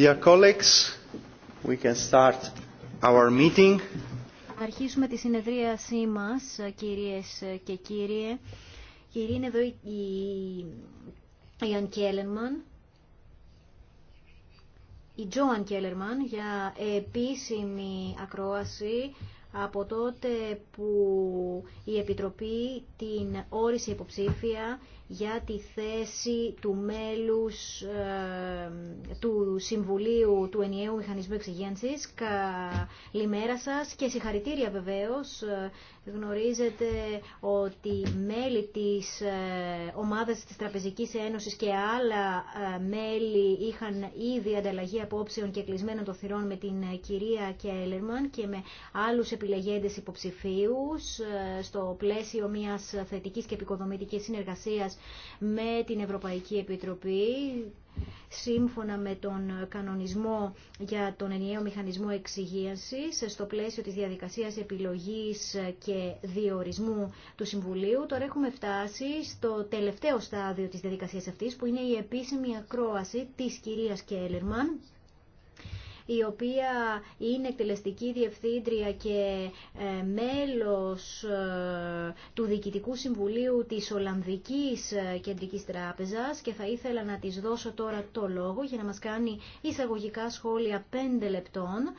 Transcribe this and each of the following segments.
Dear colleagues, we can start our meeting. Αρχίσουμε τη συνεδρίασή μας, κυρίες και κύριε, Κύριε, είναι εδώ η Ιαν Κέλερμαν, η Τζόαν Κέλερμαν για επίσημη ακρόαση από τότε που η Επιτροπή την όρισε υποψήφια για τη θέση του μέλους του Συμβουλίου του Ενιαίου Μηχανισμού Εξυγένσης. Καλημέρα σας και συγχαρητήρια βεβαίως. Ε, γνωρίζετε ότι μέλη της ε, ομάδας της Τραπεζικής Ένωσης και άλλα ε, μέλη είχαν ήδη ανταλλαγή απόψεων και κλεισμένων των θυρών με την κυρία Κέλερμαν και με άλλους επιλεγέντες υποψηφίους στο πλαίσιο μιας θετικής και επικοδομητικής συνεργασίας με την Ευρωπαϊκή Επιτροπή σύμφωνα με τον κανονισμό για τον ενιαίο μηχανισμό εξυγίασης στο πλαίσιο της διαδικασίας επιλογής και διορισμού του Συμβουλίου. Τώρα έχουμε φτάσει στο τελευταίο στάδιο της διαδικασίας αυτής που είναι η επίσημη ακρόαση της κυρίας Κέλερμαν η οποία είναι εκτελεστική διευθύντρια και ε, μέλος ε, του Διοικητικού Συμβουλίου της Ολλανδικής ε, Κεντρικής Τράπεζας και θα ήθελα να της δώσω τώρα το λόγο για να μας κάνει εισαγωγικά σχόλια 5 λεπτών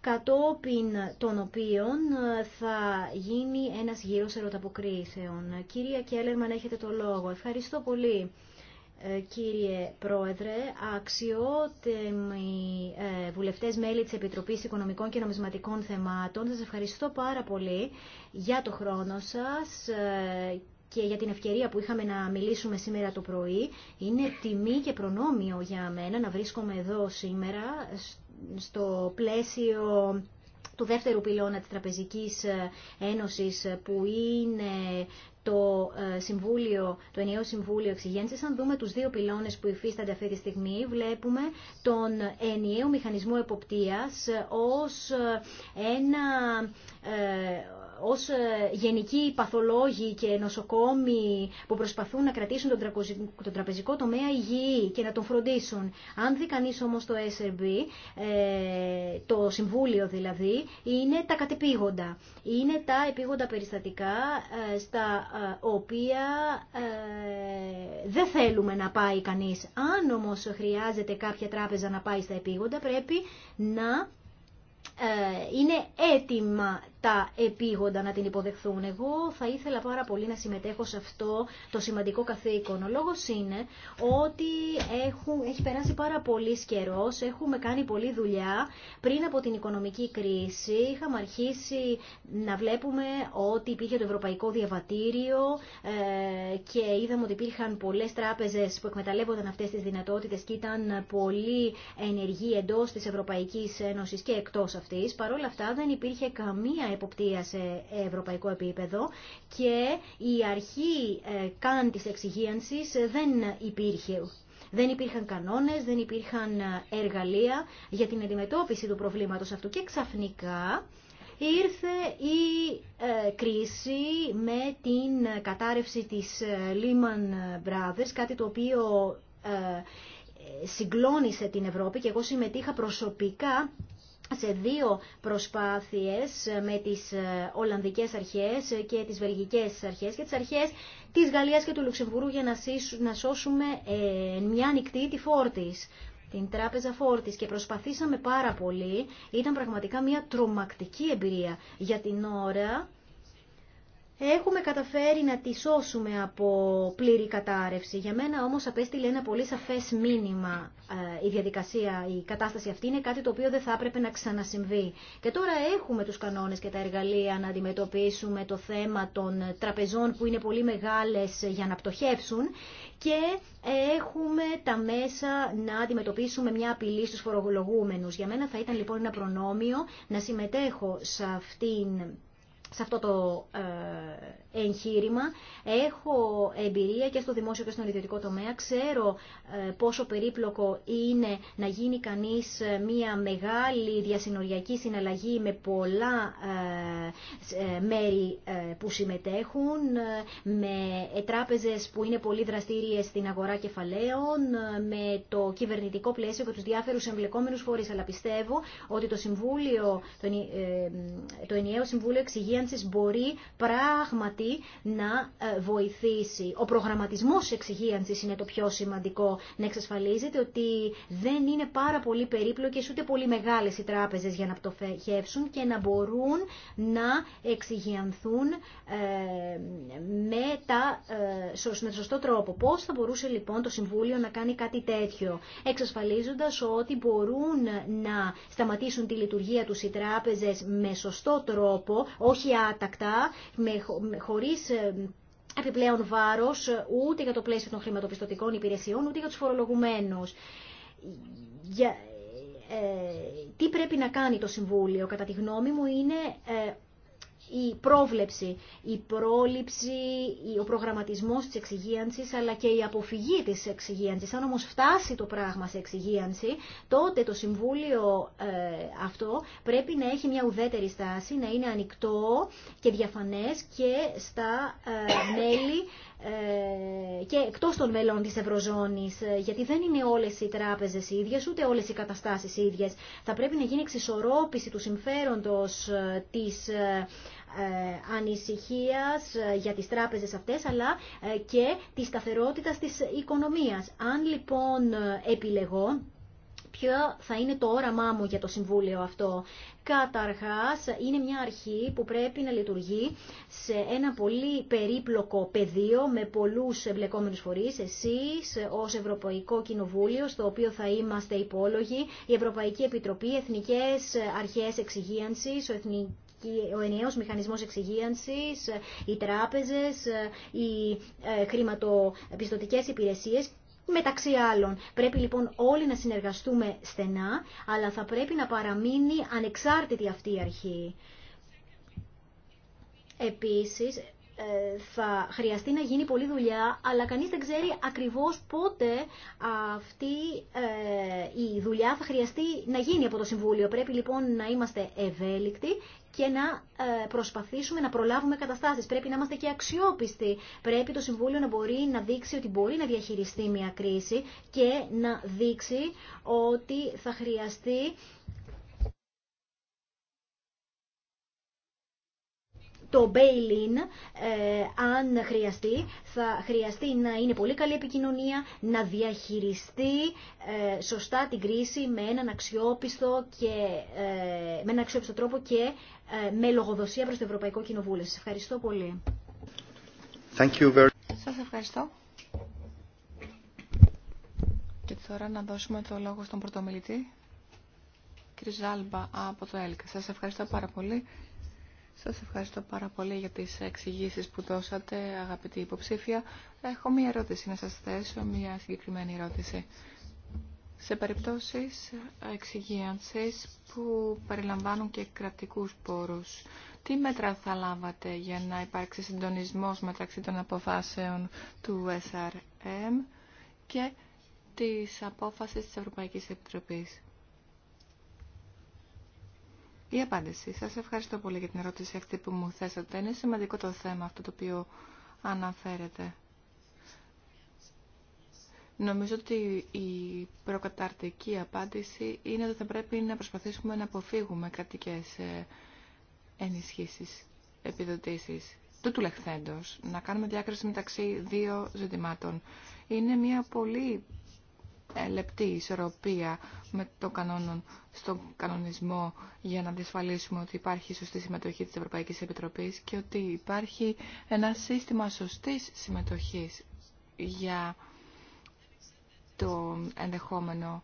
κατόπιν των οποίων θα γίνει ένας γύρος ερωταποκρίσεων. Κυρία Κέλερμαν, έχετε το λόγο. Ευχαριστώ πολύ. Ε, κύριε Πρόεδρε, αξιότιμοι ε, βουλευτές μέλη της Επιτροπής Οικονομικών και Νομισματικών Θεμάτων. Σας ευχαριστώ πάρα πολύ για το χρόνο σας ε, και για την ευκαιρία που είχαμε να μιλήσουμε σήμερα το πρωί. Είναι τιμή και προνόμιο για μένα να βρίσκομαι εδώ σήμερα στο πλαίσιο του δεύτερου πυλώνα της Τραπεζικής Ένωσης που είναι το, ε, συμβούλιο, το ενιαίο Συμβούλιο εξηγένση, αν δούμε του δύο πυλώνε που υφίστανται αυτή τη στιγμή, βλέπουμε τον ενιαίο μηχανισμό εποπτείας ως ε, ένα ε, ως ε, γενικοί παθολόγοι και νοσοκόμοι που προσπαθούν να κρατήσουν τον τραπεζικό τομέα υγιή και να τον φροντίσουν. Αν δει κανείς όμως το SRB, ε, το Συμβούλιο δηλαδή, είναι τα κατεπήγοντα. Είναι τα επίγοντα περιστατικά ε, στα οποία δεν θέλουμε να πάει κανείς. Αν όμως χρειάζεται κάποια τράπεζα να πάει στα επίγοντα, πρέπει να είναι έτοιμα τα επίγοντα να την υποδεχθούν. Εγώ θα ήθελα πάρα πολύ να συμμετέχω σε αυτό το σημαντικό καθήκον. Ο λόγο είναι ότι έχουν, έχει περάσει πάρα πολύ καιρό, έχουμε κάνει πολλή δουλειά. Πριν από την οικονομική κρίση είχαμε αρχίσει να βλέπουμε ότι υπήρχε το Ευρωπαϊκό Διαβατήριο ε, και είδαμε ότι υπήρχαν πολλέ τράπεζε που εκμεταλλεύονταν αυτέ τι δυνατότητε και ήταν πολύ ενεργοί εντό τη Ευρωπαϊκή Ένωση και εκτό αυτή. Παρ' αυτά δεν υπήρχε καμία εποπτεία σε ευρωπαϊκό επίπεδο και η αρχή ε, καν της εξυγίανσης δεν υπήρχε. Δεν υπήρχαν κανόνες, δεν υπήρχαν ε, εργαλεία για την αντιμετώπιση του προβλήματος αυτού και ξαφνικά ήρθε η ε, κρίση με την κατάρρευση της Lehman Brothers, κάτι το οποίο συγκλώνησε την Ευρώπη και εγώ συμμετείχα προσωπικά σε δύο προσπάθειες με τις ε, Ολλανδικές αρχές και τις Βελγικές αρχές και τις αρχές της Γαλλίας και του Λουξεμβούργου για να σώσουμε ε, μια ανοιχτή τη φόρτης την τράπεζα φόρτης και προσπαθήσαμε πάρα πολύ. Ήταν πραγματικά μια τρομακτική εμπειρία για την ώρα έχουμε καταφέρει να τη σώσουμε από πλήρη κατάρρευση. Για μένα όμως απέστειλε ένα πολύ σαφές μήνυμα ε, η διαδικασία, η κατάσταση αυτή είναι κάτι το οποίο δεν θα έπρεπε να ξανασυμβεί. Και τώρα έχουμε τους κανόνες και τα εργαλεία να αντιμετωπίσουμε το θέμα των τραπεζών που είναι πολύ μεγάλες για να πτωχεύσουν και έχουμε τα μέσα να αντιμετωπίσουμε μια απειλή στους φορολογούμενους. Για μένα θα ήταν λοιπόν ένα προνόμιο να συμμετέχω σε αυτήν σε αυτό το ε, εγχείρημα. Έχω εμπειρία και στο δημόσιο και στον ιδιωτικό τομέα. Ξέρω ε, πόσο περίπλοκο είναι να γίνει κανείς ε, μια μεγάλη διασυνοριακή συναλλαγή με πολλά μέρη που συμμετέχουν, με τράπεζες που είναι πολύ δραστήριες στην αγορά κεφαλαίων, με το κυβερνητικό πλαίσιο και τους διάφορους εμπλεκόμενους φορείς. Αλλά πιστεύω ότι το, συμβούλιο, το ενιαίο Συμβούλιο εξηγεί Intelligences μπορεί πράγματι να ε, βοηθήσει. Ο προγραμματισμός εξυγίανσης είναι το πιο σημαντικό. Να εξασφαλίζεται ότι δεν είναι πάρα πολύ περίπλοκες ούτε πολύ μεγάλες οι τράπεζες για να πτωχεύσουν και να μπορούν να εξυγιανθούν ε, με, τα, ε, με σωστό τρόπο. Πώς θα μπορούσε λοιπόν το Συμβούλιο να κάνει κάτι τέτοιο, εξασφαλίζοντας ότι μπορούν να σταματήσουν τη λειτουργία τους οι τράπεζες με σωστό τρόπο, όχι και άτακτα, με, χωρίς ε, επιπλέον βάρος ούτε για το πλαίσιο των χρηματοπιστωτικών υπηρεσιών, ούτε για τους φορολογουμένους. Για, ε, ε, τι πρέπει να κάνει το Συμβούλιο, κατά τη γνώμη μου, είναι η πρόβλεψη, η πρόληψη, ο προγραμματισμός της εξυγίανσης, αλλά και η αποφυγή της εξυγίανσης. Αν όμως φτάσει το πράγμα σε εξυγίανση, τότε το Συμβούλιο ε, αυτό πρέπει να έχει μια ουδέτερη στάση, να είναι ανοιχτό και διαφανές και στα ε, μέλη ε, και εκτός των μελών της Ευρωζώνης, γιατί δεν είναι όλες οι τράπεζες οι ίδιες, ούτε όλες οι καταστάσεις ίδιες. Θα πρέπει να γίνει εξισορρόπηση του συμφέροντος της ε, ανησυχίας ε, για τις τράπεζες αυτές, αλλά ε, και τη σταθερότητα της οικονομίας. Αν λοιπόν επιλεγώ, ποιο θα είναι το όραμά μου για το Συμβούλιο αυτό. Καταρχάς, είναι μια αρχή που πρέπει να λειτουργεί σε ένα πολύ περίπλοκο πεδίο με πολλούς εμπλεκόμενους φορείς. Εσείς ως Ευρωπαϊκό Κοινοβούλιο, στο οποίο θα είμαστε υπόλογοι, η Ευρωπαϊκή Επιτροπή, Εθνικές Αρχές Εξυγίανσης, ο ο ενιαίος μηχανισμός εξυγίανσης, οι τράπεζες, οι ε, χρηματοπιστωτικές υπηρεσίες μεταξύ άλλων. Πρέπει λοιπόν όλοι να συνεργαστούμε στενά, αλλά θα πρέπει να παραμείνει ανεξάρτητη αυτή η αρχή. Επίσης, ε, θα χρειαστεί να γίνει πολλή δουλειά, αλλά κανείς δεν ξέρει ακριβώς πότε αυτή ε, η δουλειά θα χρειαστεί να γίνει από το Συμβούλιο. Πρέπει λοιπόν να είμαστε ευέλικτοι και να ε, προσπαθήσουμε να προλάβουμε καταστάσεις. Πρέπει να είμαστε και αξιόπιστοι. Πρέπει το Συμβούλιο να μπορεί να δείξει ότι μπορεί να διαχειριστεί μια κρίση και να δείξει ότι θα χρειαστεί το bail-in, ε, αν χρειαστεί, θα χρειαστεί να είναι πολύ καλή επικοινωνία, να διαχειριστεί ε, σωστά την κρίση με έναν αξιόπιστο, και, ε, με έναν αξιόπιστο τρόπο και ε, με λογοδοσία προς το Ευρωπαϊκό Κοινοβούλιο. Σας ευχαριστώ πολύ. Thank you very... Σας ευχαριστώ. Και τώρα να δώσουμε το λόγο στον πρωτομιλητή, κ. Ζάλμπα από το ΕΛΚ. Σας ευχαριστώ πάρα πολύ. Σας ευχαριστώ πάρα πολύ για τις εξηγήσεις που δώσατε, αγαπητή υποψήφια. Έχω μία ερώτηση να σας θέσω, μία συγκεκριμένη ερώτηση. Σε περιπτώσεις εξηγίανσης που περιλαμβάνουν και κρατικούς πόρους, τι μέτρα θα λάβατε για να υπάρξει συντονισμός μεταξύ των αποφάσεων του SRM και της απόφασης της Ευρωπαϊκής Επιτροπής. Η απάντηση. Σας ευχαριστώ πολύ για την ερώτηση αυτή που μου θέσατε. Είναι σημαντικό το θέμα αυτό το οποίο αναφέρετε. Νομίζω ότι η προκαταρτική απάντηση είναι ότι θα πρέπει να προσπαθήσουμε να αποφύγουμε κρατικές ε, ενισχύσεις, επιδοτήσεις του τουλεχθέντος, να κάνουμε διάκριση μεταξύ δύο ζητημάτων. Είναι μια πολύ ε, λεπτή ισορροπία με το κανόνον, στον κανονισμό για να διασφαλίσουμε ότι υπάρχει σωστή συμμετοχή της Ευρωπαϊκής Επιτροπής και ότι υπάρχει ένα σύστημα σωστής συμμετοχής για το ενδεχόμενο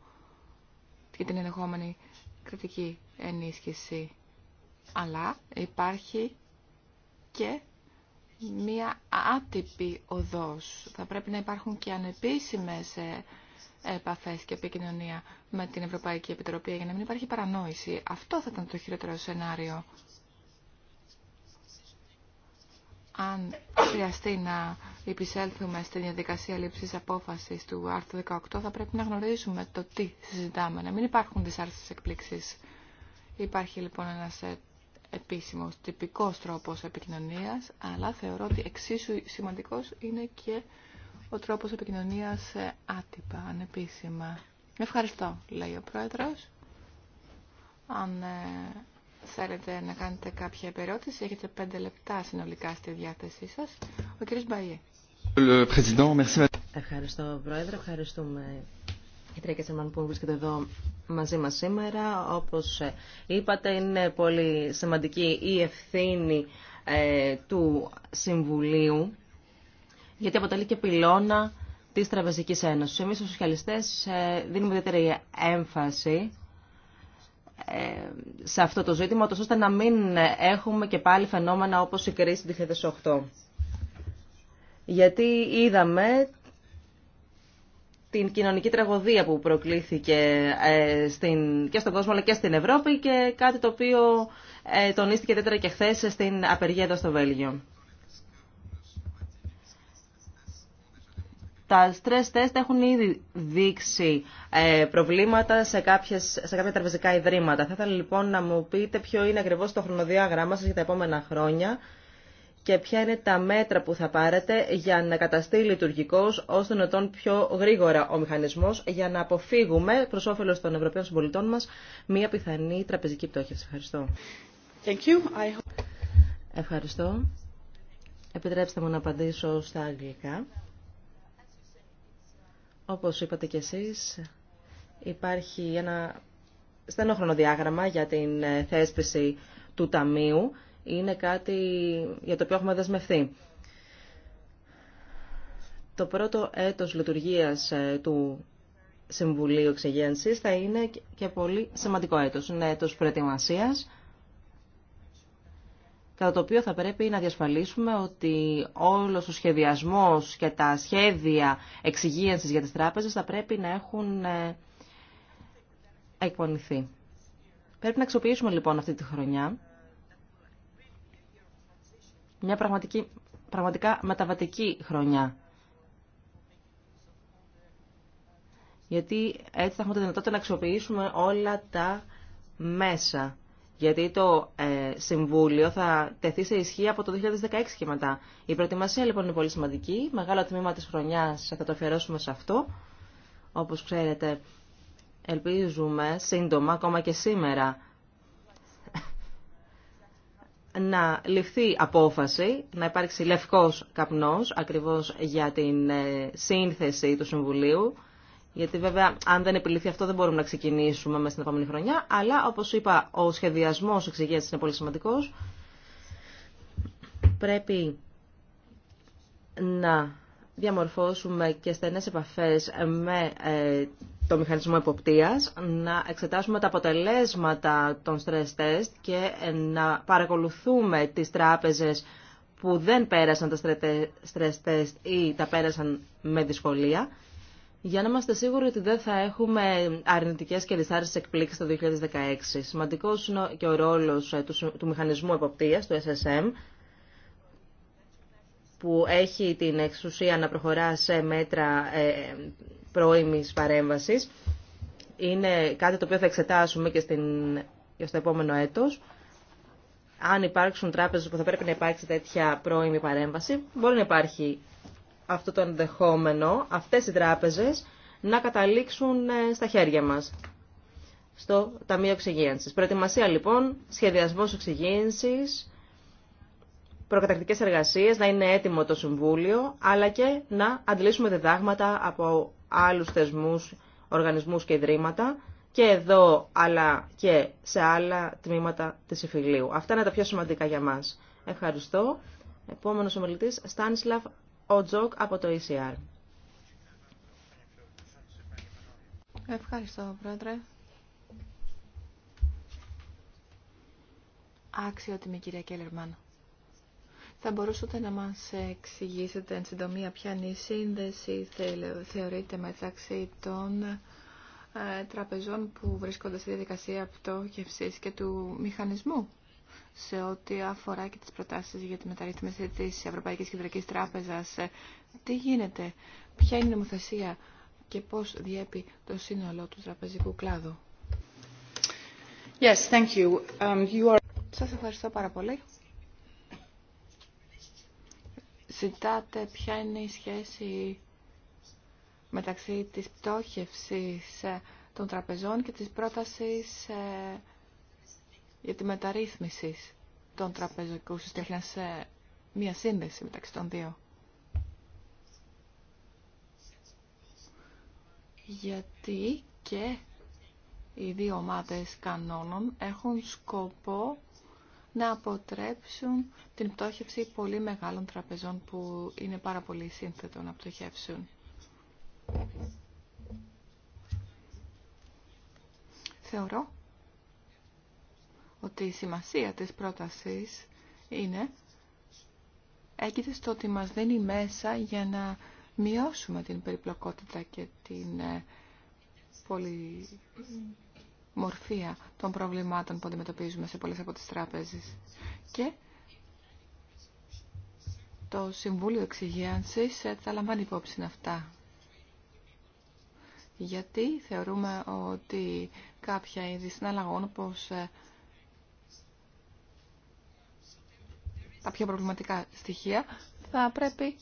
και την ενδεχόμενη κριτική ενίσχυση. Αλλά υπάρχει και μία άτυπη οδός. Θα πρέπει να υπάρχουν και ανεπίσημες ε, επαφές και επικοινωνία με την Ευρωπαϊκή Επιτροπή για να μην υπάρχει παρανόηση. Αυτό θα ήταν το χειρότερο σενάριο. Αν χρειαστεί να επισέλθουμε στην διαδικασία λήψης απόφασης του άρθρου 18 θα πρέπει να γνωρίζουμε το τι συζητάμε, να μην υπάρχουν δυσάρεστες εκπλήξεις. Υπάρχει λοιπόν ένας ε, επίσημος, τυπικός τρόπος επικοινωνίας, αλλά θεωρώ ότι εξίσου σημαντικός είναι και ο τρόπος επικοινωνίας ε, άτυπα, ανεπίσημα. Ευχαριστώ, λέει ο Πρόεδρος. Αν ε, θέλετε να κάνετε κάποια επερώτηση, έχετε πέντε λεπτά συνολικά στη διάθεσή σας. Ο κ. Μπαϊέ. Ε, Ευχαριστώ, Πρόεδρε. Ευχαριστούμε η Τρία Σερμαν που βρίσκεται εδώ μαζί μας σήμερα. Όπως είπατε, είναι πολύ σημαντική η ευθύνη του Συμβουλίου γιατί αποτελεί και πυλώνα τη Τραπεζική Ένωση. Εμείς οι σοσιαλιστές ε, δίνουμε ιδιαίτερη έμφαση ε, σε αυτό το ζήτημα, ώστε να μην έχουμε και πάλι φαινόμενα όπως η κρίση του 2008. Γιατί είδαμε την κοινωνική τραγωδία που προκλήθηκε ε, στην, και στον κόσμο αλλά και στην Ευρώπη και κάτι το οποίο τονίστηκε ιδιαίτερα και χθε στην απεργία εδώ στο Βέλγιο. Τα stress test έχουν ήδη δείξει ε, προβλήματα σε, κάποιες, σε κάποια τραπεζικά ιδρύματα. Θα ήθελα λοιπόν να μου πείτε ποιο είναι ακριβώς το χρονοδιάγραμμα σας για τα επόμενα χρόνια και ποια είναι τα μέτρα που θα πάρετε για να καταστεί λειτουργικό ώστε να τον πιο γρήγορα ο μηχανισμό για να αποφύγουμε προ όφελο των Ευρωπαίων συμπολιτών μα μία πιθανή τραπεζική πτώχευση. Ευχαριστώ. Thank you. I... Ευχαριστώ. Επιτρέψτε μου να απαντήσω στα αγγλικά. Όπως είπατε κι εσείς, υπάρχει ένα στενόχρονο διάγραμμα για την ε, θέσπιση του Ταμείου. Είναι κάτι για το οποίο έχουμε δεσμευθεί. Το πρώτο έτος λειτουργίας ε, του Συμβουλίου Εξεγένσης θα είναι και πολύ σημαντικό έτος. Είναι έτος προετοιμασίας κατά το οποίο θα πρέπει να διασφαλίσουμε ότι όλος ο σχεδιασμός και τα σχέδια εξυγίανσης για τις τράπεζες θα πρέπει να έχουν ε, εκπονηθεί. Πρέπει να αξιοποιήσουμε λοιπόν αυτή τη χρονιά μια πραγματική, πραγματικά μεταβατική χρονιά. Γιατί έτσι θα έχουμε τη δυνατότητα να αξιοποιήσουμε όλα τα μέσα γιατί το ε, Συμβούλιο θα τεθεί σε ισχύ από το 2016 και μετά. Η προετοιμασία λοιπόν είναι πολύ σημαντική. Μεγάλο τμήμα της χρονιάς θα το αφιερώσουμε σε αυτό. Όπως ξέρετε, ελπίζουμε σύντομα, ακόμα και σήμερα, να ληφθεί απόφαση, να υπάρξει λευκός καπνός, ακριβώς για την ε, σύνθεση του Συμβουλίου γιατί βέβαια αν δεν επιληθεί αυτό δεν μπορούμε να ξεκινήσουμε μέσα στην επόμενη χρονιά. Αλλά όπως είπα ο σχεδιασμός εξηγήσεις είναι πολύ σημαντικός. Πρέπει να διαμορφώσουμε και στενές επαφές με ε, το μηχανισμό εποπτείας, να εξετάσουμε τα αποτελέσματα των stress test και ε, να παρακολουθούμε τις τράπεζες που δεν πέρασαν τα stress test ή τα πέρασαν με δυσκολία για να είμαστε σίγουροι ότι δεν θα έχουμε αρνητικές και λυσάρε εκπλήξεις το 2016. Σημαντικός είναι και ο ρόλος ε, του μηχανισμού εποπτείας, του SSM, που έχει την εξουσία να προχωρά σε μέτρα ε, πρώιμης παρέμβασης. Είναι κάτι το οποίο θα εξετάσουμε και, στην, και στο επόμενο έτος. Αν υπάρξουν τράπεζες που θα πρέπει να υπάρξει τέτοια πρώιμη παρέμβαση, μπορεί να υπάρχει αυτό το ενδεχόμενο αυτές οι τράπεζες να καταλήξουν ε, στα χέρια μας στο Ταμείο Εξυγίανσης. Προετοιμασία λοιπόν, σχεδιασμός εξυγίανσης, προκατακτικές εργασίες, να είναι έτοιμο το Συμβούλιο, αλλά και να αντιλήσουμε διδάγματα από άλλους θεσμούς, οργανισμούς και ιδρύματα, και εδώ αλλά και σε άλλα τμήματα της εφηλίου. Αυτά είναι τα πιο σημαντικά για μας. Ευχαριστώ. Επόμενος ομιλητής, Στάνισλαφ ο Τζοκ από το ECR. Ευχαριστώ, Πρόεδρε. τιμή, κυρία Κέλλερμαν. Θα μπορούσατε να μας εξηγήσετε εν συντομία ποια είναι η σύνδεση θεωρείται μεταξύ των ε, τραπεζών που βρίσκονται στη διαδικασία πτώχευσης και του μηχανισμού σε ό,τι αφορά και τις προτάσεις για τη μεταρρύθμιση της Ευρωπαϊκής Κεντρικής Τράπεζας. Τι γίνεται, ποια είναι η νομοθεσία και πώς διέπει το σύνολο του τραπεζικού κλάδου. Yes, thank you. Um, you are... Σας ευχαριστώ πάρα πολύ. Ζητάτε ποια είναι η σχέση μεταξύ της πτώχευσης των τραπεζών και της πρότασης ε, για τη μεταρρύθμιση των τραπεζικού συστήματων σε μία σύνδεση μεταξύ των δύο. Γιατί και οι δύο ομάδες κανόνων έχουν σκοπό να αποτρέψουν την πτώχευση πολύ μεγάλων τραπεζών που είναι πάρα πολύ σύνθετο να πτωχεύσουν. Θεωρώ ότι η σημασία της πρότασης είναι έγκυται στο ότι μας δίνει μέσα για να μειώσουμε την περιπλοκότητα και την ε, πολυμορφία των προβλημάτων που αντιμετωπίζουμε σε πολλές από τις τράπεζες. Και το Συμβούλιο Εξυγίανσης ε, θα λαμβάνει υπόψη αυτά. Γιατί θεωρούμε ότι κάποια είδη συναλλαγών όπως ε, τα προβληματικά στοιχεία θα πρέπει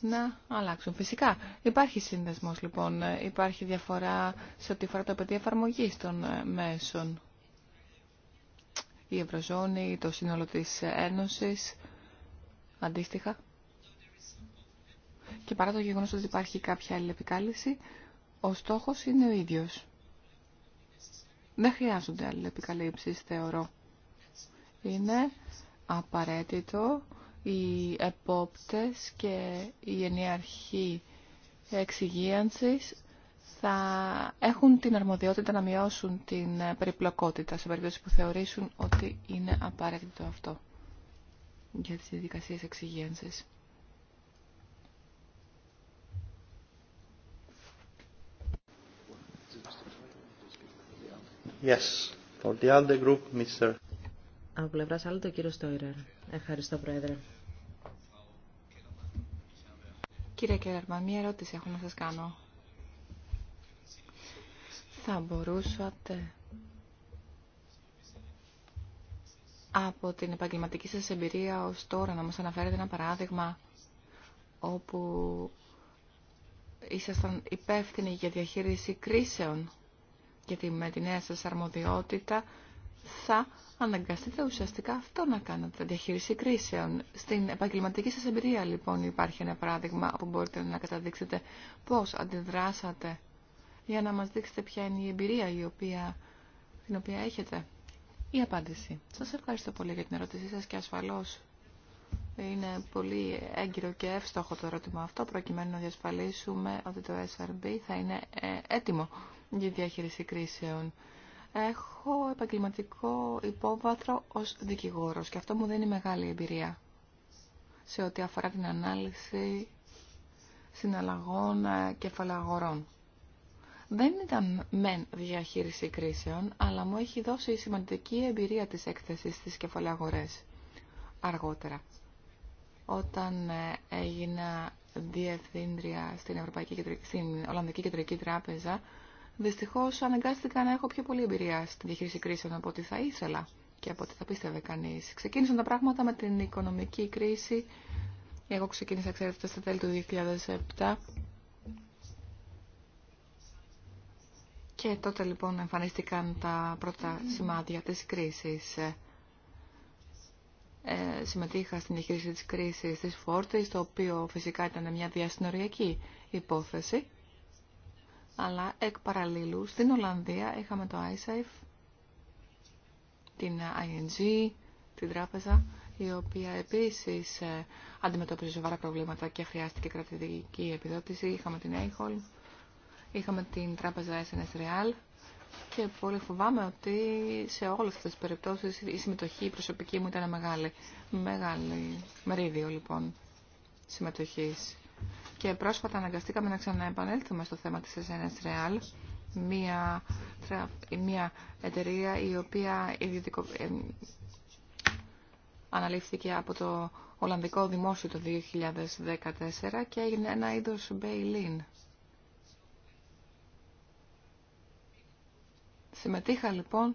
να αλλάξουν. Φυσικά υπάρχει σύνδεσμος λοιπόν, υπάρχει διαφορά σε ό,τι αφορά το πεδίο εφαρμογή των ε, μέσων. Η Ευρωζώνη, το σύνολο της Ένωσης, αντίστοιχα. Και παρά το γεγονός ότι υπάρχει κάποια άλλη ο στόχος είναι ο ίδιος. Δεν χρειάζονται άλλη επικαλύψεις, θεωρώ. Είναι απαραίτητο οι επόπτες και η ενιαρχή αρχή θα έχουν την αρμοδιότητα να μειώσουν την περιπλοκότητα σε περίπτωση που θεωρήσουν ότι είναι απαραίτητο αυτό για τις διαδικασίες εξυγίανσης. Yes, for the other group, Mr. Από πλευρά άλλο το κύριο Στόιρερ. Ευχαριστώ, Πρόεδρε. Κύριε Κέρμα, μία ερώτηση έχω να σας κάνω. Θα μπορούσατε από την επαγγελματική σας εμπειρία ως τώρα να μας αναφέρετε ένα παράδειγμα όπου ήσασταν υπεύθυνοι για διαχείριση κρίσεων γιατί με τη νέα σας αρμοδιότητα θα αναγκαστείτε ουσιαστικά αυτό να κάνετε, διαχείριση κρίσεων. Στην επαγγελματική σας εμπειρία λοιπόν υπάρχει ένα παράδειγμα που μπορείτε να καταδείξετε πώς αντιδράσατε για να μας δείξετε ποια είναι η εμπειρία η οποία, την οποία έχετε. Η απάντηση. Σας ευχαριστώ πολύ για την ερώτησή σας και ασφαλώς είναι πολύ έγκυρο και εύστοχο το ερώτημα αυτό προκειμένου να διασφαλίσουμε ότι το SRB θα είναι ε, έτοιμο για διαχείριση κρίσεων Έχω επαγγελματικό υπόβαθρο ως δικηγόρος και αυτό μου δίνει μεγάλη εμπειρία σε ό,τι αφορά την ανάλυση συναλλαγών ε, κεφαλαγορών. Δεν ήταν μεν διαχείριση κρίσεων, αλλά μου έχει δώσει σημαντική εμπειρία της έκθεσης στις κεφαλαγορές αργότερα. Όταν ε, έγινα διευθύντρια στην, Ευρωπαϊκή, στην Ολλανδική Κεντρική Τράπεζα, Δυστυχώ αναγκάστηκα να έχω πιο πολλή εμπειρία στη διαχείριση κρίσεων από ό,τι θα ήθελα και από ό,τι θα πίστευε κανεί. Ξεκίνησαν τα πράγματα με την οικονομική κρίση. Εγώ ξεκίνησα, ξέρετε, στα τέλη του 2007. Και τότε λοιπόν εμφανίστηκαν τα πρώτα σημάδια της κρίσης. Ε, συμμετείχα στην διαχείριση της κρίσης της Φόρτης, το οποίο φυσικά ήταν μια διασυνοριακή υπόθεση αλλά εκ παραλλήλου στην Ολλανδία είχαμε το iSafe, την ING, την τράπεζα, η οποία επίσης ε, αντιμετώπιζε σοβαρά προβλήματα και χρειάστηκε κρατητική επιδότηση. Είχαμε την Eichol, είχαμε την τράπεζα SNS Real και πολύ φοβάμαι ότι σε όλες αυτές τις περιπτώσεις η συμμετοχή η προσωπική μου ήταν μεγάλη. Μεγάλη μερίδιο λοιπόν συμμετοχής και πρόσφατα αναγκαστήκαμε να ξαναεπανέλθουμε στο θέμα της SNS Real, μια, μια εταιρεία η οποία ιδιωτικο... Ε, αναλήφθηκε από το Ολλανδικό Δημόσιο το 2014 και έγινε ένα είδος bail-in. Συμμετείχα λοιπόν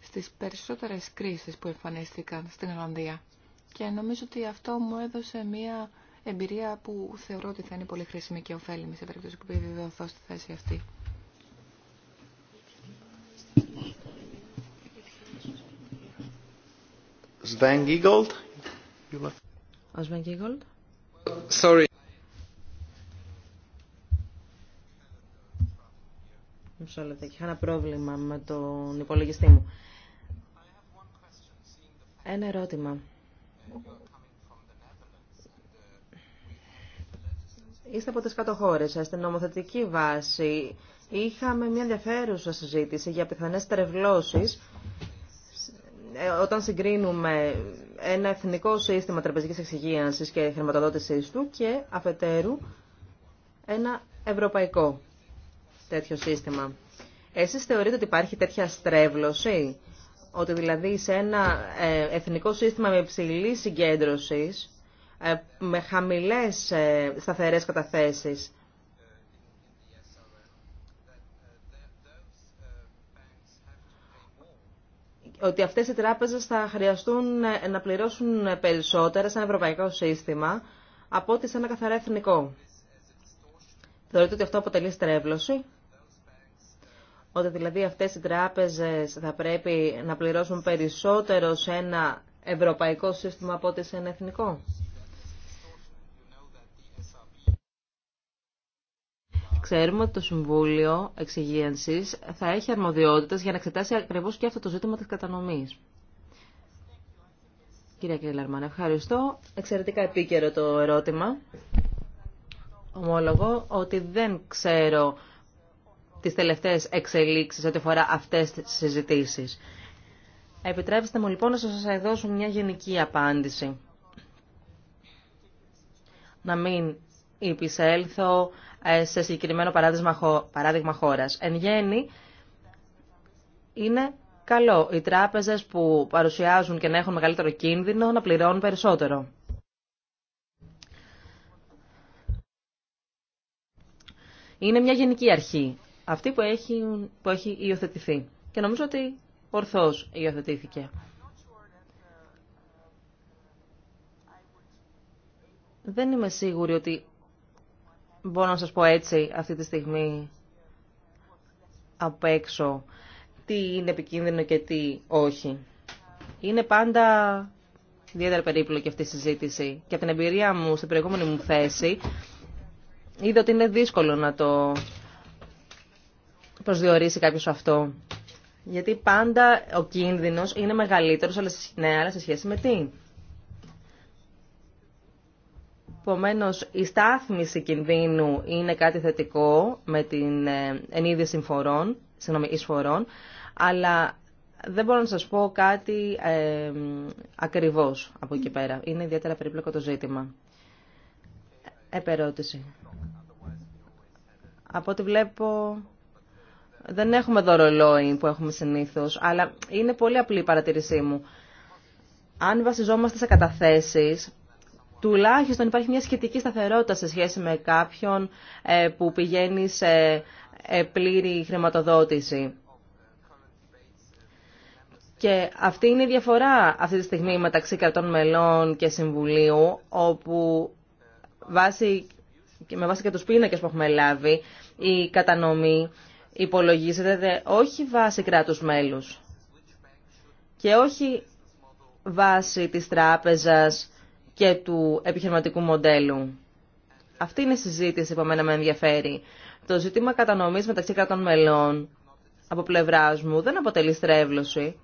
στις περισσότερες κρίσεις που εμφανίστηκαν στην Ολλανδία και νομίζω ότι αυτό μου έδωσε μια εμπειρία που θεωρώ ότι θα είναι πολύ χρήσιμη και ωφέλιμη σε περίπτωση που επιβεβαιωθώ στη θέση αυτή. Sven Giegold. Σβέν Sven Giegold. Sorry. είχα ένα πρόβλημα με τον υπολογιστή μου. Ένα ερώτημα. Είστε από τις κατοχώρες σας. Στην νομοθετική βάση είχαμε μια ενδιαφέρουσα συζήτηση για πιθανές τρευλώσεις ε, όταν συγκρίνουμε ένα εθνικό σύστημα τραπεζικής εξυγίανσης και χρηματοδότησής του και αφετέρου ένα ευρωπαϊκό τέτοιο σύστημα. Εσείς θεωρείτε ότι υπάρχει τέτοια στρέβλωση ότι δηλαδή σε ένα ε, εθνικό σύστημα με υψηλή συγκέντρωση, ε, με χαμηλές ε, σταθερέ καταθέσεις, ότι αυτές οι τράπεζες θα χρειαστούν να πληρώσουν περισσότερα σε ένα ευρωπαϊκό σύστημα από ότι σε ένα καθαρά εθνικό. Θεωρείτε ότι αυτό αποτελεί στρέβλωση ότι δηλαδή αυτές οι τράπεζες θα πρέπει να πληρώσουν περισσότερο σε ένα ευρωπαϊκό σύστημα από ότι σε ένα εθνικό. Ξέρουμε ότι το Συμβούλιο Εξυγίανσης θα έχει αρμοδιότητες για να εξετάσει ακριβώς και αυτό το ζήτημα της κατανομής. Κυρία Κέλλαρμαν, ευχαριστώ. Εξαιρετικά επίκαιρο το ερώτημα. Ομολογώ ότι δεν ξέρω τις τελευταίες εξελίξεις ό,τι αφορά αυτές τις συζητήσεις. Επιτρέψτε μου λοιπόν να σας δώσω μια γενική απάντηση. Να μην υπησέλθω ε, σε συγκεκριμένο παράδειγμα χώρας. Εν γέννη, είναι καλό οι τράπεζες που παρουσιάζουν και να έχουν μεγαλύτερο κίνδυνο να πληρώνουν περισσότερο. Είναι μια γενική αρχή αυτή που έχει, που έχει υιοθετηθεί. Και νομίζω ότι ορθώς υιοθετήθηκε. Δεν είμαι σίγουρη ότι μπορώ να σας πω έτσι αυτή τη στιγμή απ' έξω τι είναι επικίνδυνο και τι όχι. Είναι πάντα ιδιαίτερα περίπλοκη αυτή η συζήτηση. Και από την εμπειρία μου στην προηγούμενη μου θέση είδα ότι είναι δύσκολο να το προσδιορίσει κάποιο αυτό. Γιατί πάντα ο κίνδυνος είναι μεγαλύτερος, αλλά, ναι, αλλά σε σχέση με τι. Επομένω, η στάθμιση κινδύνου είναι κάτι θετικό με την ε, ενίδια συμφορών, συγγνώμη, εισφορών, αλλά δεν μπορώ να σας πω κάτι ε, ακριβώς από εκεί πέρα. Είναι ιδιαίτερα περίπλοκο το ζήτημα. Επερώτηση. Από ό,τι βλέπω, δεν έχουμε εδώ που έχουμε συνήθω, αλλά είναι πολύ απλή η παρατηρήσή μου. Αν βασιζόμαστε σε καταθέσεις, τουλάχιστον υπάρχει μια σχετική σταθερότητα σε σχέση με κάποιον ε, που πηγαίνει σε ε, πλήρη χρηματοδότηση. Και αυτή είναι η διαφορά αυτή τη στιγμή μεταξύ κρατών μελών και συμβουλίου, όπου με βάση και τους πίνακες που έχουμε λάβει, η κατανομή υπολογίζεται όχι βάσει κράτους μέλους και όχι βάση της τράπεζας και του επιχειρηματικού μοντέλου. Αυτή είναι η συζήτηση που εμένα με ενδιαφέρει. Το ζήτημα κατανομής μεταξύ κρατών μελών από πλευράς μου δεν αποτελεί στρέβλωση.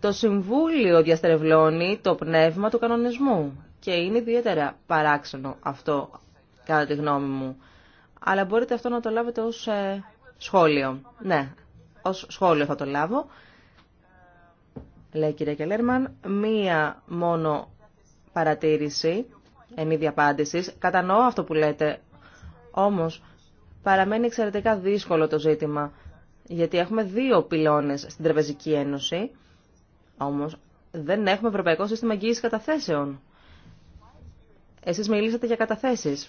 Το Συμβούλιο διαστρεβλώνει το πνεύμα του κανονισμού και είναι ιδιαίτερα παράξενο αυτό κατά τη γνώμη μου αλλά μπορείτε αυτό να το λάβετε ως ε, σχόλιο. Ναι, ως σχόλιο θα το λάβω. Λέει η κυρία Κελέρμαν, μία μόνο παρατήρηση εν είδη απάντησης. Κατανοώ αυτό που λέτε, όμως παραμένει εξαιρετικά δύσκολο το ζήτημα, γιατί έχουμε δύο πυλώνες στην Τραπεζική Ένωση, όμως δεν έχουμε Ευρωπαϊκό Σύστημα Εγγύησης Καταθέσεων. Εσείς μιλήσατε για καταθέσεις.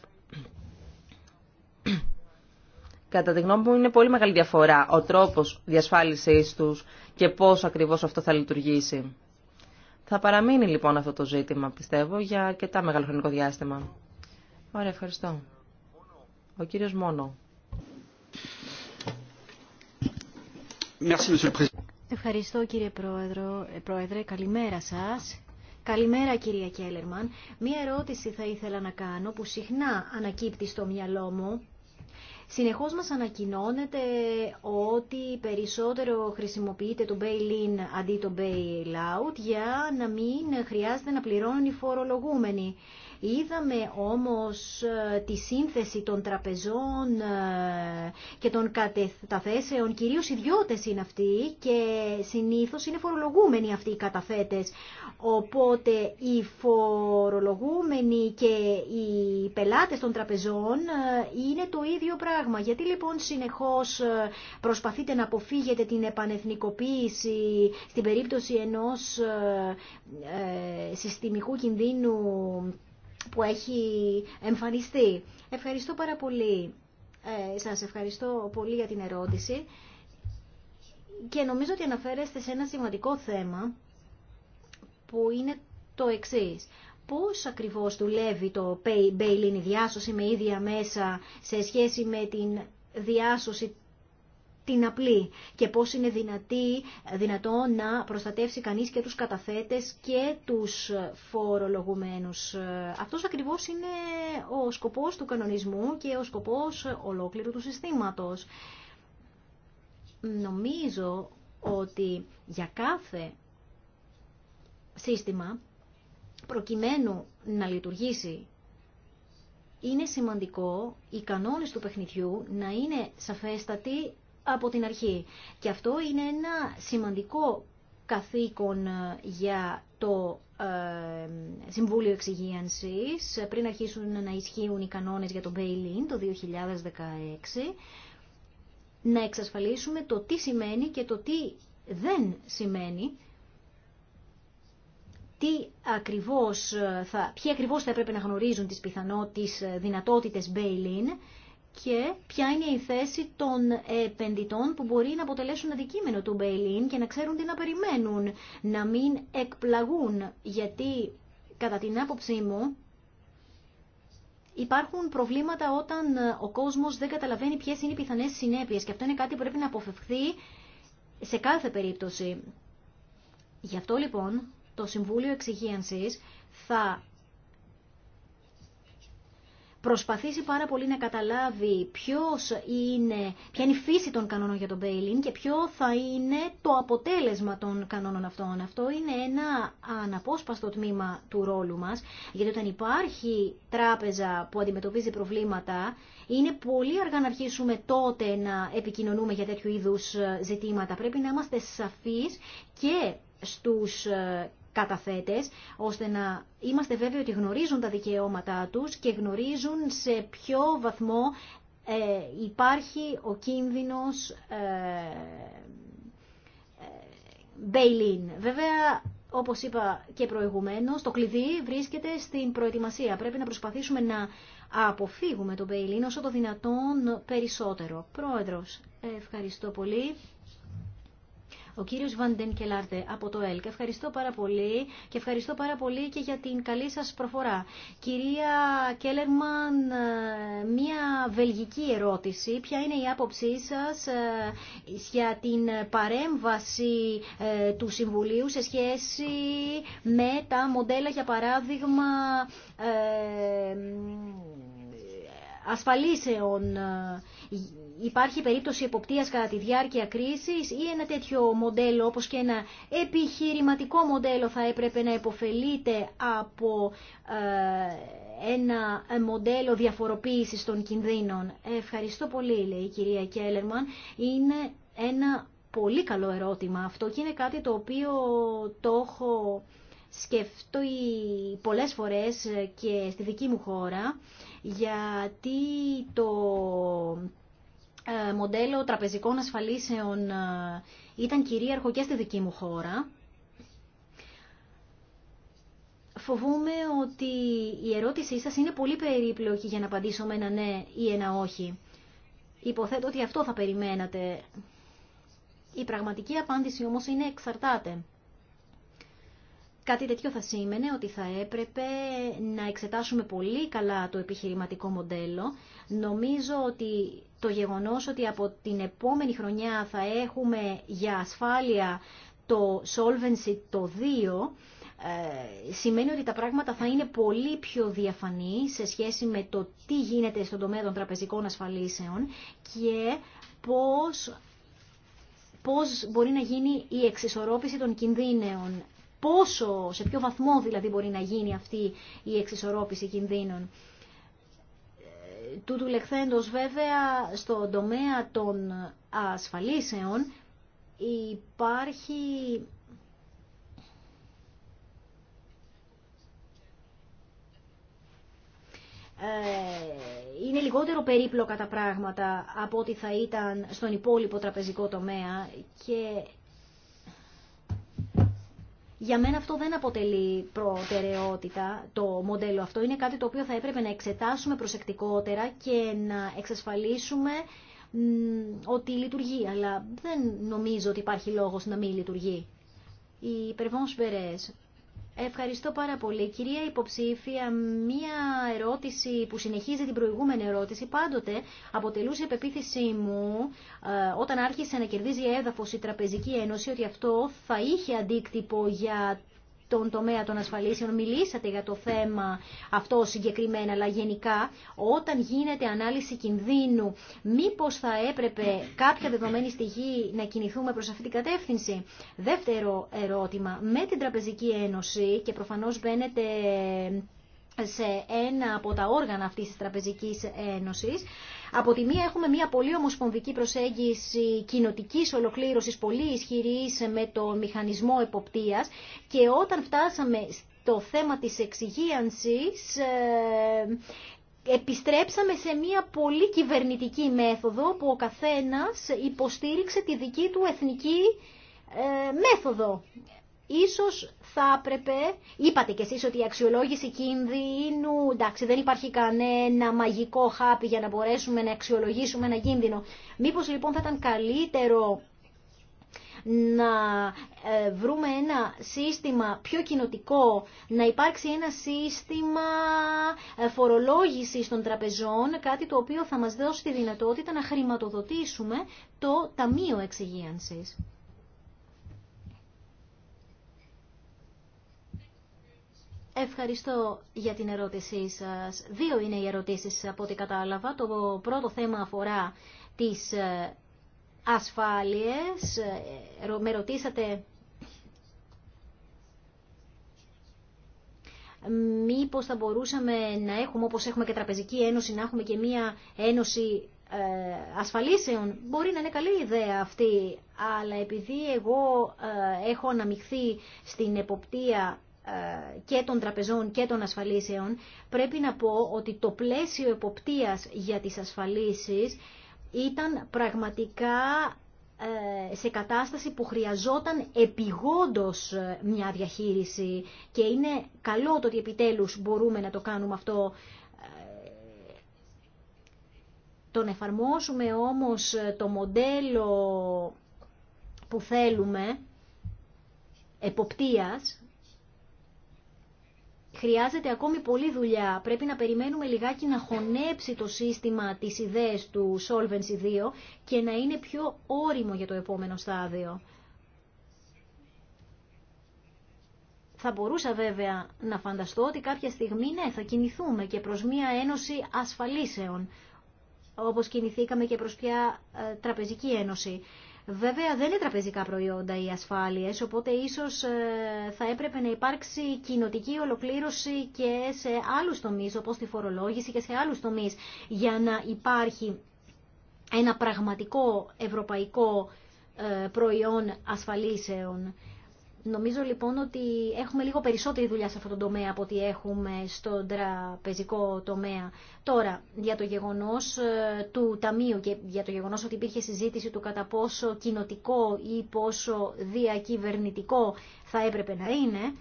Κατά τη γνώμη μου είναι πολύ μεγάλη διαφορά ο τρόπος διασφάλισης τους και πώς ακριβώς αυτό θα λειτουργήσει. Θα παραμείνει λοιπόν αυτό το ζήτημα, πιστεύω, για αρκετά μεγάλο χρονικό διάστημα. Ωραία, ευχαριστώ. Ο κύριος Μόνο. Ευχαριστώ κύριε Πρόεδρο, ε, Πρόεδρε. Καλημέρα σας. Καλημέρα κυρία Κέλλερμαν Μία ερώτηση θα ήθελα να κάνω που συχνά ανακύπτει στο μυαλό μου Συνεχώς μας ανακοινώνεται ότι περισσότερο χρησιμοποιείται το bail-in αντί το bail-out για να μην χρειάζεται να πληρώνουν οι φορολογούμενοι. Είδαμε όμως ε, τη σύνθεση των τραπεζών ε, και των καταθέσεων, κυρίως ιδιώτες είναι αυτοί και συνήθως είναι φορολογούμενοι αυτοί οι καταθέτες. Οπότε οι φορολογούμενοι και οι πελάτες των τραπεζών ε, είναι το ίδιο πράγμα. Γιατί λοιπόν συνεχώς προσπαθείτε να αποφύγετε την επανεθνικοποίηση στην περίπτωση ενός συστημικού κινδύνου που έχει εμφανιστεί. Ευχαριστώ πάρα πολύ. Ε, σας ευχαριστώ πολύ για την ερώτηση. Και νομίζω ότι αναφέρεστε σε ένα σημαντικό θέμα που είναι το εξής. Πώς ακριβώς δουλεύει το bail η διάσωση με ίδια μέσα σε σχέση με την διάσωση την απλή και πώς είναι δυνατή, δυνατό να προστατεύσει κανείς και τους καταθέτες και τους φορολογουμένους. Αυτός ακριβώς είναι ο σκοπός του κανονισμού και ο σκοπός ολόκληρου του συστήματος. Νομίζω ότι για κάθε σύστημα προκειμένου να λειτουργήσει είναι σημαντικό οι κανόνες του παιχνιδιού να είναι σαφέστατοι από την αρχή. Και αυτό είναι ένα σημαντικό καθήκον ε, για το ε, Συμβούλιο Εξυγίανσης ε, πριν αρχίσουν να ισχύουν οι κανόνες για το Μπέιλιν το 2016 να εξασφαλίσουμε το τι σημαίνει και το τι δεν σημαίνει τι ακριβώς θα, ποιοι ακριβώς θα έπρεπε να γνωρίζουν τις πιθανότητες Μπέιλιν και ποια είναι η θέση των επενδυτών που μπορεί να αποτελέσουν αντικείμενο του Μπέιλιν και να ξέρουν τι να περιμένουν, να μην εκπλαγούν, γιατί κατά την άποψή μου Υπάρχουν προβλήματα όταν ο κόσμος δεν καταλαβαίνει ποιες είναι οι πιθανές συνέπειες και αυτό είναι κάτι που πρέπει να αποφευχθεί σε κάθε περίπτωση. Γι' αυτό λοιπόν το Συμβούλιο Εξυγίανσης θα προσπαθήσει πάρα πολύ να καταλάβει ποιος είναι, ποια είναι η φύση των κανόνων για τον Μπέιλιν και ποιο θα είναι το αποτέλεσμα των κανόνων αυτών. Αυτό είναι ένα αναπόσπαστο τμήμα του ρόλου μας, γιατί όταν υπάρχει τράπεζα που αντιμετωπίζει προβλήματα, είναι πολύ αργά να αρχίσουμε τότε να επικοινωνούμε για τέτοιου είδους ζητήματα. Πρέπει να είμαστε σαφείς και στους ε, καταθέτες, ώστε να είμαστε βέβαιοι ότι γνωρίζουν τα δικαιώματά τους και γνωρίζουν σε ποιο βαθμό ε, υπάρχει ο κίνδυνος ε, ε bail Βέβαια, όπως είπα και προηγουμένως, το κλειδί βρίσκεται στην προετοιμασία. Πρέπει να προσπαθήσουμε να αποφύγουμε το bail όσο το δυνατόν περισσότερο. Πρόεδρος, ευχαριστώ πολύ. Ο κύριο Βαντεν Κελάρτε από το ΕΛΚ. Ευχαριστώ πάρα πολύ και ευχαριστώ πάρα πολύ και για την καλή σα προφορά. Κυρία Κέλερμαν, ε, μία βελγική ερώτηση. Ποια είναι η άποψή σα ε, για την παρέμβαση ε, του Συμβουλίου σε σχέση με τα μοντέλα, για παράδειγμα, ασφαλίσεων υπάρχει περίπτωση εποπτείας κατά τη διάρκεια κρίσης ή ένα τέτοιο μοντέλο όπως και ένα επιχειρηματικό μοντέλο θα έπρεπε να υποφελείται από ε, ένα μοντέλο διαφοροποίησης των κινδύνων. Ευχαριστώ πολύ, λέει η κυρία Κέλερμαν. Είναι ένα πολύ καλό ερώτημα αυτό και είναι πολυ λεει η κυρια κελλερμαν ειναι ενα πολυ καλο ερωτημα αυτο και ειναι κατι το οποίο το έχω σκεφτεί πολλές φορές και στη δική μου χώρα γιατί το ε, μοντέλο τραπεζικών ασφαλίσεων ε, ήταν κυρίαρχο και στη δική μου χώρα. Φοβούμαι ότι η ερώτησή σας είναι πολύ περίπλοκη για να απαντήσω με ένα ναι ή ένα όχι. Υποθέτω ότι αυτό θα περιμένατε. Η πραγματική απάντηση όμως είναι εξαρτάται. Κάτι τέτοιο θα σήμαινε ότι θα έπρεπε να εξετάσουμε πολύ καλά το επιχειρηματικό μοντέλο. Νομίζω ότι το γεγονός ότι από την επόμενη χρονιά θα έχουμε για ασφάλεια το Solvency το 2 ε, σημαίνει ότι τα πράγματα θα είναι πολύ πιο διαφανή σε σχέση με το τι γίνεται στον τομέα των τραπεζικών ασφαλίσεων και πώς, πώς μπορεί να γίνει η εξισορρόπηση των κινδύνεων πόσο, σε ποιο βαθμό δηλαδή μπορεί να γίνει αυτή η εξισορρόπηση κινδύνων. Τούτου λεχθέντος βέβαια στον τομέα των ασφαλίσεων υπάρχει ε, είναι λιγότερο περίπλοκα τα πράγματα από ό,τι θα ήταν στον υπόλοιπο τραπεζικό τομέα και για μένα αυτό δεν αποτελεί προτεραιότητα το μοντέλο αυτό. Είναι κάτι το οποίο θα έπρεπε να εξετάσουμε προσεκτικότερα και να εξασφαλίσουμε ότι λειτουργεί. Αλλά δεν νομίζω ότι υπάρχει λόγος να μην λειτουργεί. Οι Ευχαριστώ πάρα πολύ. Κυρία Υποψήφια, μία ερώτηση που συνεχίζει την προηγούμενη ερώτηση. Πάντοτε αποτελούσε πεποίθησή μου ε, όταν άρχισε να κερδίζει έδαφος η Τραπεζική Ένωση ότι αυτό θα είχε αντίκτυπο για τον τομέα των ασφαλίσεων. Μιλήσατε για το θέμα αυτό συγκεκριμένα, αλλά γενικά όταν γίνεται ανάλυση κινδύνου, μήπως θα έπρεπε κάποια δεδομένη στοιχεία να κινηθούμε προς αυτή την κατεύθυνση. Δεύτερο ερώτημα, με την Τραπεζική Ένωση και προφανώς μπαίνετε σε ένα από τα όργανα αυτής της Τραπεζικής Ένωσης. Από τη μία έχουμε μια πολύ ομοσπονδική προσέγγιση κοινοτική ολοκλήρωσης, πολύ ισχυρής με τον μηχανισμό εποπτείας και όταν φτάσαμε στο θέμα της εξυγίανσης ε, επιστρέψαμε σε μια πολύ κυβερνητική μέθοδο που ο καθένας υποστήριξε τη δική του εθνική ε, μέθοδο ίσως θα έπρεπε, είπατε κι εσείς ότι η αξιολόγηση κινδύνου, εντάξει δεν υπάρχει κανένα μαγικό χάπι για να μπορέσουμε να αξιολογήσουμε ένα κίνδυνο. Μήπως λοιπόν θα ήταν καλύτερο να ε, βρούμε ένα σύστημα πιο κοινοτικό, να υπάρξει ένα σύστημα ε, φορολόγησης των τραπεζών, κάτι το οποίο θα μας δώσει τη δυνατότητα να χρηματοδοτήσουμε το Ταμείο Εξυγίανσης. Ευχαριστώ για την ερώτησή σας. Δύο είναι οι ερωτήσεις από ό,τι κατάλαβα. Το πρώτο θέμα αφορά τις ε, ασφάλειες. Ε, με ρωτήσατε μήπως θα μπορούσαμε να έχουμε, όπως έχουμε και τραπεζική ένωση, να έχουμε και μία ένωση ε, ασφαλίσεων. Μπορεί να είναι καλή ιδέα αυτή, αλλά επειδή εγώ έχω αναμειχθεί στην εποπτεία ε, και των τραπεζών και των ασφαλίσεων, πρέπει να πω ότι το πλαίσιο εποπτείας για τις ασφαλίσεις ήταν πραγματικά ε, σε κατάσταση που χρειαζόταν επιγόντως ε, μια διαχείριση και είναι καλό το ότι επιτέλους μπορούμε να το κάνουμε αυτό τον εφαρμόσουμε όμως το μοντέλο που θέλουμε εποπτείας Χρειάζεται ακόμη πολλή δουλειά. Πρέπει να περιμένουμε λιγάκι να χωνέψει το σύστημα τις ιδέες του Solvency 2 και να είναι πιο όριμο για το επόμενο στάδιο. Θα μπορούσα βέβαια να φανταστώ ότι κάποια στιγμή ναι, θα κινηθούμε και προς μια ένωση ασφαλίσεων, όπως κινηθήκαμε και προς μια ε, τραπεζική ένωση. Βέβαια δεν είναι τραπεζικά προϊόντα οι ασφάλειες, οπότε ίσως ε, θα έπρεπε να υπάρξει κοινοτική ολοκλήρωση και σε άλλους τομείς, όπως τη φορολόγηση και σε άλλους τομείς, για να υπάρχει ένα πραγματικό ευρωπαϊκό ε, προϊόν ασφαλίσεων. Νομίζω λοιπόν ότι έχουμε λίγο περισσότερη δουλειά σε αυτό το τομέα από ό,τι έχουμε στον τραπεζικό τομέα. Τώρα, για το γεγονός ε, του Ταμείου και για το γεγονός ότι υπήρχε συζήτηση του κατά πόσο κοινοτικό ή πόσο διακυβερνητικό θα έπρεπε να είναι,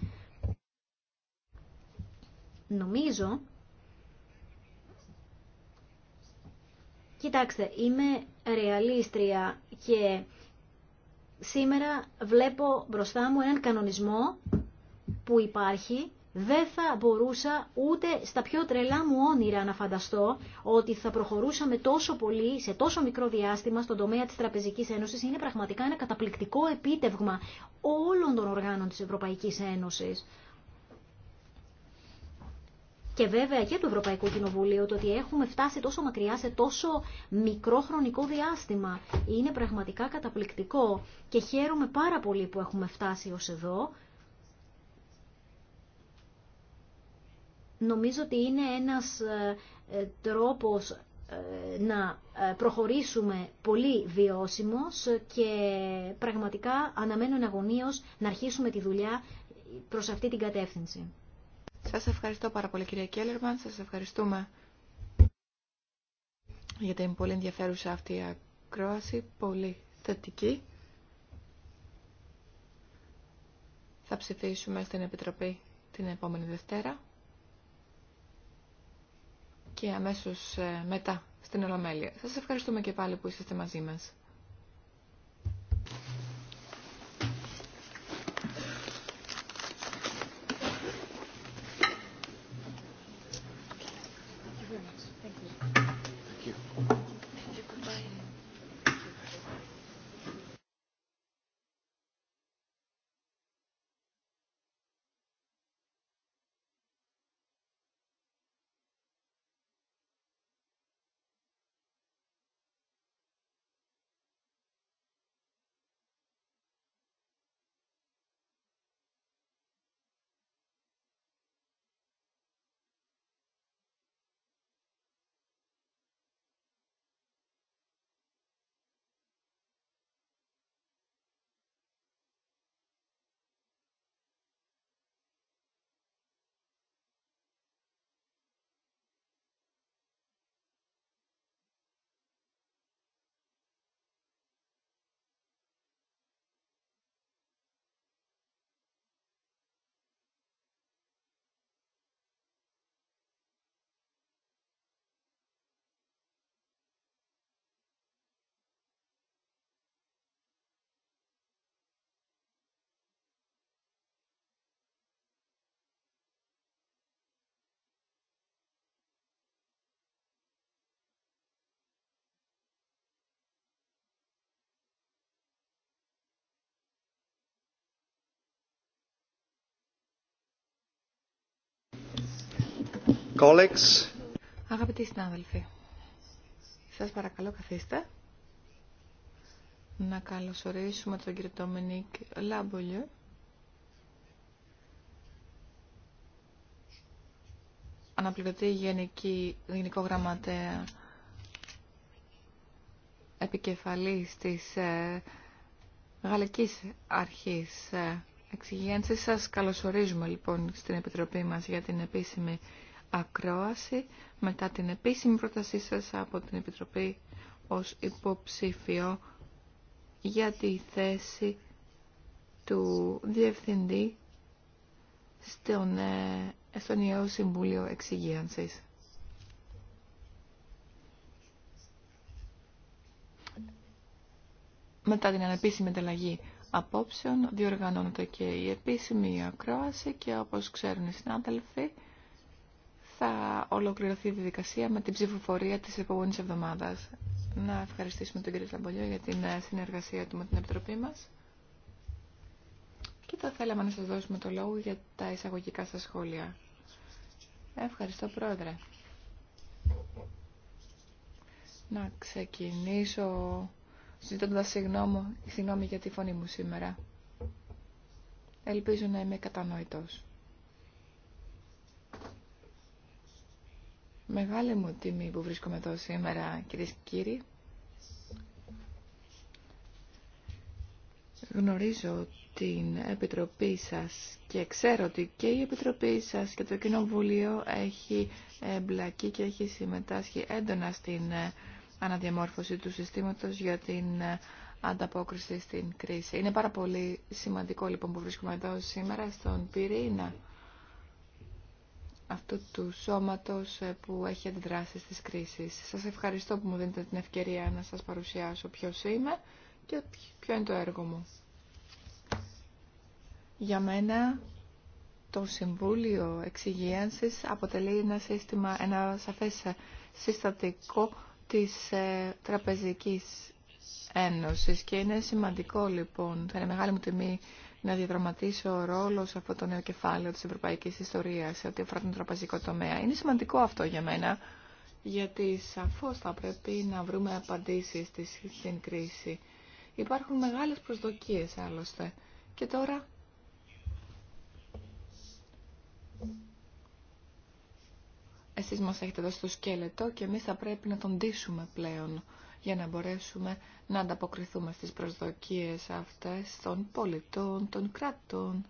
νομίζω... Κοιτάξτε, είμαι ρεαλίστρια και σήμερα βλέπω μπροστά μου έναν κανονισμό που υπάρχει δεν θα μπορούσα ούτε στα πιο τρελά μου όνειρα να φανταστώ ότι θα προχωρούσαμε τόσο πολύ σε τόσο μικρό διάστημα στον τομέα της Τραπεζικής Ένωσης. Είναι πραγματικά ένα καταπληκτικό επίτευγμα όλων των οργάνων της Ευρωπαϊκής Ένωσης και βέβαια και του Ευρωπαϊκού Κοινοβουλίου το ότι έχουμε φτάσει τόσο μακριά σε τόσο μικρό χρονικό διάστημα. Είναι πραγματικά καταπληκτικό και χαίρομαι πάρα πολύ που έχουμε φτάσει ως εδώ. Νομίζω ότι είναι ένας ε, ε, τρόπος ε, να προχωρήσουμε πολύ βιώσιμος και πραγματικά αναμένω εναγωνίως να αρχίσουμε τη δουλειά προς αυτή την κατεύθυνση. Σας ευχαριστώ πάρα πολύ κυρία Κέλλερμαν, σας ευχαριστούμε για την πολύ ενδιαφέρουσα αυτή η ακρόαση, πολύ θετική. Θα ψηφίσουμε στην Επιτροπή την επόμενη Δευτέρα και αμέσως ε, μετά στην Ολομέλεια. Σας ευχαριστούμε και πάλι που είστε μαζί μας. colleagues. Αγαπητοί συνάδελφοι, σας παρακαλώ καθίστε. Να καλωσορίσουμε τον κύριο Ντόμινικ Λάμπολιο. Αναπληρωτή γενική, Γενικό Γραμματέα Επικεφαλής της ε, Γαλλικής Αρχής ε, Σας καλωσορίζουμε λοιπόν στην Επιτροπή μας για την επίσημη ακρόαση μετά την επίσημη πρότασή σας από την Επιτροπή ως υποψήφιο για τη θέση του Διευθυντή στον, ε, στον Ιαίο Συμβούλιο Εξυγίανσης. Μετά την ανεπίσημη ανταλλαγή απόψεων διοργανώνεται και η επίσημη ακρόαση και όπως ξέρουν οι συνάδελφοι θα ολοκληρωθεί η διαδικασία με την ψηφοφορία της επόμενης εβδομάδας. Να ευχαριστήσουμε τον κύριο Λαμπολιό για την ε, συνεργασία του με την Επιτροπή μας. Και θα θέλαμε να σας δώσουμε το λόγο για τα εισαγωγικά σας σχόλια. Ευχαριστώ, Πρόεδρε. Να ξεκινήσω ζητώντας συγγνώμη, για τη φωνή μου σήμερα. Ελπίζω να είμαι κατανοητός. Μεγάλη μου τιμή που βρίσκομαι εδώ σήμερα, κυρίε και κύριοι. Γνωρίζω την Επιτροπή σας και ξέρω ότι και η Επιτροπή σας και το Κοινοβουλίο έχει εμπλακεί και έχει συμμετάσχει έντονα στην αναδιαμόρφωση του συστήματος για την ανταπόκριση στην κρίση. Είναι πάρα πολύ σημαντικό λοιπόν που βρίσκομαι εδώ σήμερα στον πυρήνα αυτού του σώματος ε, που έχει αντιδράσει στις κρίσεις. Σας ευχαριστώ που μου δίνετε την ευκαιρία να σας παρουσιάσω ποιος είμαι και ποιο είναι το έργο μου. Για μένα το Συμβούλιο Εξυγίανσης αποτελεί ένα σύστημα, ένα σαφές συστατικό της ε, Τραπεζικής Ένωσης και είναι σημαντικό λοιπόν, θα είναι μεγάλη μου τιμή να διαδραματίσω ρόλο ρόλος αυτό το νέο κεφάλαιο της ευρωπαϊκής ιστορίας σε ό,τι αφορά τον τραπεζικό τομέα. Είναι σημαντικό αυτό για μένα, γιατί σαφώς θα πρέπει να βρούμε απαντήσεις στην κρίση. Υπάρχουν μεγάλες προσδοκίες άλλωστε. Και τώρα... Εσείς μας έχετε δώσει το σκέλετο και εμείς θα πρέπει να τον ντύσουμε πλέον για να μπορέσουμε να ανταποκριθούμε στις προσδοκίες αυτές των πολιτών, των κρατών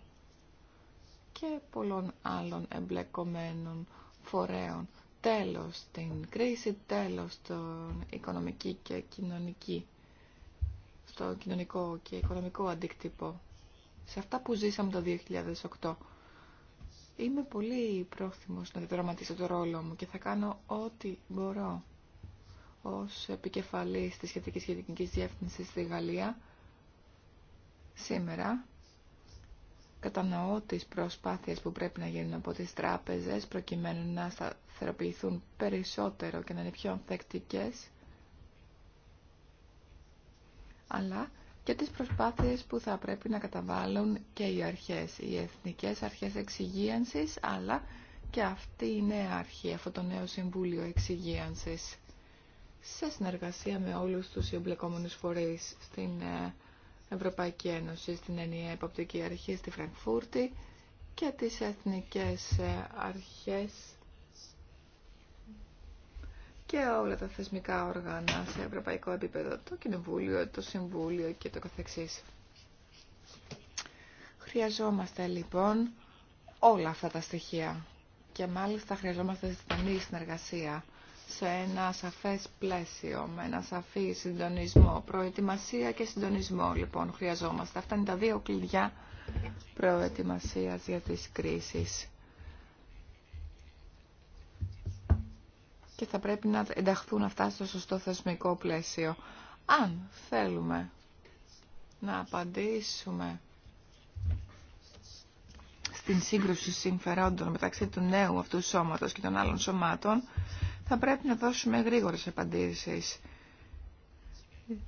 και πολλών άλλων εμπλεκομένων φορέων. Τέλος την κρίση, τέλος τον οικονομική και κοινωνική, στο κοινωνικό και οικονομικό αντίκτυπο. Σε αυτά που ζήσαμε το 2008. Είμαι πολύ πρόθυμος να διδραματίσω το ρόλο μου και θα κάνω ό,τι μπορώ ως επικεφαλής της σχετικής γενικής διεύθυνσης στη Γαλλία σήμερα κατανοώ τις προσπάθειες που πρέπει να γίνουν από τις τράπεζες προκειμένου να σταθεροποιηθούν περισσότερο και να είναι πιο ανθεκτικές αλλά και τις προσπάθειες που θα πρέπει να καταβάλουν και οι αρχές, οι εθνικές αρχές εξυγίανσης, αλλά και αυτή η νέα αρχή, αυτό το νέο Συμβούλιο Εξυγίανσης σε συνεργασία με όλους τους εμπλεκόμενους φορείς στην ε, Ευρωπαϊκή Ένωση, στην Ενιαία Εποπτική Αρχή στη Φραγκφούρτη και τις εθνικές ε, αρχές και όλα τα θεσμικά όργανα σε ευρωπαϊκό επίπεδο, το Κοινοβούλιο, το Συμβούλιο και το καθεξής. Χρειαζόμαστε λοιπόν όλα αυτά τα στοιχεία και μάλιστα χρειαζόμαστε μη συνεργασία σε ένα σαφές πλαίσιο, με ένα σαφή συντονισμό. Προετοιμασία και συντονισμό λοιπόν χρειαζόμαστε. Αυτά είναι τα δύο κλειδιά προετοιμασίας για τις κρίσεις. Και θα πρέπει να ενταχθούν αυτά στο σωστό θεσμικό πλαίσιο. Αν θέλουμε να απαντήσουμε στην σύγκρουση συμφερόντων μεταξύ του νέου αυτού σώματος και των άλλων σωμάτων, θα πρέπει να δώσουμε γρήγορες απαντήσεις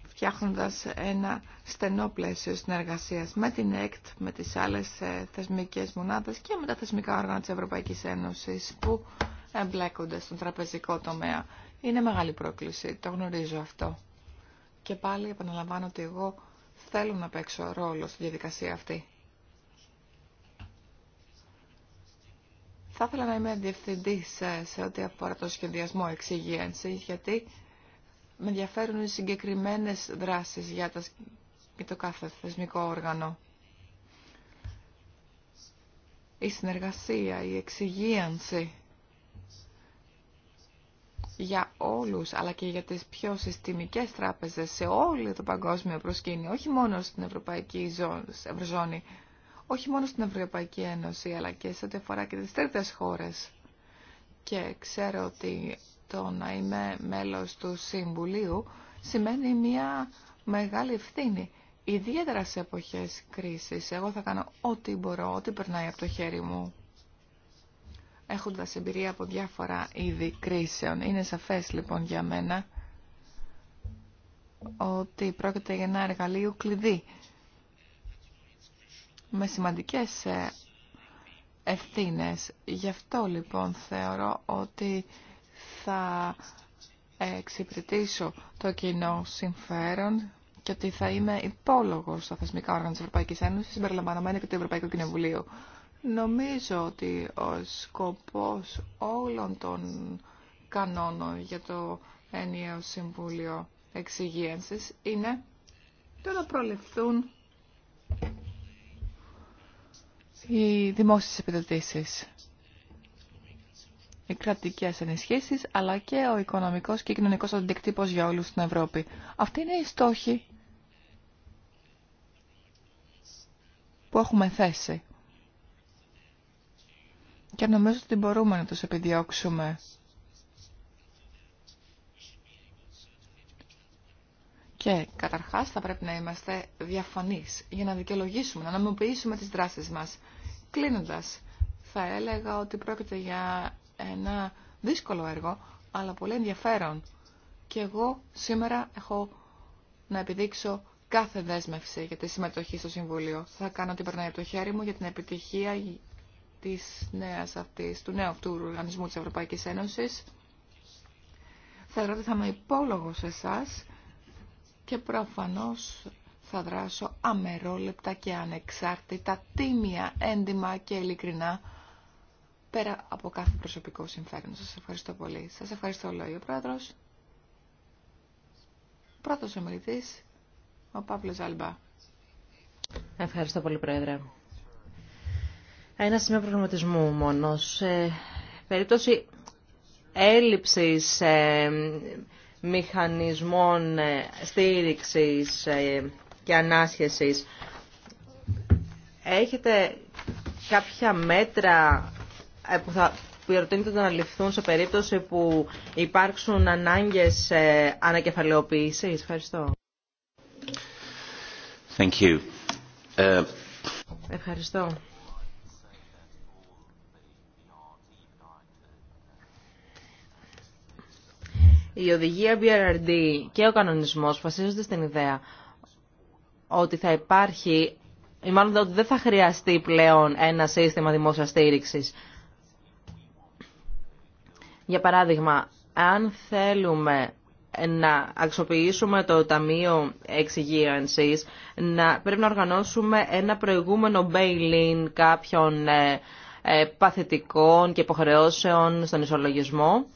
φτιάχνοντας ένα στενό πλαίσιο συνεργασίας με την ΕΚΤ, με τις άλλες ε, θεσμικές μονάδες και με τα θεσμικά όργανα της Ευρωπαϊκής Ένωσης που εμπλέκονται στον τραπεζικό τομέα. Είναι μεγάλη πρόκληση, το γνωρίζω αυτό. Και πάλι επαναλαμβάνω ότι εγώ θέλω να παίξω ρόλο στη διαδικασία αυτή. Θα ήθελα να είμαι διευθυντή ε, σε ό,τι αφορά το σχεδιασμό εξυγίανση, γιατί με ενδιαφέρουν οι συγκεκριμένε δράσει για, το κάθε θεσμικό όργανο. Η συνεργασία, η εξυγίανση για όλους, αλλά και για τις πιο συστημικές τράπεζες σε όλο το παγκόσμιο προσκήνιο, όχι μόνο στην ευρωπαϊκή ευρωζώνη, όχι μόνο στην Ευρωπαϊκή Ένωση, αλλά και σε ό,τι αφορά και τις τρίτες χώρες. Και ξέρω ότι το να είμαι μέλος του Συμβουλίου σημαίνει μια μεγάλη ευθύνη, ιδιαίτερα σε εποχές κρίσης. Εγώ θα κάνω ό,τι μπορώ, ό,τι περνάει από το χέρι μου, έχοντας εμπειρία από διάφορα είδη κρίσεων. Είναι σαφές λοιπόν για μένα ότι πρόκειται για ένα εργαλείο κλειδί με σημαντικές ε, ευθύνες. Γι' αυτό λοιπόν θεωρώ ότι θα εξυπηρετήσω το κοινό συμφέρον και ότι θα είμαι υπόλογο στα θεσμικά όργανα της Ευρωπαϊκής Ένωσης, συμπεριλαμβανομένη και του Ευρωπαϊκού Κοινοβουλίου. Νομίζω ότι ο σκοπός όλων των κανόνων για το ενιαίο Συμβούλιο Εξυγίανσης είναι το να προληφθούν οι δημόσιες επιδοτήσεις, οι κρατικές ενισχύσεις, αλλά και ο οικονομικός και κοινωνικός αντικτύπος για όλους στην Ευρώπη. Αυτή είναι η στόχη που έχουμε θέσει. Και νομίζω ότι μπορούμε να τους επιδιώξουμε. Και καταρχάς θα πρέπει να είμαστε διαφανείς για να δικαιολογήσουμε, να νομιμοποιήσουμε τις δράσεις μας. Κλείνοντας, θα έλεγα ότι πρόκειται για ένα δύσκολο έργο, αλλά πολύ ενδιαφέρον. Και εγώ σήμερα έχω να επιδείξω κάθε δέσμευση για τη συμμετοχή στο Συμβούλιο. Θα κάνω την περνάει από το χέρι μου για την επιτυχία της νέας αυτής, του νέου αυτού οργανισμού της Ευρωπαϊκής Ένωσης. Θεωρώ ότι θα είμαι σε εσάς και προφανώς θα δράσω αμερόλεπτα και ανεξάρτητα, τίμια, έντιμα και ειλικρινά, πέρα από κάθε προσωπικό συμφέρον. Σας ευχαριστώ πολύ. Σας ευχαριστώ, λέει ο Πρόεδρος. Πρώτος ομιλητής, ο Παύλος Ζαλμπά. Ευχαριστώ πολύ, Πρόεδρε. Ένα σημείο προγραμματισμού μόνο. Σε περίπτωση έλλειψης ε, μηχανισμών ε, στήριξης ε, και ανάσχεσης. Έχετε κάποια μέτρα ε, που θα προτείνετε να ληφθούν σε περίπτωση που υπάρξουν ανάγκες ε, ανακεφαλαιοποίησης. Ευχαριστώ. Thank you. Ε, Ευχαριστώ. Η οδηγία BRRD και ο κανονισμός βασίζονται στην ιδέα ότι θα υπάρχει, ή μάλλον ότι δεν θα χρειαστεί πλέον ένα σύστημα δημόσιας στήριξης. Για παράδειγμα, αν θέλουμε να αξιοποιήσουμε το Ταμείο Εξυγίανσης, να, πρέπει να οργανώσουμε ένα προηγούμενο bail-in κάποιων ε, ε, παθητικών και υποχρεώσεων στον ισολογισμό.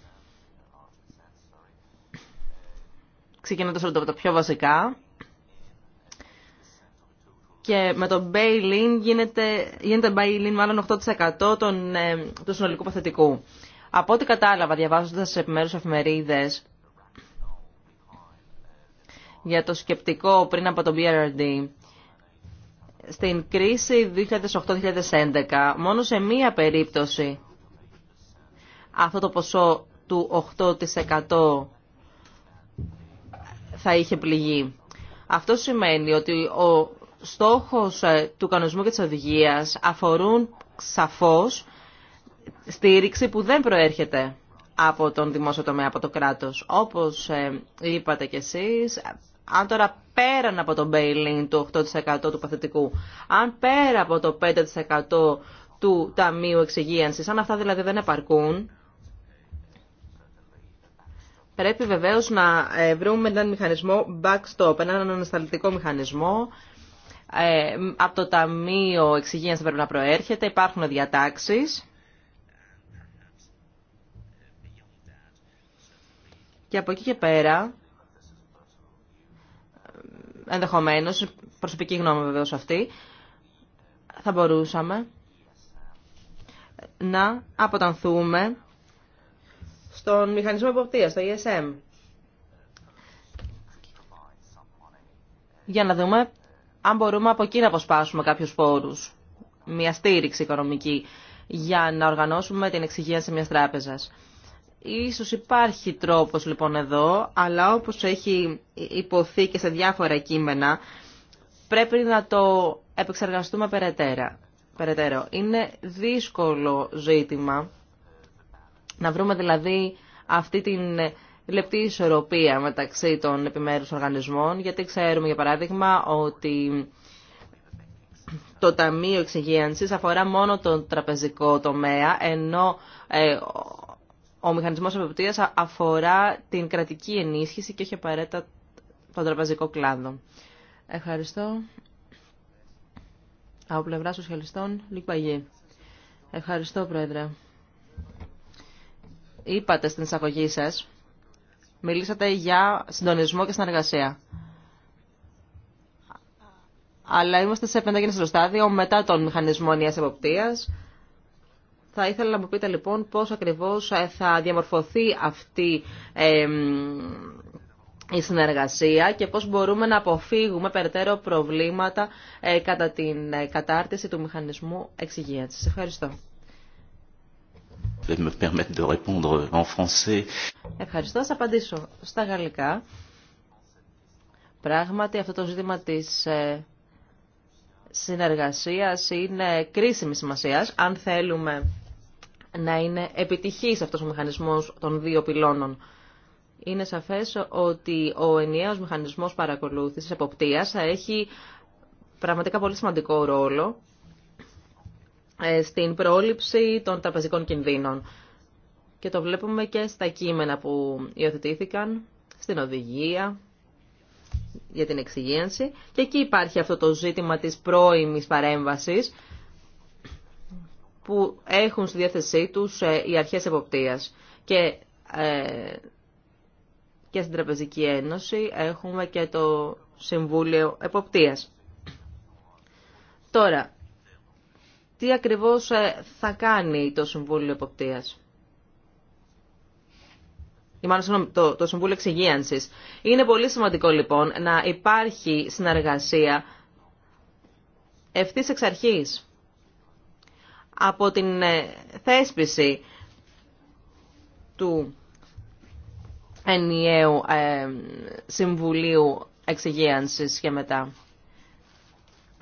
Ξεκινώντας από τα πιο βασικά, και με το bail-in γίνεται, γίνεται bail-in μάλλον 8% ε, του συνολικού παθητικού. Από ό,τι κατάλαβα διαβάζοντας σε επιμέρους εφημερίδες για το σκεπτικό πριν από το BRD, στην κρίση 2008-2011 μόνο σε μία περίπτωση αυτό το ποσό του 8% θα είχε πληγεί. Αυτό σημαίνει ότι ο στόχος ε, του κανονισμού και της οδηγίας αφορούν σαφώς στήριξη που δεν προέρχεται από τον δημόσιο τομέα, από το κράτος. Όπως ε, είπατε κι εσείς, αν τώρα πέραν από το bail-in του 8% του παθητικού, αν πέρα από το 5% του Ταμείου Εξυγίανσης, αν αυτά δηλαδή δεν επαρκούν, πρέπει βεβαίως να ε, βρούμε έναν μηχανισμό backstop, έναν ανασταλτικό μηχανισμό, ε, από το Ταμείο Εξυγείας πρέπει να προέρχεται. Υπάρχουν διατάξεις. Και από εκεί και πέρα, ενδεχομένως, προσωπική γνώμη βεβαίω αυτή, θα μπορούσαμε να αποτανθούμε στον μηχανισμό εποπτείας, στο ESM. Για να δούμε αν μπορούμε από εκεί να αποσπάσουμε κάποιους πόρους, μια στήριξη οικονομική, για να οργανώσουμε την εξυγίανση μιας τράπεζας. Ίσως υπάρχει τρόπος λοιπόν εδώ, αλλά όπως έχει υποθεί και σε διάφορα κείμενα, πρέπει να το επεξεργαστούμε περαιτέρω. Είναι δύσκολο ζήτημα να βρούμε δηλαδή αυτή την λεπτή ισορροπία μεταξύ των επιμέρους οργανισμών, γιατί ξέρουμε, για παράδειγμα, ότι το Ταμείο Εξυγίανσης αφορά μόνο τον τραπεζικό τομέα, ενώ ε, ο μηχανισμός εποπτείας αφορά την κρατική ενίσχυση και έχει απαραίτητα τον τραπεζικό κλάδο. Ευχαριστώ. Από πλευρά σοσιαλιστών, Ευχαριστώ, Πρόεδρε. Είπατε στην εισαγωγή σας Μιλήσατε για συντονισμό και συνεργασία. Αλλά είμαστε σε πενταγενές στάδιο μετά τον μηχανισμό ενιαίας εποπτείας. Θα ήθελα να μου πείτε λοιπόν πώς ακριβώς ε, θα διαμορφωθεί αυτή η συνεργασία και πώς μπορούμε να αποφύγουμε περαιτέρω προβλήματα ε, κατά την ε, κατάρτιση του μηχανισμού εξυγείας. Σας ευχαριστώ. Ευχαριστώ, θα απαντήσω στα γαλλικά. Πράγματι, αυτό το ζήτημα της ε, συνεργασίας είναι κρίσιμη σημασία. αν θέλουμε να είναι επιτυχής αυτός ο μηχανισμός των δύο πυλώνων. Είναι σαφές ότι ο ενιαίος μηχανισμός παρακολούθησης εποπτείας θα έχει πραγματικά πολύ σημαντικό ρόλο ε, στην πρόληψη των τραπεζικών κινδύνων. Και το βλέπουμε και στα κείμενα που υιοθετήθηκαν, στην οδηγία για την εξυγίανση. Και εκεί υπάρχει αυτό το ζήτημα της πρώιμης παρέμβασης που έχουν στη διάθεσή τους ε, οι αρχές εποπτείας. Και, ε, και στην Τραπεζική Ένωση έχουμε και το Συμβούλιο Εποπτείας. Τώρα, τι ακριβώς ε, θα κάνει το Συμβούλιο Εποπτείας. Ή μάλλον το, το Συμβούλιο Εξυγίανσης. Είναι πολύ σημαντικό λοιπόν να υπάρχει συνεργασία ευθύς εξ από την ε, θέσπιση του ενιαίου ε, Συμβουλίου Εξυγίανσης και μετά.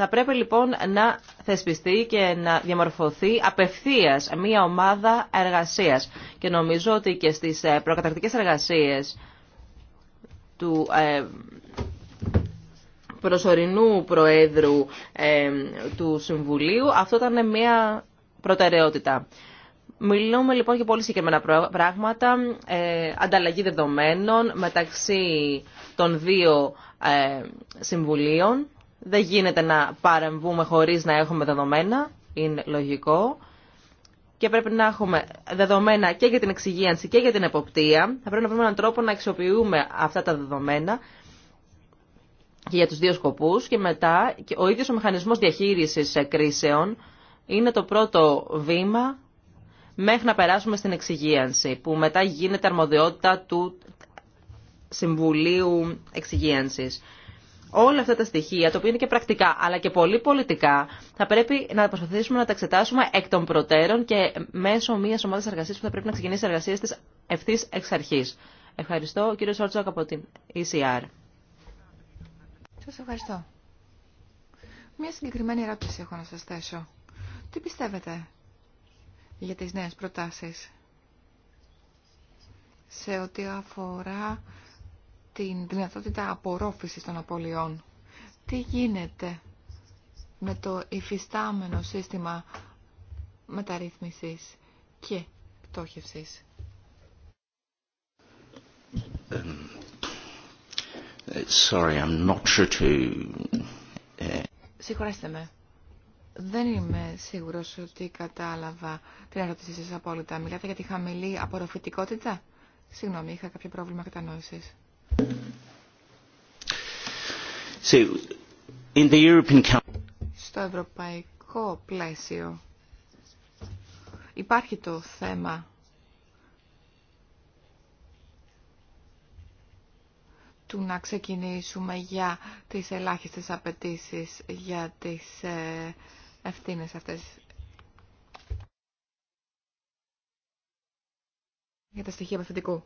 Θα πρέπει λοιπόν να θεσπιστεί και να διαμορφωθεί απευθείας μια ομάδα εργασίας. Και νομίζω ότι και στις ε, προκαταρκτικές εργασίες του ε, προσωρινού Προέδρου ε, του Συμβουλίου αυτό ήταν μια προτεραιότητα. Μιλούμε λοιπόν για πολύ συγκεκριμένα πράγματα, ανταλλαγή δεδομένων μεταξύ των δύο συμβουλίων δεν γίνεται να παρεμβούμε χωρίς να έχουμε δεδομένα, είναι λογικό. Και πρέπει να έχουμε δεδομένα και για την εξυγίανση και για την εποπτεία. Θα πρέπει να βρούμε έναν τρόπο να αξιοποιούμε αυτά τα δεδομένα και για τους δύο σκοπούς. Και μετά ο ίδιος ο μηχανισμός διαχείρισης κρίσεων είναι το πρώτο βήμα μέχρι να περάσουμε στην εξυγίανση, που μετά γίνεται αρμοδιότητα του Συμβουλίου Εξυγίανσης. Όλα αυτά τα στοιχεία, το οποίο είναι και πρακτικά, αλλά και πολύ πολιτικά, θα πρέπει να προσπαθήσουμε να τα εξετάσουμε εκ των προτέρων και μέσω μια ομάδα εργασία που θα πρέπει να ξεκινήσει εργασία τη ευθύ εξ αρχή. Ευχαριστώ, κύριο Σόρτσοκ από την ECR. Σα ευχαριστώ. Μια συγκεκριμένη ερώτηση έχω να σα θέσω. Τι πιστεύετε για τις νέες προτάσεις σε ό,τι αφορά την δυνατότητα απορρόφησης των απολειών. Τι γίνεται με το υφιστάμενο σύστημα μεταρρύθμισης και πτώχευσης. Ε, sorry, I'm not sure to... Ε, Συγχωρέστε με. Δεν είμαι σίγουρος ότι κατάλαβα την ερώτησή σας απόλυτα. Μιλάτε για τη χαμηλή απορροφητικότητα. Συγγνώμη, είχα κάποιο πρόβλημα κατανόησης. Στο ευρωπαϊκό πλαίσιο υπάρχει το θέμα του να ξεκινήσουμε για τις ελάχιστες απαιτήσει για τις ε, ευθύνες αυτές. Για τα στοιχεία παθητικού.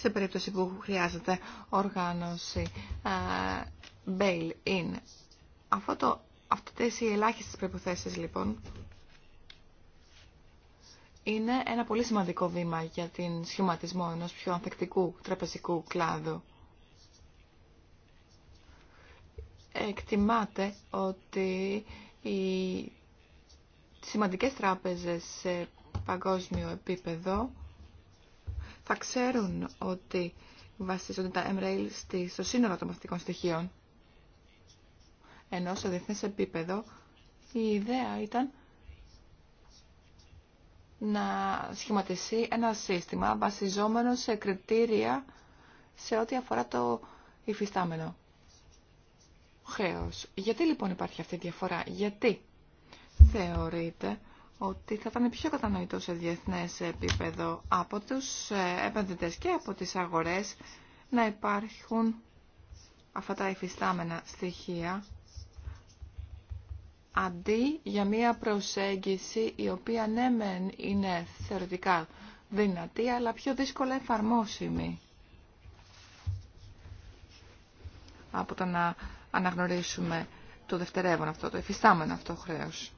σε περίπτωση που χρειάζεται οργάνωση ε, bail-in. το, αυτές οι ελάχιστες προϋποθέσεις λοιπόν είναι ένα πολύ σημαντικό βήμα για την σχηματισμό ενός πιο ανθεκτικού τραπεζικού κλάδου. Εκτιμάται ότι οι σημαντικές τράπεζες σε παγκόσμιο επίπεδο θα ξέρουν ότι βασίζονται τα MRAIL στο σύνολο των μαθητικών στοιχείων. Ενώ σε διεθνέ επίπεδο η ιδέα ήταν να σχηματιστεί ένα σύστημα βασιζόμενο σε κριτήρια σε ό,τι αφορά το υφιστάμενο χρέος. Γιατί λοιπόν υπάρχει αυτή η διαφορά, γιατί θεωρείται ότι θα ήταν πιο κατανοητό σε διεθνές επίπεδο από τους ε, επενδυτές και από τις αγορές να υπάρχουν αυτά τα υφιστάμενα στοιχεία αντί για μία προσέγγιση η οποία ναι είναι θεωρητικά δυνατή αλλά πιο δύσκολα εφαρμόσιμη από το να αναγνωρίσουμε το δευτερεύον αυτό, το εφιστάμενο αυτό χρέος.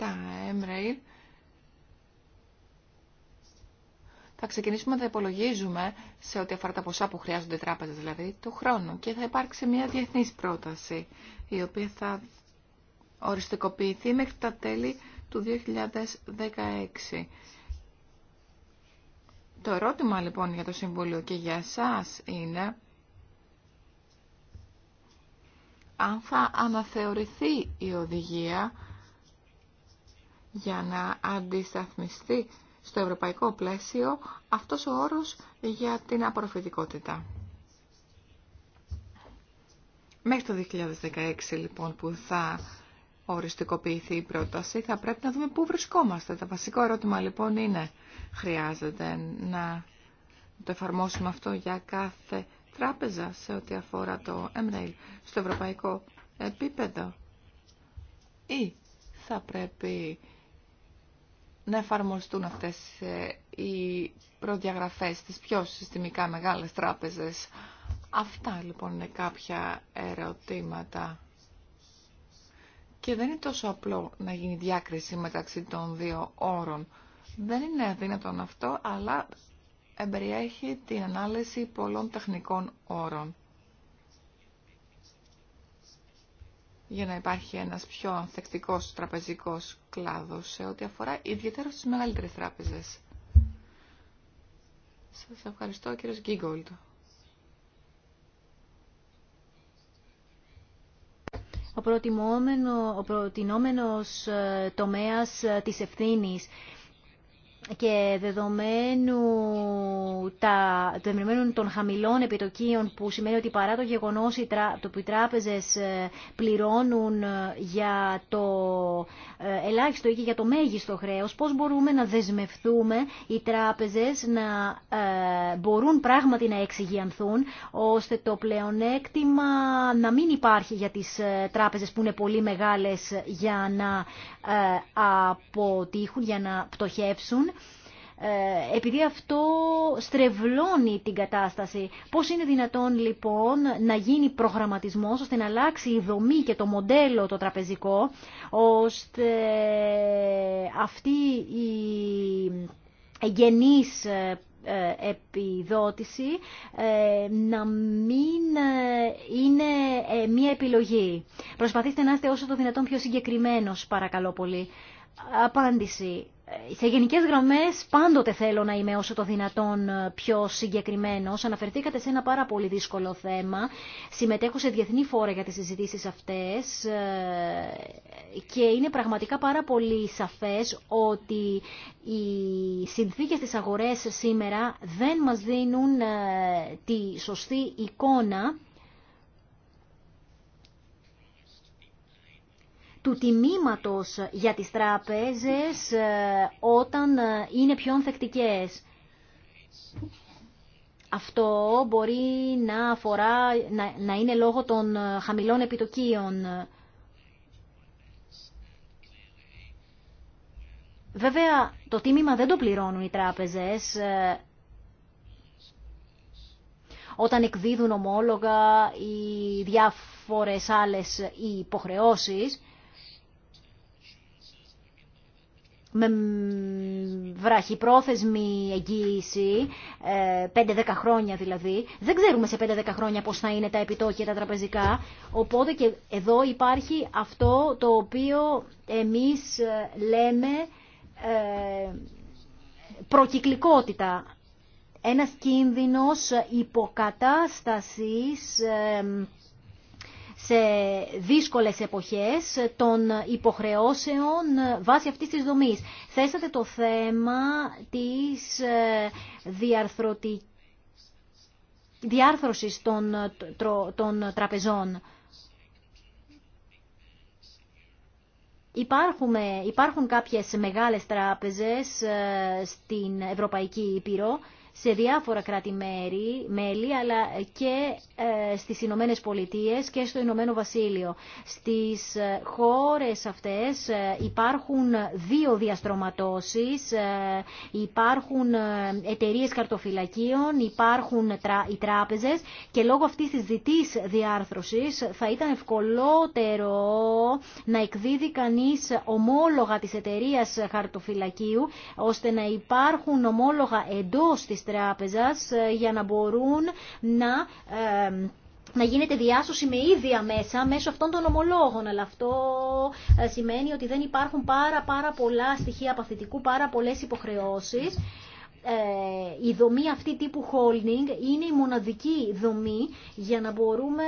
τα Emrail, θα ξεκινήσουμε να τα υπολογίζουμε σε ό,τι αφορά τα ποσά που χρειάζονται οι τράπεζες δηλαδή του χρόνου και θα υπάρξει μια διεθνής πρόταση η οποία θα οριστικοποιηθεί μέχρι τα τέλη του 2016. Το ερώτημα λοιπόν για το Συμβούλιο και για εσάς είναι αν θα αναθεωρηθεί η οδηγία για να αντισταθμιστεί στο ευρωπαϊκό πλαίσιο αυτός ο όρος για την απορροφητικότητα. Μέχρι το 2016 λοιπόν που θα οριστικοποιηθεί η πρόταση θα πρέπει να δούμε πού βρισκόμαστε. Το βασικό ερώτημα λοιπόν είναι χρειάζεται να το εφαρμόσουμε αυτό για κάθε τράπεζα σε ό,τι αφορά το MRAIL στο ευρωπαϊκό επίπεδο ή θα πρέπει να εφαρμοστούν αυτές ε, οι προδιαγραφές στις πιο συστημικά μεγάλες τράπεζες. Αυτά λοιπόν είναι κάποια ερωτήματα. Και δεν είναι τόσο απλό να γίνει διάκριση μεταξύ των δύο όρων. Δεν είναι αδύνατον αυτό, αλλά εμπεριέχει την ανάλυση πολλών τεχνικών όρων. για να υπάρχει ένας πιο ανθεκτικός τραπεζικός κλάδος σε ό,τι αφορά ιδιαίτερα στις μεγαλύτερες τράπεζες. Σας ευχαριστώ κύριος Γκίγκολτ. Ο προτινόμενος ε, τομέας ε, της ευθύνης και δεδομένου τα, των χαμηλών επιτοκίων που σημαίνει ότι παρά το γεγονός το οι τράπεζες ε, πληρώνουν ε, για το ε, ελάχιστο ή και για το μέγιστο χρέος, πώς μπορούμε να δεσμευτούμε οι τράπεζες να μπορούν πράγματι να εξηγιανθούν ώστε το πλεονέκτημα να μην υπάρχει για τις τράπεζες που είναι πολύ μεγάλες για να αποτύχουν, για να πτωχεύσουν ε, επειδή αυτό στρεβλώνει την κατάσταση. Πώς είναι δυνατόν λοιπόν να γίνει προγραμματισμός ώστε να αλλάξει η δομή και το μοντέλο το τραπεζικό, ώστε αυτή η γενής ε, ε, επιδότηση να μην είναι μία επιλογή. Προσπαθήστε να είστε όσο το δυνατόν πιο συγκεκριμένος, παρακαλώ πολύ. Απάντηση. Ε, σε γενικέ γραμμές πάντοτε θέλω να είμαι όσο το δυνατόν ε, πιο συγκεκριμένος. Αναφερθήκατε σε ένα πάρα πολύ δύσκολο θέμα. Συμμετέχω σε διεθνή φόρα για τις συζητήσει αυτές ε, και είναι πραγματικά πάρα πολύ σαφές ότι οι συνθήκε της αγορέ σήμερα δεν μας δίνουν τη σωστή εικόνα του τιμήματος για τις τράπεζες ε, όταν ε, είναι πιο ανθεκτικές. Αυτό μπορεί να αφορά, να, είναι λόγω των ε, χαμηλών επιτοκίων. Βέβαια, το τίμημα δεν το πληρώνουν οι τράπεζες. Όταν εκδίδουν ομόλογα ή διάφορες άλλες υποχρεώσεις, με βραχυπρόθεσμη εγγύηση, 5-10 ε, χρόνια δηλαδή. Δεν ξέρουμε σε 5-10 χρόνια πώς θα είναι τα επιτόκια τα τραπεζικά. Οπότε και εδώ υπάρχει αυτό το οποίο εμείς ε, λέμε ε, προκυκλικότητα. Ένας κίνδυνος υποκατάστασης σε δύσκολες εποχές των υποχρεώσεων βάσει αυτής της δομής. Θέσατε το θέμα της ε, διάρθρωσης των, τραπεζών. υπάρχουν κάποιες μεγάλες τράπεζες ε, στην Ευρωπαϊκή Ήπειρο σε διάφορα κράτη-μέλη, αλλά και ε, στις Ηνωμένε Πολιτείε και στο Ηνωμένο Βασίλειο. Στις ε, χώρες αυτές ε, υπάρχουν δύο διαστρωματώσεις, υπάρχουν εταιρείε καρτοφυλακίων, υπάρχουν οι τράπεζες και λόγω αυτής της διτής διάρθρωσης θα ήταν ευκολότερο να εκδίδει κανείς ομόλογα της εταιρείας χαρτοφυλακίου, ώστε να υπάρχουν ομόλογα εντός της τράπεζας ε, για να μπορούν να να γίνεται διάσωση με ίδια μέσα μέσω αυτών των ομολόγων. Αλλά αυτό ε, σημαίνει ότι δεν υπάρχουν πάρα, πάρα πολλά στοιχεία παθητικού, πάρα πολλές υποχρεώσεις. Ε, η δομή αυτή τύπου holding είναι η μοναδική δομή για να μπορούμε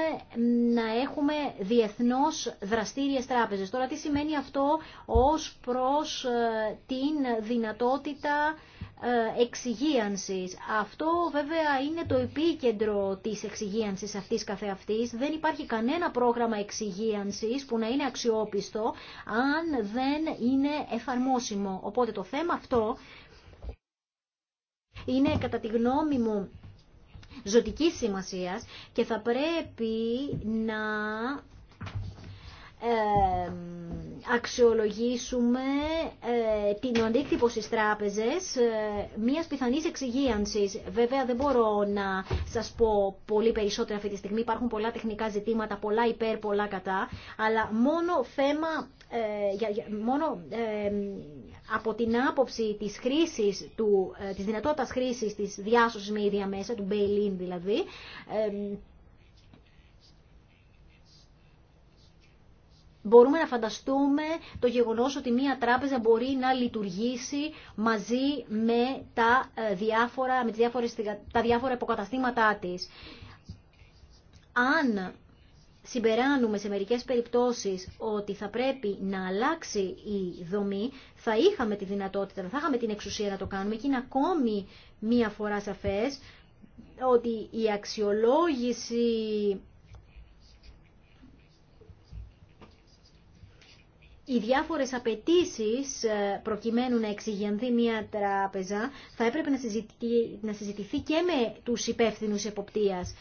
να έχουμε διεθνώς δραστήριες τράπεζες. Τώρα τι σημαίνει αυτό ως προς την δυνατότητα ε, εξυγίανσης. Αυτό βέβαια είναι το επίκεντρο της εξυγίανσης αυτής καθεαυτής. Δεν υπάρχει κανένα πρόγραμμα εξυγίανσης που να είναι αξιόπιστο αν δεν είναι εφαρμόσιμο. Οπότε το θέμα αυτό είναι κατά τη γνώμη μου ζωτικής σημασίας και θα πρέπει να αξιολογήσουμε ε, την αντίκτυπο στις τράπεζες ε, μιας πιθανής εξυγίανσης. Βέβαια δεν μπορώ να σας πω πολύ περισσότερα αυτή τη στιγμή. Υπάρχουν πολλά τεχνικά ζητήματα, πολλά υπέρ, πολλά κατά. Αλλά μόνο θέμα, ε, μόνο από την άποψη της, χρήσης του, της δυνατότητας χρήσης της διάσωσης με ίδια μέσα, του bail-in δηλαδή, μπορούμε να φανταστούμε το γεγονός ότι μία τράπεζα μπορεί να λειτουργήσει μαζί με τα ε, διάφορα, με τις διάφορες, τα διάφορα υποκαταστήματά της. Αν συμπεράνουμε σε μερικές περιπτώσεις ότι θα πρέπει να αλλάξει η δομή, θα είχαμε τη δυνατότητα, θα είχαμε την εξουσία να το κάνουμε και είναι ακόμη μία φορά σαφές ότι η αξιολόγηση οι διάφορες απαιτήσει ε, προκειμένου να εξηγενθεί μια τράπεζα θα έπρεπε να, συζητηθεί, να και με τους υπεύθυνου εποπτείας.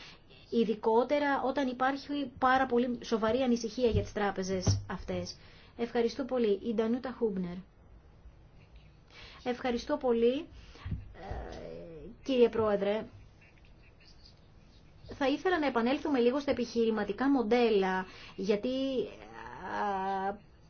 Ειδικότερα όταν υπάρχει πάρα πολύ σοβαρή ανησυχία για τις τράπεζες αυτές. Ευχαριστώ πολύ. Η Ντανούτα Χούμπνερ. Ευχαριστώ πολύ, ε, κύριε Πρόεδρε. Θα ήθελα να επανέλθουμε λίγο στα επιχειρηματικά μοντέλα, γιατί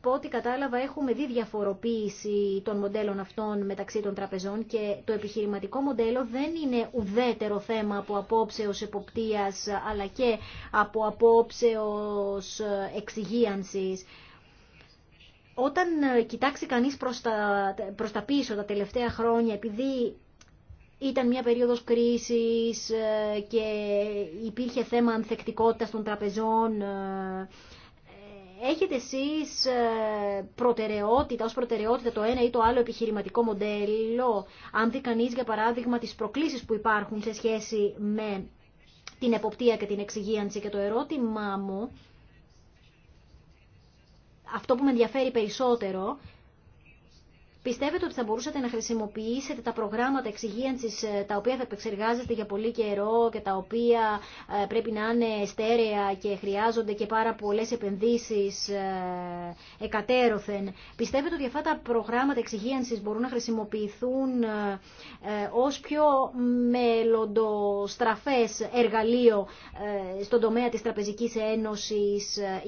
από ό,τι κατάλαβα έχουμε δει διαφοροποίηση των μοντέλων αυτών μεταξύ των τραπεζών και το επιχειρηματικό μοντέλο δεν είναι ουδέτερο θέμα από απόψεως εποπτείας αλλά και από απόψεως ε, εξυγίανσης. Όταν ε, κοιτάξει κανείς προς τα, προς τα πίσω τα τελευταία χρόνια, επειδή ήταν μια περίοδος κρίσης ε, και υπήρχε θέμα ανθεκτικότητας των τραπεζών έχετε εσείς ε, προτεραιότητα, ως προτεραιότητα το ένα ή το άλλο επιχειρηματικό μοντέλο, αν δει κανεί για παράδειγμα τις προκλήσεις που υπάρχουν σε σχέση με την εποπτεία και την εξυγίανση και το ερώτημά μου, αυτό που με ενδιαφέρει περισσότερο, Πιστεύετε ότι θα μπορούσατε να χρησιμοποιήσετε τα προγράμματα εξυγίανση ε, τα οποία θα επεξεργάζεστε για πολύ καιρό και τα οποία ε, πρέπει να είναι στέρεα και χρειάζονται και πάρα πολλές επενδύσεις ε, εκατέρωθεν. Πιστεύετε ότι αυτά τα προγράμματα εξυγίανση μπορούν να χρησιμοποιηθούν ως πιο μελλοντοστραφέ εργαλείο στον τομέα τη Τραπεζικής Ένωση.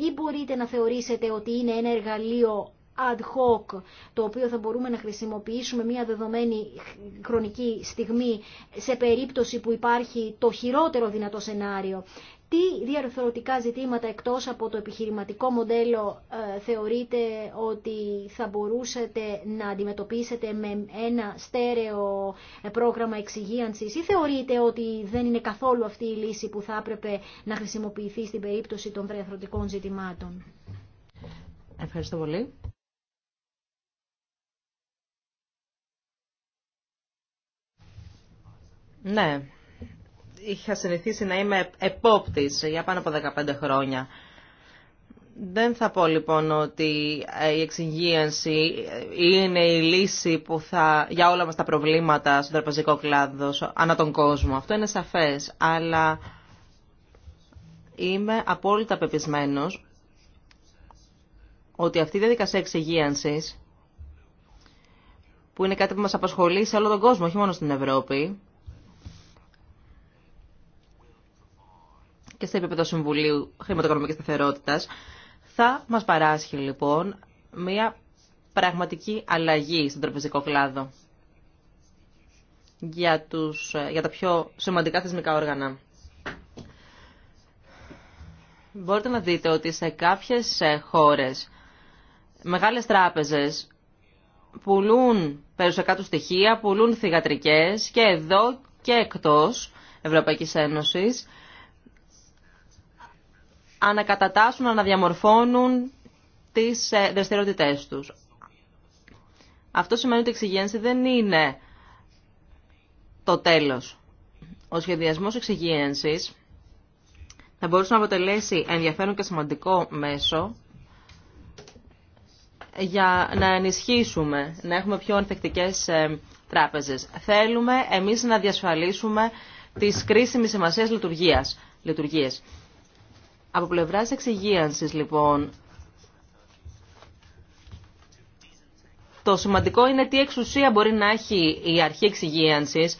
ή μπορείτε να θεωρήσετε ότι είναι ένα εργαλείο ad hoc, το οποίο θα μπορούμε να χρησιμοποιήσουμε μια δεδομένη χρονική στιγμή σε περίπτωση που υπάρχει το χειρότερο δυνατό σενάριο. Τι διαρθρωτικά ζητήματα εκτός από το επιχειρηματικό μοντέλο ε, θεωρείτε ότι θα μπορούσατε να αντιμετωπίσετε με ένα στέρεο πρόγραμμα εξυγίανσης ή θεωρείτε ότι δεν είναι καθόλου αυτή η λύση που θα έπρεπε να χρησιμοποιηθεί στην περίπτωση των διαρθρωτικών ζητημάτων. Ευχαριστώ πολύ. Ναι, είχα συνηθίσει να είμαι επόπτης για πάνω από 15 χρόνια. Δεν θα πω λοιπόν ότι η εξυγίανση είναι η λύση που θα, για όλα μας τα προβλήματα στον τραπεζικό κλάδο, ανά τον κόσμο. Αυτό είναι σαφές, αλλά είμαι απόλυτα πεπισμένος ότι αυτή η διαδικασία εξυγίανσης, που είναι κάτι που μας απασχολεί σε όλο τον κόσμο, όχι μόνο στην Ευρώπη, και σε επίπεδο Συμβουλίου Χρηματοοικονομικής Σταθερότητας, θα μας παράσχει λοιπόν μια πραγματική αλλαγή στον τραπεζικό κλάδο για, τους, για τα πιο σημαντικά θεσμικά όργανα. Μπορείτε να δείτε ότι σε κάποιες ε, χώρες μεγάλες τράπεζες πουλούν περιουσιακά του στοιχεία, πουλούν θηγατρικές και εδώ και εκτός Ευρωπαϊκής Ένωσης ανακατατάσσουν, αναδιαμορφώνουν τις ε, δραστηριότητές τους. Αυτό σημαίνει ότι η εξυγένση δεν είναι το τέλος. Ο σχεδιασμός εξυγένσης θα μπορούσε να αποτελέσει ενδιαφέρον και σημαντικό μέσο για να ενισχύσουμε, να έχουμε πιο ανθεκτικές ε, τράπεζες. Θέλουμε εμείς να διασφαλίσουμε τις κρίσιμες σημασίες λειτουργίας. λειτουργίες. Από πλευρά εξυγίανση, λοιπόν, το σημαντικό είναι τι εξουσία μπορεί να έχει η αρχή εξυγίανση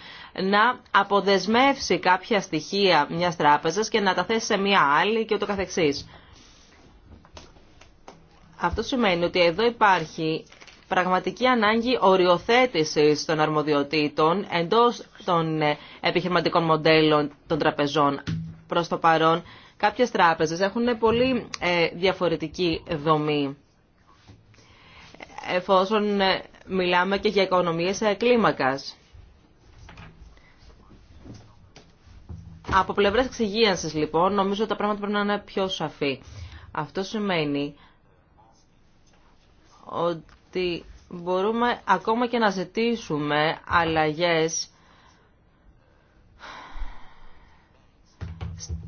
να αποδεσμεύσει κάποια στοιχεία μια τράπεζας και να τα θέσει σε μια άλλη και ούτω καθεξή. Αυτό σημαίνει ότι εδώ υπάρχει πραγματική ανάγκη οριοθέτησης των αρμοδιοτήτων εντός των ε, επιχειρηματικών μοντέλων των τραπεζών. Προς το παρόν Κάποιες τράπεζες έχουν πολύ ε, διαφορετική δομή. Εφόσον ε, μιλάμε και για οικονομίες ε, κλίμακας. Από πλευρά εξυγίανση, λοιπόν, νομίζω ότι τα πράγματα πρέπει να είναι πιο σαφή. Αυτό σημαίνει ότι μπορούμε ακόμα και να ζητήσουμε αλλαγές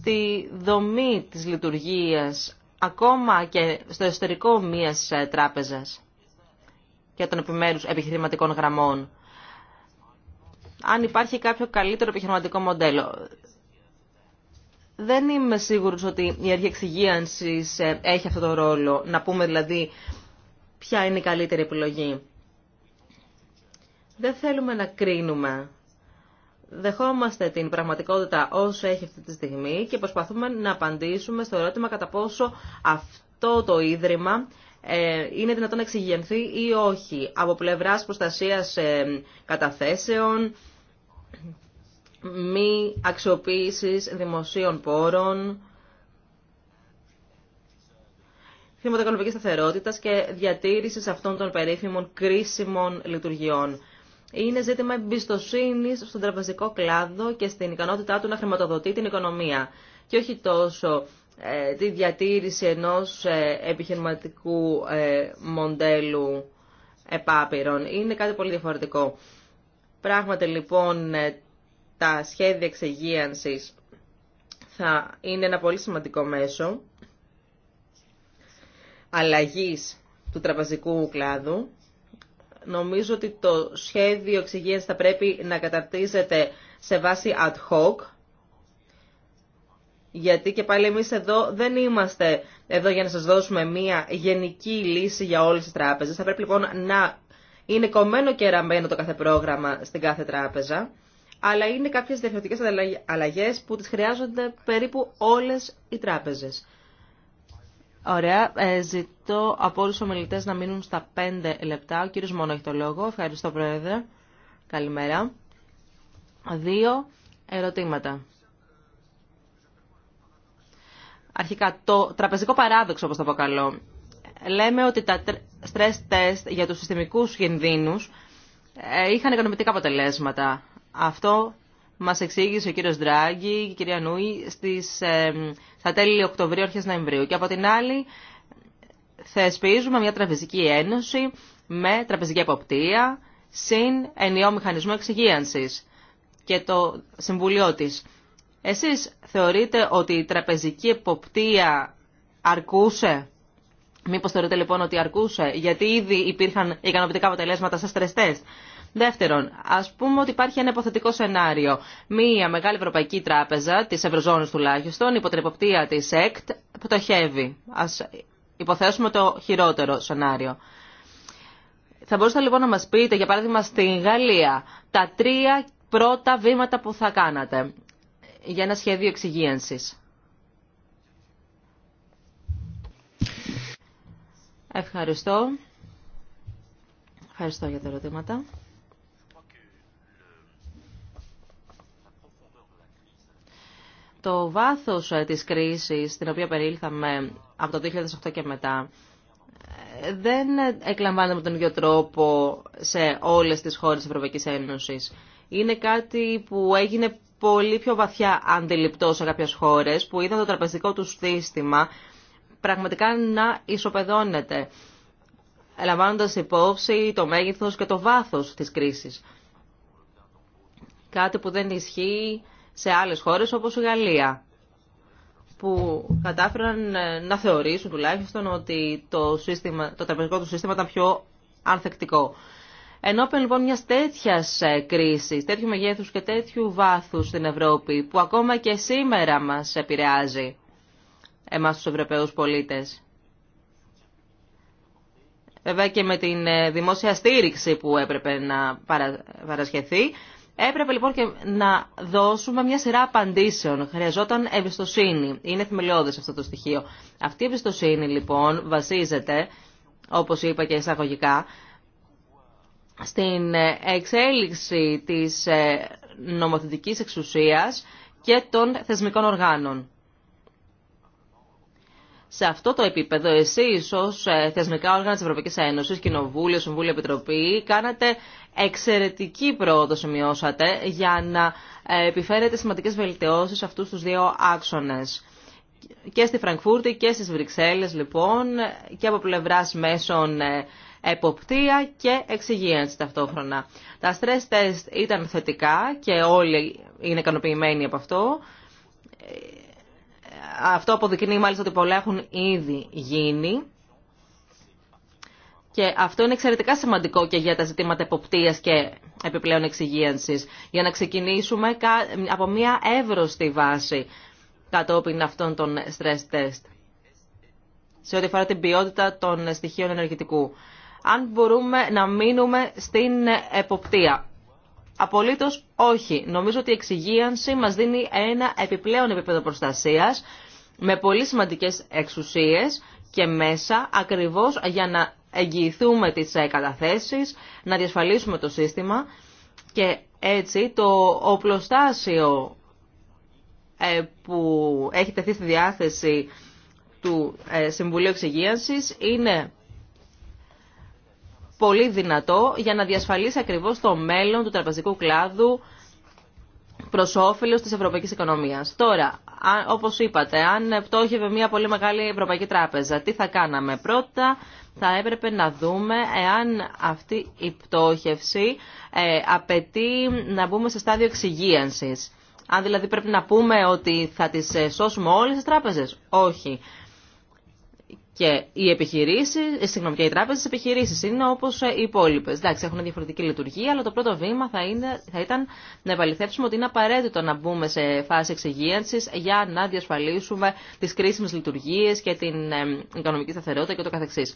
τη δομή της λειτουργίας ακόμα και στο εσωτερικό μίας ε, τράπεζας και των επιμέρους επιχειρηματικών γραμμών. Αν υπάρχει κάποιο καλύτερο επιχειρηματικό μοντέλο. Δεν είμαι σίγουρος ότι η αρχή εξυγίανσης ε, έχει αυτό το ρόλο. Να πούμε δηλαδή ποια είναι η καλύτερη επιλογή. Δεν θέλουμε να κρίνουμε δεχόμαστε την πραγματικότητα όσο έχει αυτή τη στιγμή και προσπαθούμε να απαντήσουμε στο ερώτημα κατά πόσο αυτό το Ίδρυμα ε, είναι δυνατόν να εξηγενθεί ή όχι από πλευράς προστασίας ε, καταθέσεων, μη αξιοποίησης δημοσίων πόρων, χρηματοοικονομικής σταθερότητας και διατήρησης αυτών των περίφημων κρίσιμων λειτουργιών είναι ζήτημα εμπιστοσύνη στον τραπεζικό κλάδο και στην ικανότητά του να χρηματοδοτεί την οικονομία. Και όχι τόσο ε, τη διατήρηση ενός ε, επιχειρηματικού ε, μοντέλου επάπειρων. Είναι κάτι πολύ διαφορετικό. Πράγματι λοιπόν τα σχέδια εξεγείανσης θα είναι ένα πολύ σημαντικό μέσο αλλαγής του τραπεζικού κλάδου Νομίζω ότι το σχέδιο εξυγίανσης θα πρέπει να καταρτίζεται σε βάση ad hoc, γιατί και πάλι εμείς εδώ δεν είμαστε εδώ για να σας δώσουμε μία γενική λύση για όλες τις τράπεζες. Θα πρέπει λοιπόν να είναι κομμένο και ραμμένο το κάθε πρόγραμμα στην κάθε τράπεζα, αλλά είναι κάποιες διαφορετικές αλλαγές που τις χρειάζονται περίπου όλες οι τράπεζες. Ωραία. Ε, ζητώ από όλους τους ομιλητές να μείνουν στα πέντε λεπτά. Ο κύριο Μόνο έχει το λόγο. Ευχαριστώ, Πρόεδρε. Καλημέρα. Δύο ερωτήματα. Αρχικά, το τραπεζικό παράδοξο, όπω το αποκαλώ. Λέμε ότι τα stress test για τους συστημικούς κινδύνους ε, είχαν οικονομητικά αποτελέσματα. Αυτό Μα εξήγησε ο κύριο Δράγκη η κυρία Νούη στις, στα τέλη Οκτωβρίου, αρχέ Νοεμβρίου. Και από την άλλη θεσπίζουμε μια τραπεζική ένωση με τραπεζική εποπτεία συν ενιαίο μηχανισμό εξυγίανση και το συμβουλίο τη. Εσεί θεωρείτε ότι η τραπεζική εποπτεία αρκούσε Μήπως θεωρείτε λοιπόν ότι αρκούσε, γιατί ήδη υπήρχαν ικανοποιητικά αποτελέσματα σε stress Δεύτερον, α πούμε ότι υπάρχει ένα υποθετικό σενάριο. Μία μεγάλη ευρωπαϊκή τράπεζα, τη Ευρωζώνη τουλάχιστον, υπό την εποπτεία τη ΕΚΤ, πτωχεύει. Α υποθέσουμε το χειρότερο σενάριο. Θα μπορούσατε λοιπόν να μας πείτε, για παράδειγμα, στην Γαλλία, τα τρία πρώτα βήματα που θα κάνατε για ένα σχέδιο εξυγίανση. Ευχαριστώ. Ευχαριστώ για τα ερωτήματα. το βάθος ε, της κρίσης την οποία περίλθαμε από το 2008 και μετά ε, δεν εκλαμβάνεται με τον ίδιο τρόπο σε όλες τις χώρες της Ευρωπαϊκής Ένωσης. Είναι κάτι που έγινε πολύ πιο βαθιά αντιληπτό σε κάποιες χώρες που είδαν το τραπεζικό του σύστημα πραγματικά να ισοπεδώνεται λαμβάνοντας υπόψη το μέγεθος και το βάθος της κρίσης. Κάτι που δεν ισχύει σε άλλες χώρες όπως η Γαλλία που κατάφεραν ε, να θεωρήσουν τουλάχιστον ότι το, σύστημα, το τραπεζικό του σύστημα ήταν πιο ανθεκτικό. πέραν λοιπόν μια τέτοια ε, κρίση, τέτοιου μεγέθους και τέτοιου βάθους στην Ευρώπη, που ακόμα και σήμερα μας επηρεάζει, εμάς τους Ευρωπαίου πολίτε. Βέβαια και με την ε, δημόσια στήριξη που έπρεπε να παρασχεθεί, Έπρεπε λοιπόν και να δώσουμε μια σειρά απαντήσεων. Χρειαζόταν εμπιστοσύνη. Είναι θεμελιώδε αυτό το στοιχείο. Αυτή η εμπιστοσύνη λοιπόν βασίζεται, όπως είπα και εισαγωγικά, στην εξέλιξη της ε, νομοθετικής εξουσίας και των θεσμικών οργάνων. Σε αυτό το επίπεδο, εσεί ω ε, θεσμικά όργανα τη Ευρωπαϊκή Ένωση, Κοινοβούλιο, Συμβούλιο, Επιτροπή, κάνατε εξαιρετική πρόοδο σημειώσατε για να ε, επιφέρετε σημαντικές βελτιώσεις αυτούς τους δύο άξονες. Και στη Φραγκφούρτη και στις Βρυξέλλες λοιπόν και από πλευράς μέσων ε, εποπτεία και εξυγίανση ταυτόχρονα. Τα stress test ήταν θετικά και όλοι είναι ικανοποιημένοι από αυτό. Ε, αυτό αποδεικνύει μάλιστα ότι πολλά έχουν ήδη γίνει. Και αυτό είναι εξαιρετικά σημαντικό και για τα ζητήματα εποπτείας και επιπλέον εξυγίανση. για να ξεκινήσουμε από μια εύρωστη βάση κατόπιν αυτών των stress test, σε ό,τι αφορά την ποιότητα των στοιχείων ενεργητικού. Αν μπορούμε να μείνουμε στην εποπτεία. Απολύτως όχι. Νομίζω ότι η εξυγίανση μας δίνει ένα επιπλέον επίπεδο προστασίας, με πολύ σημαντικές εξουσίες και μέσα, ακριβώς για να εγγυηθούμε τις ε, καταθέσεις, να διασφαλίσουμε το σύστημα και έτσι το οπλοστάσιο ε, που έχει τεθεί στη διάθεση του ε, Συμβουλίου Εξυγίανσης είναι πολύ δυνατό για να διασφαλίσει ακριβώς το μέλλον του τραπεζικού κλάδου προ όφελο τη ευρωπαϊκή οικονομία. Τώρα, όπω είπατε, αν πτώχευε μια πολύ μεγάλη ευρωπαϊκή τράπεζα, τι θα κάναμε. Πρώτα, θα έπρεπε να δούμε εάν αυτή η πτώχευση ε, απαιτεί να μπούμε σε στάδιο εξυγίανσης. Αν δηλαδή πρέπει να πούμε ότι θα τις ε, σώσουμε όλες τις τράπεζες. Όχι. Και οι επιχειρήσει, ε, συγγνώμη, και οι τράπεζε επιχειρήσει είναι όπως οι υπόλοιπε. Εντάξει, έχουν διαφορετική λειτουργία, αλλά το πρώτο βήμα θα, είναι, θα ήταν να επαληθεύσουμε ότι είναι απαραίτητο να μπούμε σε φάση εξυγίανσης για να διασφαλίσουμε τις κρίσιμες λειτουργίες και την οικονομική σταθερότητα και το καθεξής.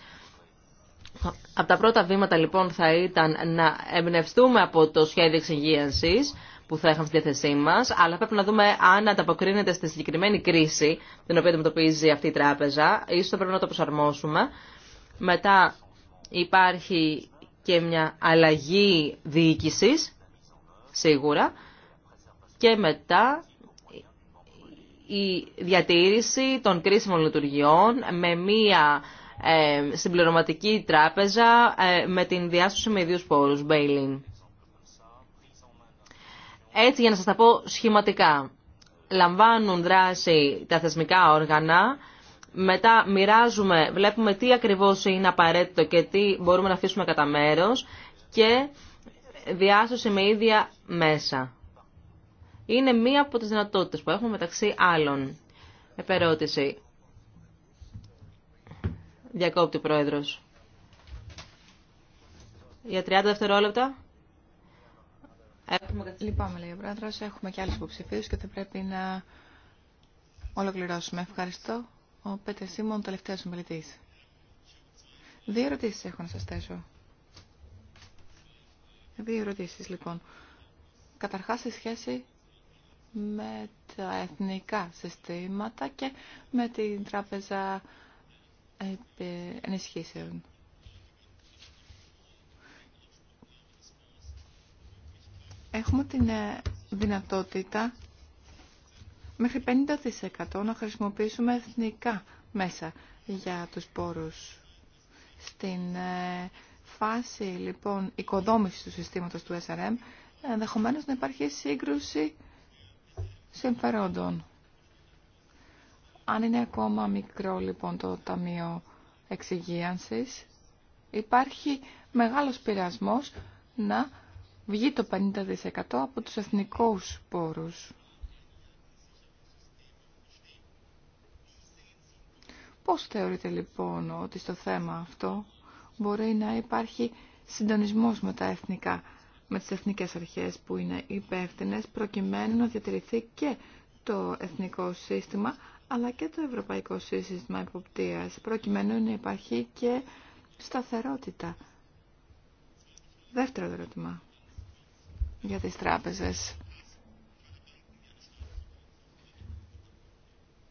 Από τα πρώτα βήματα λοιπόν θα ήταν να εμπνευστούμε από το σχέδιο εξυγίανσης που θα είχαμε στη διάθεσή μα, αλλά πρέπει να δούμε αν ανταποκρίνεται στη συγκεκριμένη κρίση την οποία αντιμετωπίζει αυτή η τράπεζα. Ίσως θα πρέπει να το προσαρμόσουμε. Μετά υπάρχει και μια αλλαγή διοίκηση, σίγουρα. Και μετά η διατήρηση των κρίσιμων λειτουργιών με μια ε, συμπληρωματική τράπεζα ε, με την διάσωση με ιδίους πόρους, bail-in. Έτσι, για να σας τα πω σχηματικά, λαμβάνουν δράση τα θεσμικά όργανα, μετά μοιράζουμε, βλέπουμε τι ακριβώς είναι απαραίτητο και τι μπορούμε να αφήσουμε κατά μέρο και διάσωση με ίδια μέσα. Είναι μία από τις δυνατότητες που έχουμε μεταξύ άλλων. Επερώτηση. Διακόπτει ο πρόεδρος. Για 30 δευτερόλεπτα. Έχουμε... Λυπάμαι, λέει ο πρόεδρος. Έχουμε και άλλους υποψηφίους και θα πρέπει να ολοκληρώσουμε. Ευχαριστώ. Ο Πέτερ Σίμων, τελευταίος ομιλητής. Δύο ερωτήσει έχω να σας θέσω. Δύο ερωτήσει, λοιπόν. Καταρχάς, σε σχέση με τα εθνικά συστήματα και με την Τράπεζα ενισχύσεων. Έχουμε την ε, δυνατότητα μέχρι 50% να χρησιμοποιήσουμε εθνικά μέσα για τους πόρους. Στην ε, φάση λοιπόν οικοδόμησης του συστήματος του SRM ενδεχομένως να υπάρχει σύγκρουση συμφερόντων. Αν είναι ακόμα μικρό λοιπόν το Ταμείο Εξυγίανσης, υπάρχει μεγάλος πειρασμός να βγει το 50% από τους εθνικούς πόρους. Πώς θεωρείτε λοιπόν ότι στο θέμα αυτό μπορεί να υπάρχει συντονισμός με τα εθνικά, με τις εθνικές αρχές που είναι υπεύθυνες, προκειμένου να διατηρηθεί και το εθνικό σύστημα αλλά και το Ευρωπαϊκό Σύστημα Εποπτείας, προκειμένου να υπάρχει και σταθερότητα. Δεύτερο ερώτημα για τις τράπεζες.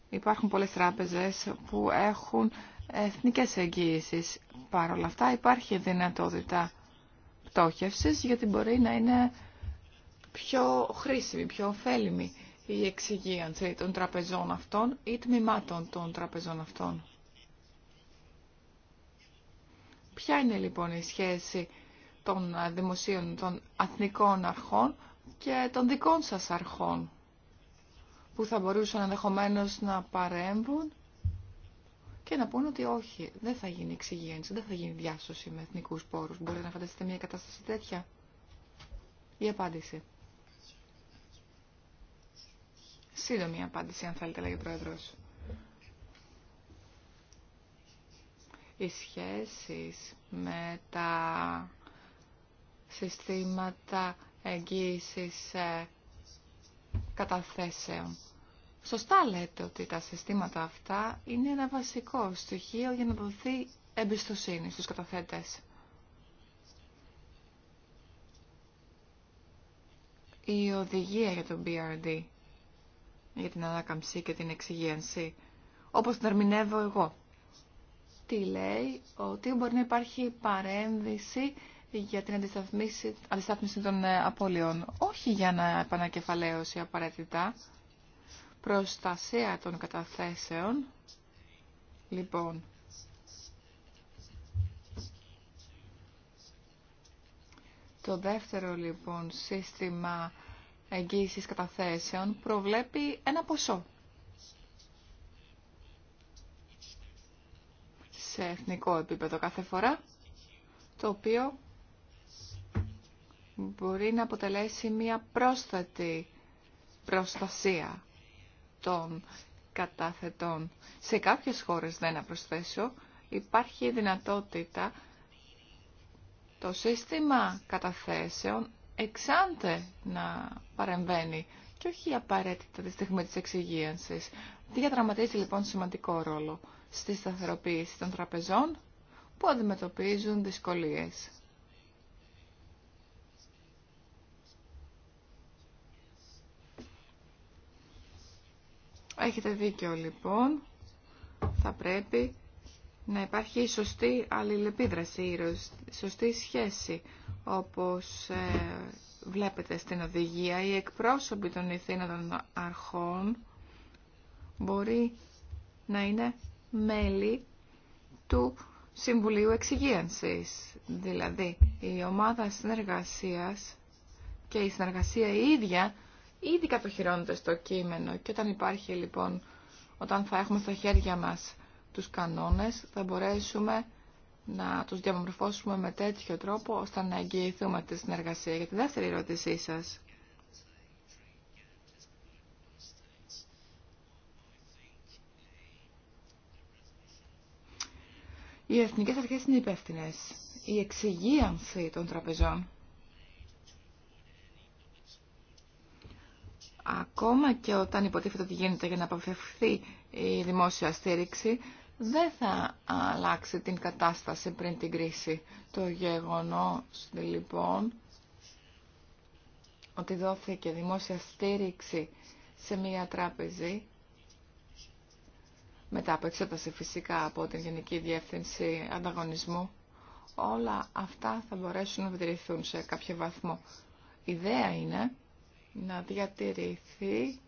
Υπάρχουν πολλές τράπεζες που έχουν εθνικές εγγύησεις. Παρ' όλα αυτά υπάρχει δυνατότητα πτώχευσης γιατί μπορεί να είναι πιο χρήσιμη, πιο ωφέλιμη η εξυγίανση των τραπεζών αυτών ή τμήματων των τραπεζών αυτών. Ποια είναι λοιπόν η σχέση των δημοσίων, των αθνικών αρχών και των δικών σας αρχών που θα μπορούσαν ενδεχομένω να παρέμβουν και να πούν ότι όχι, δεν θα γίνει εξυγίανση, δεν θα γίνει διάσωση με εθνικούς πόρους. Μπορείτε να φανταστείτε μια κατάσταση τέτοια. Η απάντηση. Σύντομη απάντηση, αν θέλετε, λέγει ο Οι σχέσεις με τα συστήματα εγγύησης ε, καταθέσεων. Σωστά λέτε ότι τα συστήματα αυτά είναι ένα βασικό στοιχείο για να δοθεί εμπιστοσύνη στους καταθέτες. Η οδηγία για το BRD για την ανάκαμψη και την εξυγένση, όπως την ερμηνεύω εγώ. Τι λέει, ότι μπορεί να υπάρχει παρένδυση για την αντισταθμίση, των ε, απώλειων, όχι για να επανακεφαλαίωση απαραίτητα, προστασία των καταθέσεων, λοιπόν, Το δεύτερο λοιπόν σύστημα εγγύησης καταθέσεων προβλέπει ένα ποσό. Σε εθνικό επίπεδο κάθε φορά, το οποίο μπορεί να αποτελέσει μία πρόσθετη προστασία των κατάθετων. Σε κάποιες χώρες, δεν να προσθέσω, υπάρχει δυνατότητα το σύστημα καταθέσεων εξάντε να παρεμβαίνει και όχι απαραίτητα τη στιγμή της εξυγίανσης. Τι διαδραματίζει λοιπόν σημαντικό ρόλο στη σταθεροποίηση των τραπεζών που αντιμετωπίζουν δυσκολίες. Έχετε δίκιο λοιπόν, θα πρέπει να υπάρχει η σωστή αλληλεπίδραση, η σωστή σχέση όπως ε, βλέπετε στην οδηγία, οι εκπρόσωποι των ηθήνων αρχών μπορεί να είναι μέλη του Συμβουλίου Εξυγίανσης. Δηλαδή, η ομάδα συνεργασίας και η συνεργασία η ίδια ήδη κατοχυρώνεται στο κείμενο και όταν υπάρχει λοιπόν, όταν θα έχουμε στα χέρια μας τους κανόνες, θα μπορέσουμε να του διαμορφώσουμε με τέτοιο τρόπο ώστε να εγγυηθούμε τη συνεργασία. Για τη δεύτερη ερώτησή σα. Οι εθνικές αρχές είναι υπεύθυνε. Η εξυγίανση των τραπεζών. Ακόμα και όταν υποτίθεται ότι γίνεται για να αποφευχθεί η δημόσια στήριξη, δεν θα αλλάξει την κατάσταση πριν την κρίση. Το γεγονός λοιπόν ότι δόθηκε δημόσια στήριξη σε μία τράπεζη μετά από εξέταση φυσικά από την Γενική Διεύθυνση Ανταγωνισμού όλα αυτά θα μπορέσουν να διατηρηθούν σε κάποιο βαθμό. Η ιδέα είναι να διατηρηθεί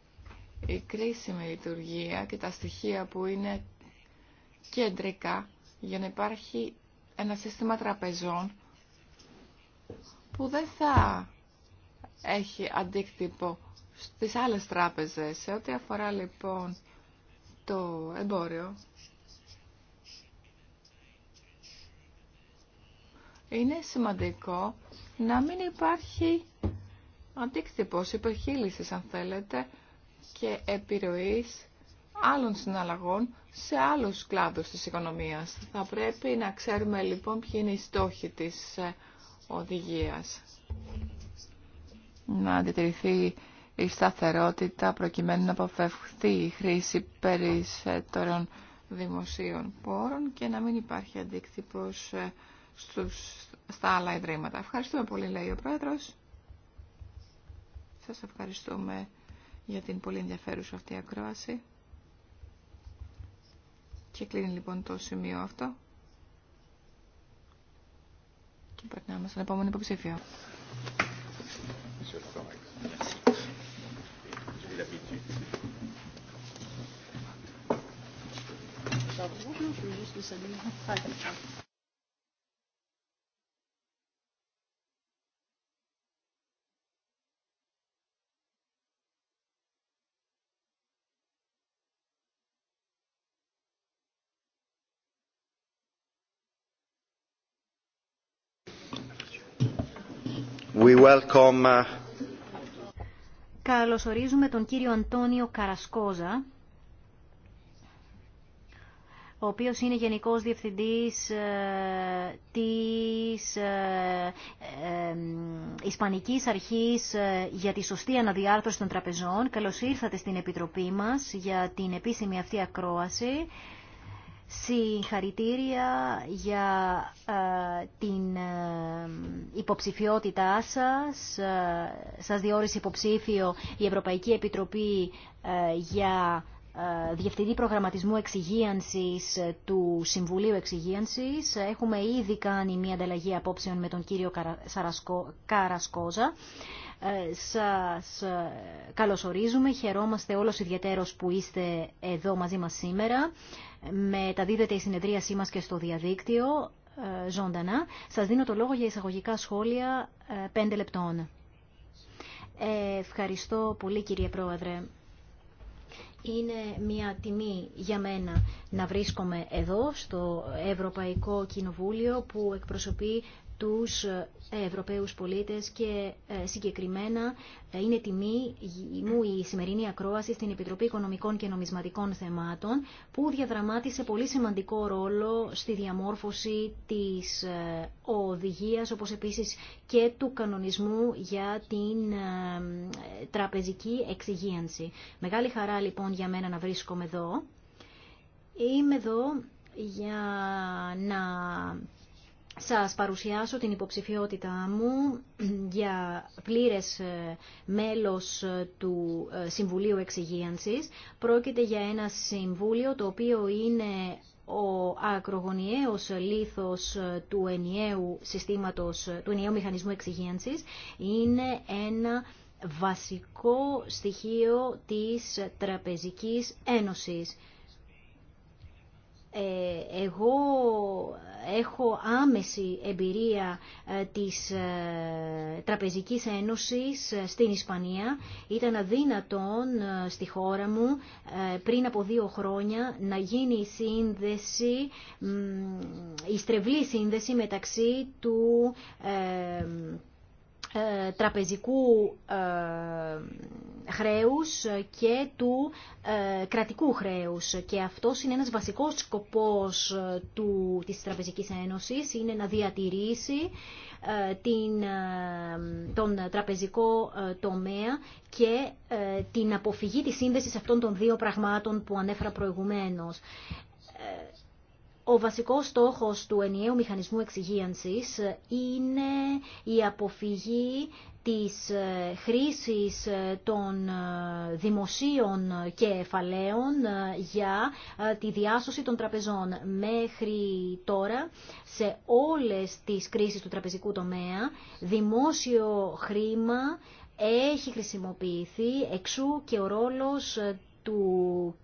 η κρίσιμη λειτουργία και τα στοιχεία που είναι κεντρικά για να υπάρχει ένα σύστημα τραπεζών που δεν θα έχει αντίκτυπο στις άλλες τράπεζες. Σε ό,τι αφορά λοιπόν το εμπόριο, είναι σημαντικό να μην υπάρχει αντίκτυπος υπερχείλησης αν θέλετε και επιρροής άλλων συναλλαγών σε άλλους κλάδους της οικονομίας. Θα πρέπει να ξέρουμε λοιπόν ποιοι είναι οι στόχοι της ε, οδηγίας. Να αντιτηρηθεί η σταθερότητα προκειμένου να αποφευχθεί η χρήση περισσότερων δημοσίων πόρων και να μην υπάρχει αντίκτυπος ε, στους, στα άλλα ιδρύματα. Ευχαριστούμε πολύ, λέει ο Πρόεδρος. Σας ευχαριστούμε για την πολύ ενδιαφέρουσα αυτή ακρόαση. Και κλείνει λοιπόν το σημείο αυτό. Και περνάμε στον επόμενο υποψήφιο. Uh, Καλωσορίζουμε τον κύριο Αντώνιο Καρασκόζα, ο οποίος είναι Γενικός Διευθυντής ε, της ε, ε Ισπανικής Αρχής ε, για τη σωστή αναδιάρθρωση των τραπεζών. Καλώς ήρθατε στην Επιτροπή μας για την επίσημη αυτή ακρόαση. Συγχαρητήρια για ε, την ε, υποψηφιότητά σας. Ε, σας διόρισε υποψήφιο η Ευρωπαϊκή Επιτροπή για ε, Διευθυντή Προγραμματισμού Εξυγίανσης ε, του Συμβουλίου Εξυγίανσης. Ε, Έχουμε ήδη κάνει μια ανταλλαγή απόψεων με τον κύριο Καρασκόζα. Σας καλωσορίζουμε, χαιρόμαστε όλος ιδιαίτερος που είστε εδώ μαζί μας σήμερα. Μεταδίδεται η συνεδρίασή μας και στο διαδίκτυο, ζωντανά. Σας δίνω το λόγο για εισαγωγικά σχόλια Πέντε λεπτών. Ευχαριστώ πολύ κύριε Πρόεδρε. Είναι μια τιμή για μένα να βρίσκομαι εδώ στο Ευρωπαϊκό Κοινοβούλιο που εκπροσωπεί τους ε, Ευρωπαίους πολίτες και ε, συγκεκριμένα ε, είναι τιμή μου η σημερινή ακρόαση στην Επιτροπή Οικονομικών και Νομισματικών Θεμάτων που διαδραμάτισε πολύ σημαντικό ρόλο στη διαμόρφωση της οδηγίας όπως επίσης και του κανονισμού για την τραπεζική εξυγίανση. Μεγάλη χαρά λοιπόν για μένα να βρίσκομαι εδώ. Είμαι εδώ για να σας παρουσιάσω την υποψηφιότητά μου για πλήρες ε, μέλος ε, του ε, Συμβουλίου Εξυγίανσης. Πρόκειται για ένα συμβούλιο το οποίο είναι ο ακρογωνιαίος λίθος του ενιαίου, συστήματος, του ενιαίου μηχανισμού εξυγίανσης είναι ένα βασικό στοιχείο της Τραπεζικής Ένωσης. Ε, εγώ έχω άμεση εμπειρία ε, της ε, Τραπεζικής Ένωσης στην Ισπανία. Ήταν αδύνατον στη χώρα μου πριν από δύο χρόνια να γίνει η σύνδεση, η στρεβλή σύνδεση μεταξύ του ε, τραπεζικού ε, χρέους και του ε, κρατικού χρέους. Και αυτό είναι ένας βασικός σκοπός του, της Τραπεζικής Ένωσης, είναι να διατηρήσει την, τον τραπεζικό τομέα και την αποφυγή της σύνδεσης αυτών των δύο πραγμάτων που ανέφερα προηγουμένως ο βασικός στόχος του ενιαίου μηχανισμού εξυγίανσης είναι η αποφυγή της ε, χρήσης ε, των ε, δημοσίων κεφαλαίων για τη διάσωση των τραπεζών. Μέχρι τώρα, σε όλες τις κρίσεις του τραπεζικού τομέα, δημόσιο χρήμα έχει χρησιμοποιηθεί εξού και ο ρόλος του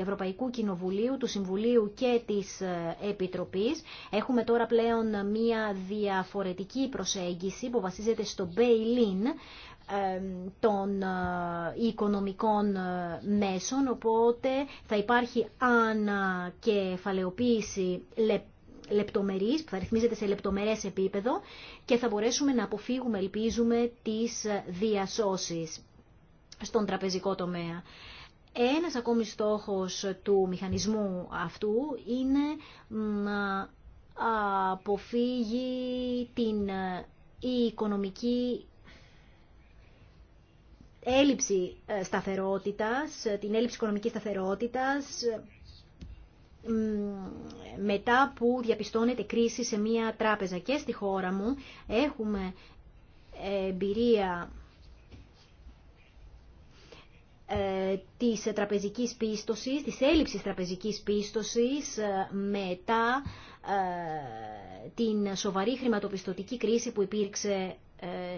Ευρωπαϊκού Κοινοβουλίου, του Συμβουλίου και της ε, Επιτροπής. Έχουμε τώρα πλέον μία διαφορετική προσέγγιση που βασίζεται στο bail-in των ε, οικονομικών ε, μέσων, οπότε θα υπάρχει ανακεφαλαιοποίηση λεπτομερής, που θα ρυθμίζεται σε λεπτομερές επίπεδο και θα μπορέσουμε να αποφύγουμε, ελπίζουμε, τις διασώσεις στον τραπεζικό τομέα. Ένας ακόμη στόχος του μηχανισμού αυτού είναι να αποφύγει την ε, οικονομική έλλειψη ε, σταθερότητας, ε, την έλλειψη οικονομικής σταθερότητας μετά που διαπιστώνεται κρίση σε μία τράπεζα. Και στη χώρα μου έχουμε εμπειρία ε, της τραπεζικής πίστοσης, της έλλειψης τραπεζικής πίστοσης ε, μετά ε, την σοβαρή χρηματοπιστωτική κρίση που υπήρξε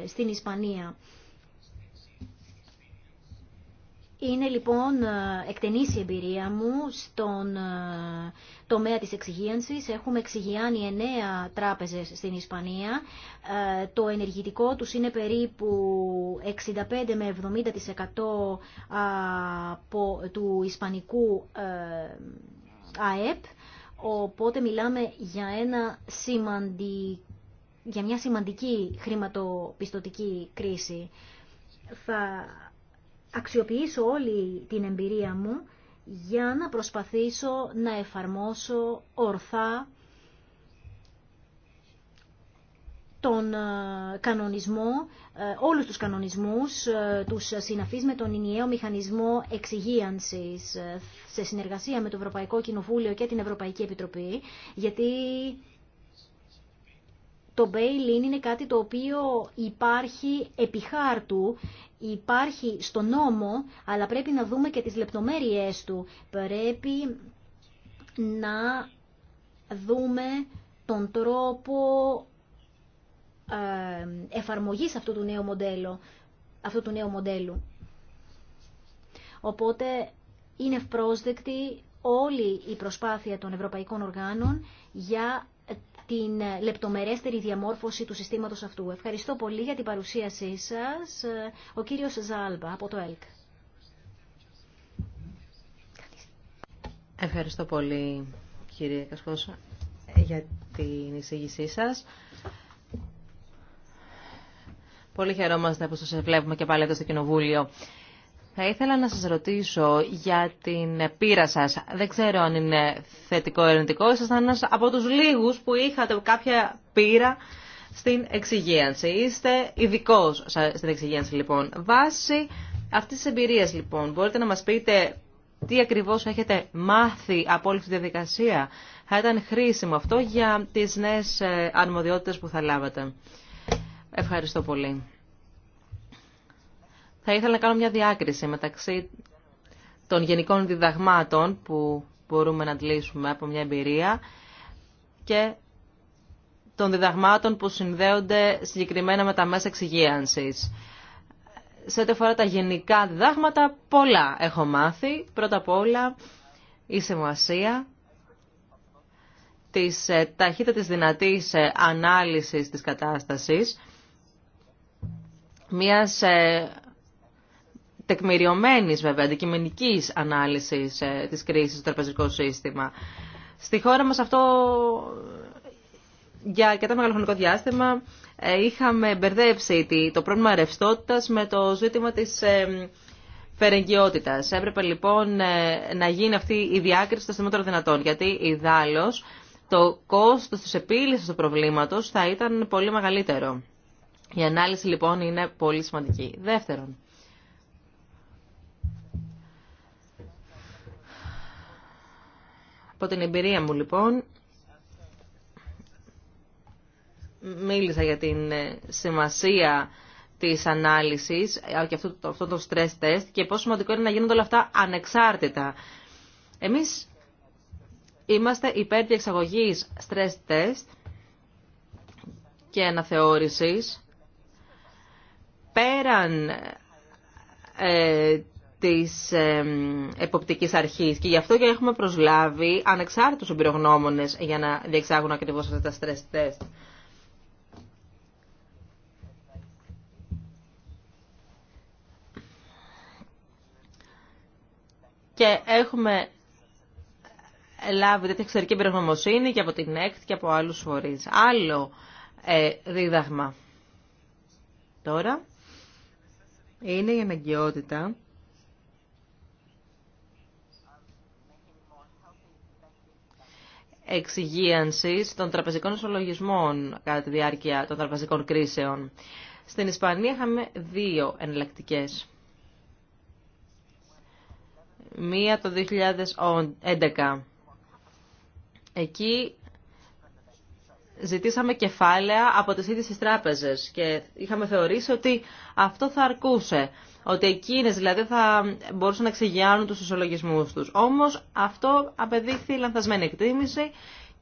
στην Ισπανία. Είναι λοιπόν ε, εκτενής η εμπειρία μου στον ε, τομέα της εξυγίανσης. Έχουμε εξυγιάνει εννέα τράπεζες στην Ισπανία. Ε, το ενεργητικό τους είναι περίπου 65 με 70% του ισπανικού ΑΕΠ. Οπότε μιλάμε για, ένα για μια σημαντική χρηματοπιστωτική κρίση. Θα αξιοποιήσω όλη την εμπειρία μου για να προσπαθήσω να εφαρμόσω ορθά τον ε, κανονισμό, ε, όλους τους κανονισμούς, ε, τους συναφείς με τον ενιαίο μηχανισμό εξυγίανσης σε συνεργασία με το Ευρωπαϊκό Κοινοβούλιο και την Ευρωπαϊκή Επιτροπή, γιατί το bail-in είναι κάτι το οποίο υπάρχει επί χάρτου, υπάρχει στο νόμο, αλλά πρέπει να δούμε και τις λεπτομέρειές του. Πρέπει να δούμε τον τρόπο ε, εφαρμογής αυτού του νέου μοντέλου. Αυτού του νέου μοντέλου. Οπότε είναι ευπρόσδεκτη όλη η προσπάθεια των ευρωπαϊκών οργάνων για την λεπτομερέστερη διαμόρφωση του συστήματος αυτού. Ευχαριστώ πολύ για την παρουσίασή σας. Ο κύριος Ζάλμπα από το ΕΛΚ. Ευχαριστώ πολύ κύριε Κασκόσα για την εισήγησή σας. Πολύ χαιρόμαστε που σας βλέπουμε και πάλι εδώ στο Κοινοβούλιο. Θα ήθελα να σας ρωτήσω για την πείρα σας. Δεν ξέρω αν είναι θετικό ή αρνητικό, Ήσασταν ένας από τους λίγους που είχατε κάποια πείρα στην εξυγίανση. Είστε ειδικό στην εξυγίανση λοιπόν. Βάσει αυτής της εμπειρίας λοιπόν, μπορείτε να μας πείτε τι ακριβώς έχετε μάθει από όλη τη διαδικασία. Θα ήταν χρήσιμο αυτό για τις νέες ε, αρμοδιότητες που θα λάβατε. Ευχαριστώ πολύ. Θα ήθελα να κάνω μια διάκριση μεταξύ των γενικών διδαγμάτων που μπορούμε να αντλήσουμε από μια εμπειρία και των διδαγμάτων που συνδέονται συγκεκριμένα με τα μέσα εξυγίανσης. Σε ό,τι αφορά τα γενικά διδάγματα, πολλά έχω μάθει. Πρώτα απ' όλα, η σημασία της ε, της δυνατής ε, ανάλυσης της κατάστασης, μιας ε, τεκμηριωμένης βέβαια αντικειμενικής ανάλυσης ε, της κρίσης στο τραπεζικό σύστημα. Στη χώρα μας αυτό για αρκετά μεγάλο χρονικό διάστημα ε, είχαμε μπερδέψει το πρόβλημα ρευστότητα με το ζήτημα της ε, φερεγγιότητας. Έπρεπε λοιπόν να γίνει αυτή η διάκριση των των δυνατών γιατί η δάλος το κόστος της επίλυσης του προβλήματος θα ήταν πολύ μεγαλύτερο. Η ανάλυση λοιπόν είναι πολύ σημαντική. Δεύτερον, Από την εμπειρία μου λοιπόν, μίλησα για την ε, σημασία της ανάλυσης ε, και αυτό, αυτό το stress test και πόσο σημαντικό είναι να γίνονται όλα αυτά ανεξάρτητα. Εμείς είμαστε υπέρ της εξαγωγής stress test και αναθεώρησης πέραν ε, της εποπτικής αρχής και γι' αυτό και έχουμε προσλάβει ανεξάρτητους εμπειρογνώμονες για να διεξάγουν ακριβώς αυτά τα stress test. Και έχουμε λάβει τέτοια εξωτερική εμπειρογνωμοσύνη και από την ΕΚΤ και από άλλους φορείς. Άλλο ε, δίδαγμα τώρα είναι η αναγκαιότητα εξυγίανση των τραπεζικών ισολογισμών κατά τη διάρκεια των τραπεζικών κρίσεων. Στην Ισπανία είχαμε δύο εναλλακτικέ. Μία το 2011. Εκεί ζητήσαμε κεφάλαια από τις ίδιες τις τράπεζες και είχαμε θεωρήσει ότι αυτό θα αρκούσε ότι εκείνε δηλαδή θα μπορούσαν να εξηγειάνουν τους ισολογισμού τους. Όμως αυτό απεδείχθη λανθασμένη εκτίμηση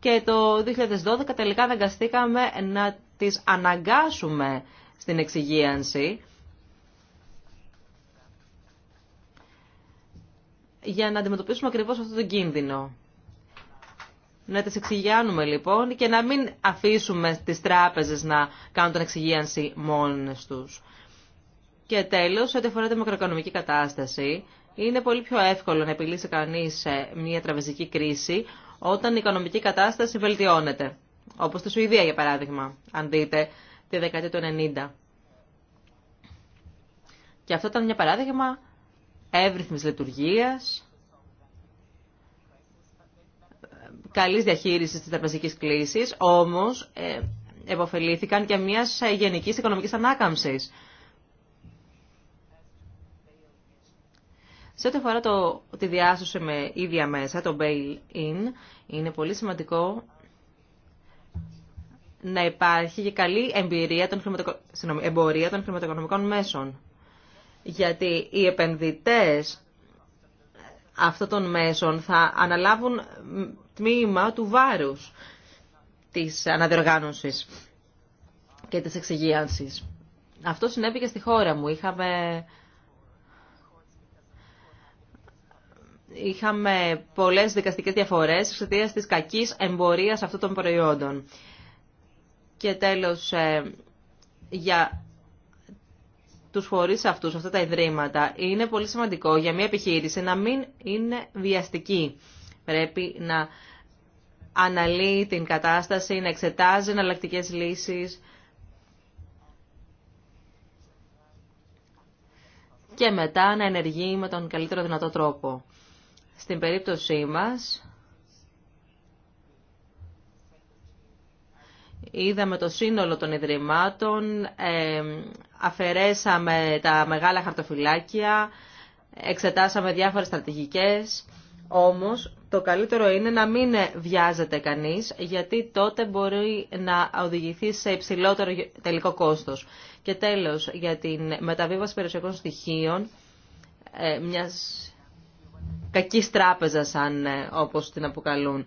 και το 2012 τελικά δαγκαστήκαμε να τις αναγκάσουμε στην εξυγίανση για να αντιμετωπίσουμε ακριβώς αυτό το κίνδυνο. Να τις εξηγιάνουμε λοιπόν και να μην αφήσουμε τις τράπεζες να κάνουν την εξηγίανση μόνες τους. Και τέλος, ό,τι αφορά τη μακροοικονομική κατάσταση, είναι πολύ πιο εύκολο να επιλύσει κανείς ε, μια τραπεζική κρίση όταν η οικονομική κατάσταση βελτιώνεται. Όπως στη Σουηδία, για παράδειγμα, αν δείτε τη δεκαετία του 90. Και αυτό ήταν μια παράδειγμα εύρυθμης λειτουργίας, καλής διαχείρισης της τραπεζική κλίση, όμως ε, εποφελήθηκαν και μια ε, γενική οικονομική ανάκαμψη. Σε ό,τι αφορά το, τη διάσωσε με ίδια μέσα, το bail-in, είναι πολύ σημαντικό να υπάρχει και καλή εμπειρία των χρηματοκο... εμπορία των χρηματοοικονομικών μέσων. Γιατί οι επενδυτές αυτών των μέσων θα αναλάβουν τμήμα του βάρους της αναδιοργάνωσης και της εξυγίανσης. Αυτό συνέβη και στη χώρα μου. Είχαμε είχαμε πολλές δικαστικές διαφορές εξαιτία της κακής εμπορίας αυτών των προϊόντων. Και τέλος, ε, για τους φορείς αυτούς, αυτά τα ιδρύματα, είναι πολύ σημαντικό για μια επιχείρηση να μην είναι βιαστική. Πρέπει να αναλύει την κατάσταση, να εξετάζει εναλλακτικέ λύσεις και μετά να ενεργεί με τον καλύτερο δυνατό τρόπο στην περίπτωσή μας είδαμε το σύνολο των ιδρυμάτων, αφαιρέσαμε τα μεγάλα χαρτοφυλάκια, εξετάσαμε διάφορες στρατηγικές, όμως το καλύτερο είναι να μην βιάζεται κανείς, γιατί τότε μπορεί να οδηγηθεί σε υψηλότερο τελικό κόστος. Και τέλος, για την μεταβίβαση περιουσιακών στοιχείων, ε, μιας Κακή τράπεζα αν ε, όπως την αποκαλούν.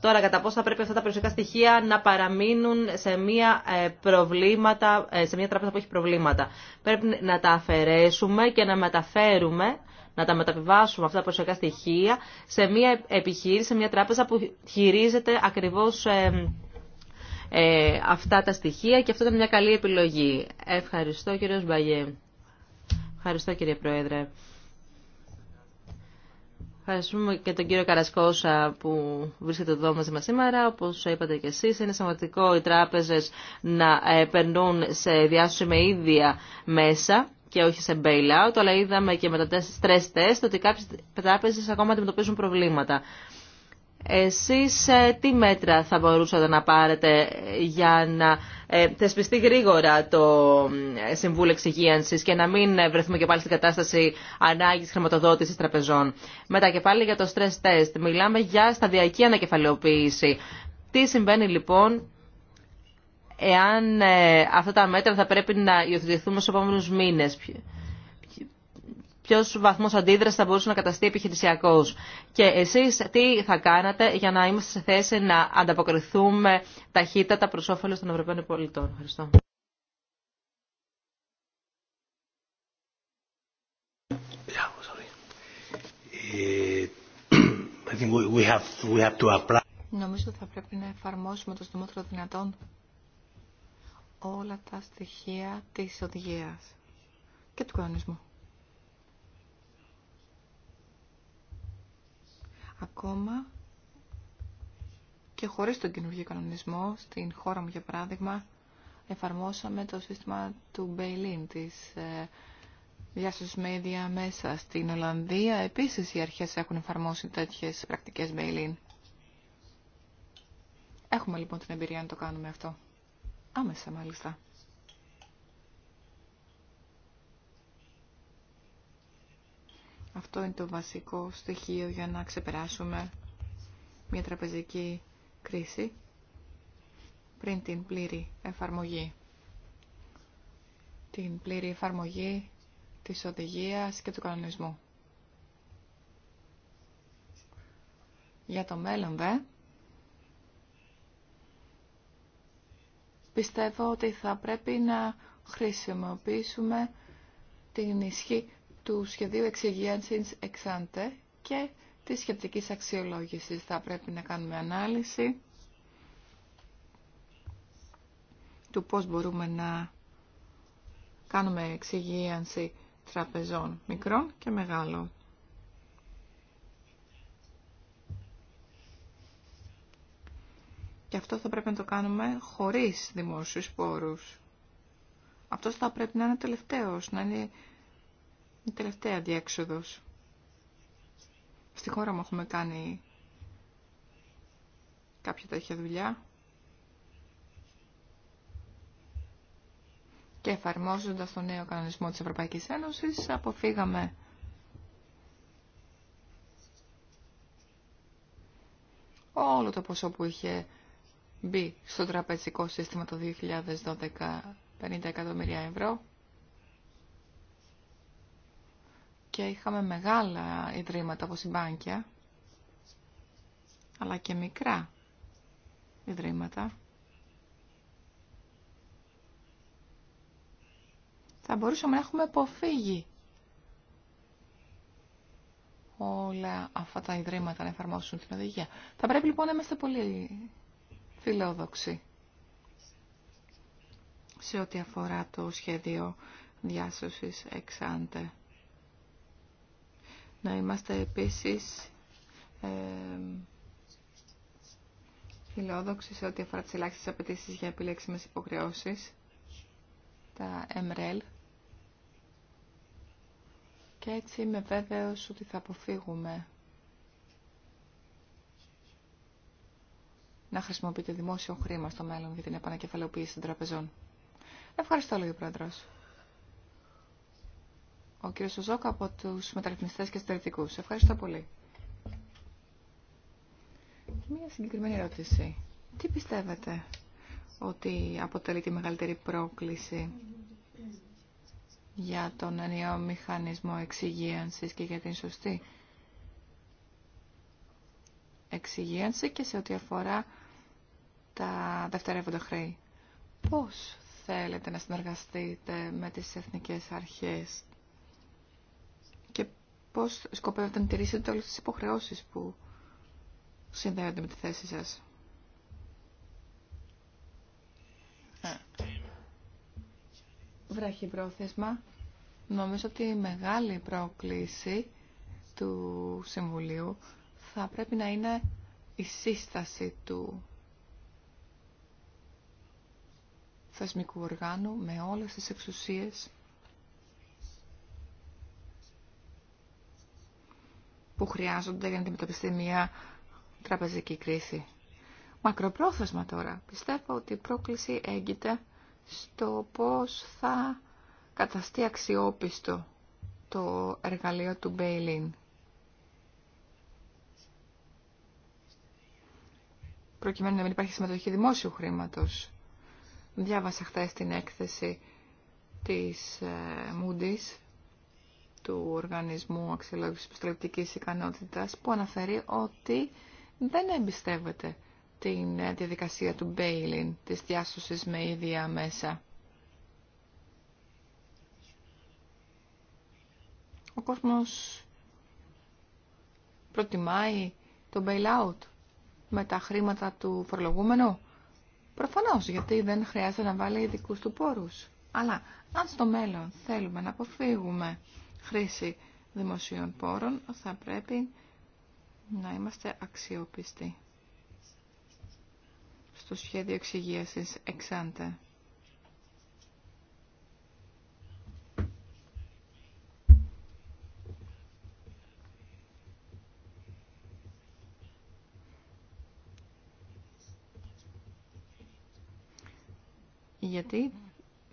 Τώρα, κατά πόσο θα πρέπει αυτά τα περιουσιακά στοιχεία να παραμείνουν σε μια, ε, προβλήματα, ε, σε μια τράπεζα που έχει προβλήματα. Πρέπει να τα αφαιρέσουμε και να μεταφέρουμε να τα μεταβιβάσουμε αυτά τα προσωπικά στοιχεία σε μια επιχείρηση, σε μια τράπεζα που χειρίζεται ακριβώς ε, αυτά τα στοιχεία και αυτό ήταν μια καλή επιλογή. Ευχαριστώ κύριο Μπαγιέ. Ευχαριστώ κύριε Πρόεδρε. Ευχαριστούμε και τον κύριο Καρασκόσα που βρίσκεται εδώ μαζί μας σήμερα. Όπως είπατε και εσείς, είναι σημαντικό οι τράπεζες να ε, περνούν σε διάσωση με ίδια μέσα και όχι σε bailout, αλλά είδαμε και με τα stress test ότι κάποιες τράπεζες ακόμα αντιμετωπίζουν προβλήματα. Εσείς ε, τι μέτρα θα μπορούσατε να πάρετε για να ε, θεσπιστεί γρήγορα το Συμβούλιο Εξυγίανσης και να μην βρεθούμε και πάλι στην κατάσταση ανάγκης χρηματοδότησης τραπεζών. Μετά και πάλι για το stress test. Μιλάμε για σταδιακή ανακεφαλαιοποίηση. Τι συμβαίνει λοιπόν εάν ε, αυτά τα μέτρα θα πρέπει να υιοθετηθούν στους επόμενους μήνες. Ποιο βαθμό αντίδραση θα μπορούσε να καταστεί επιχειρησιακό. Και εσεί τι θα κάνατε για να είμαστε σε θέση να ανταποκριθούμε ταχύτατα προ όφελο των Ευρωπαίων πολιτών. Ευχαριστώ. Νομίζω ότι θα πρέπει να εφαρμόσουμε το στομότερο δυνατόν όλα τα στοιχεία της οδηγίας και του κανονισμού. Ακόμα και χωρίς τον καινούργιο κανονισμό, στην χώρα μου για παράδειγμα, εφαρμόσαμε το σύστημα του bail της ε, διάσωσης μέσα. Στην Ολλανδία επίσης οι αρχές έχουν εφαρμόσει τέτοιες πρακτικές Έχουμε λοιπόν την εμπειρία να το κάνουμε αυτό. Άμεσα μάλιστα. Αυτό είναι το βασικό στοιχείο για να ξεπεράσουμε μια τραπεζική κρίση πριν την πλήρη εφαρμογή. Την πλήρη εφαρμογή της οδηγίας και του κανονισμού. Για το μέλλον δε, πιστεύω ότι θα πρέπει να χρησιμοποιήσουμε την ισχύ του σχεδίου εξυγίανσης εξάντε και της σχετικής αξιολόγησης. Θα πρέπει να κάνουμε ανάλυση του πώς μπορούμε να κάνουμε εξυγίανση τραπεζών μικρών και μεγάλων. Και αυτό θα πρέπει να το κάνουμε χωρίς δημόσιους πόρους. Αυτό θα πρέπει να είναι τελευταίος, να είναι η τελευταία διέξοδος. Στη χώρα μου έχουμε κάνει κάποια τέτοια δουλειά και εφαρμόζοντας τον νέο κανονισμό της Ευρωπαϊκής Ένωσης αποφύγαμε όλο το ποσό που είχε μπει στο τραπεζικό σύστημα το 2012 50 εκατομμύρια ευρώ και είχαμε μεγάλα ιδρύματα από συμπάνκια, αλλά και μικρά ιδρύματα. Θα μπορούσαμε να έχουμε αποφύγει όλα αυτά τα ιδρύματα να εφαρμόσουν την οδηγία. Θα πρέπει λοιπόν να είμαστε πολύ φιλόδοξοι σε ό,τι αφορά το σχέδιο διάσωσης εξάντε να είμαστε επίσης ε, φιλόδοξοι σε ό,τι αφορά τις ελάχιστες απαιτήσει για επιλέξιμες υποχρεώσεις, τα MREL, και έτσι είμαι βέβαιος ότι θα αποφύγουμε να χρησιμοποιείται δημόσιο χρήμα στο μέλλον για την επανακεφαλαιοποίηση των τραπεζών. Ευχαριστώ, λέει ο Πρόεδρος. Ο κ. Σοζόκα από τους μεταρρυθμιστές και συντηρητικούς. Ευχαριστώ πολύ. Μία συγκεκριμένη ερώτηση. Τι πιστεύετε ότι αποτελεί τη μεγαλύτερη πρόκληση για τον ενιαίο μηχανισμό εξυγίανσης και για την σωστή εξυγίανση και σε ό,τι αφορά τα δευτερεύοντα χρέη. Πώς θέλετε να συνεργαστείτε με τις εθνικές αρχές πώς σκοπεύετε να τηρήσετε όλες τις υποχρεώσεις που συνδέονται με τη θέση σας. Βράχει πρόθεσμα. Νομίζω ότι η μεγάλη πρόκληση του Συμβουλίου θα πρέπει να είναι η σύσταση του θεσμικού οργάνου με όλες τις εξουσίες που χρειάζονται για να αντιμετωπιστεί μια τραπεζική κρίση. Μακροπρόθεσμα τώρα. Πιστεύω ότι η πρόκληση έγκυται στο πώς θα καταστεί αξιόπιστο το εργαλείο του Μπέιλιν. Προκειμένου να μην υπάρχει συμμετοχή δημόσιου χρήματος. Διάβασα χθε την έκθεση της ε, Moody's του Οργανισμού Αξιολόγησης Επιστρεπτικής Ικανότητας που αναφέρει ότι δεν εμπιστεύεται την διαδικασία του bail-in, της διάσωσης με ίδια μέσα. Ο κόσμος προτιμάει το bail-out με τα χρήματα του φορολογούμενου. Προφανώς, γιατί δεν χρειάζεται να βάλει ειδικού του πόρους. Αλλά αν στο μέλλον θέλουμε να αποφύγουμε χρήση δημοσίων πόρων, θα πρέπει να είμαστε αξιόπιστοι στο σχέδιο εξυγίασης εξάντε. Γιατί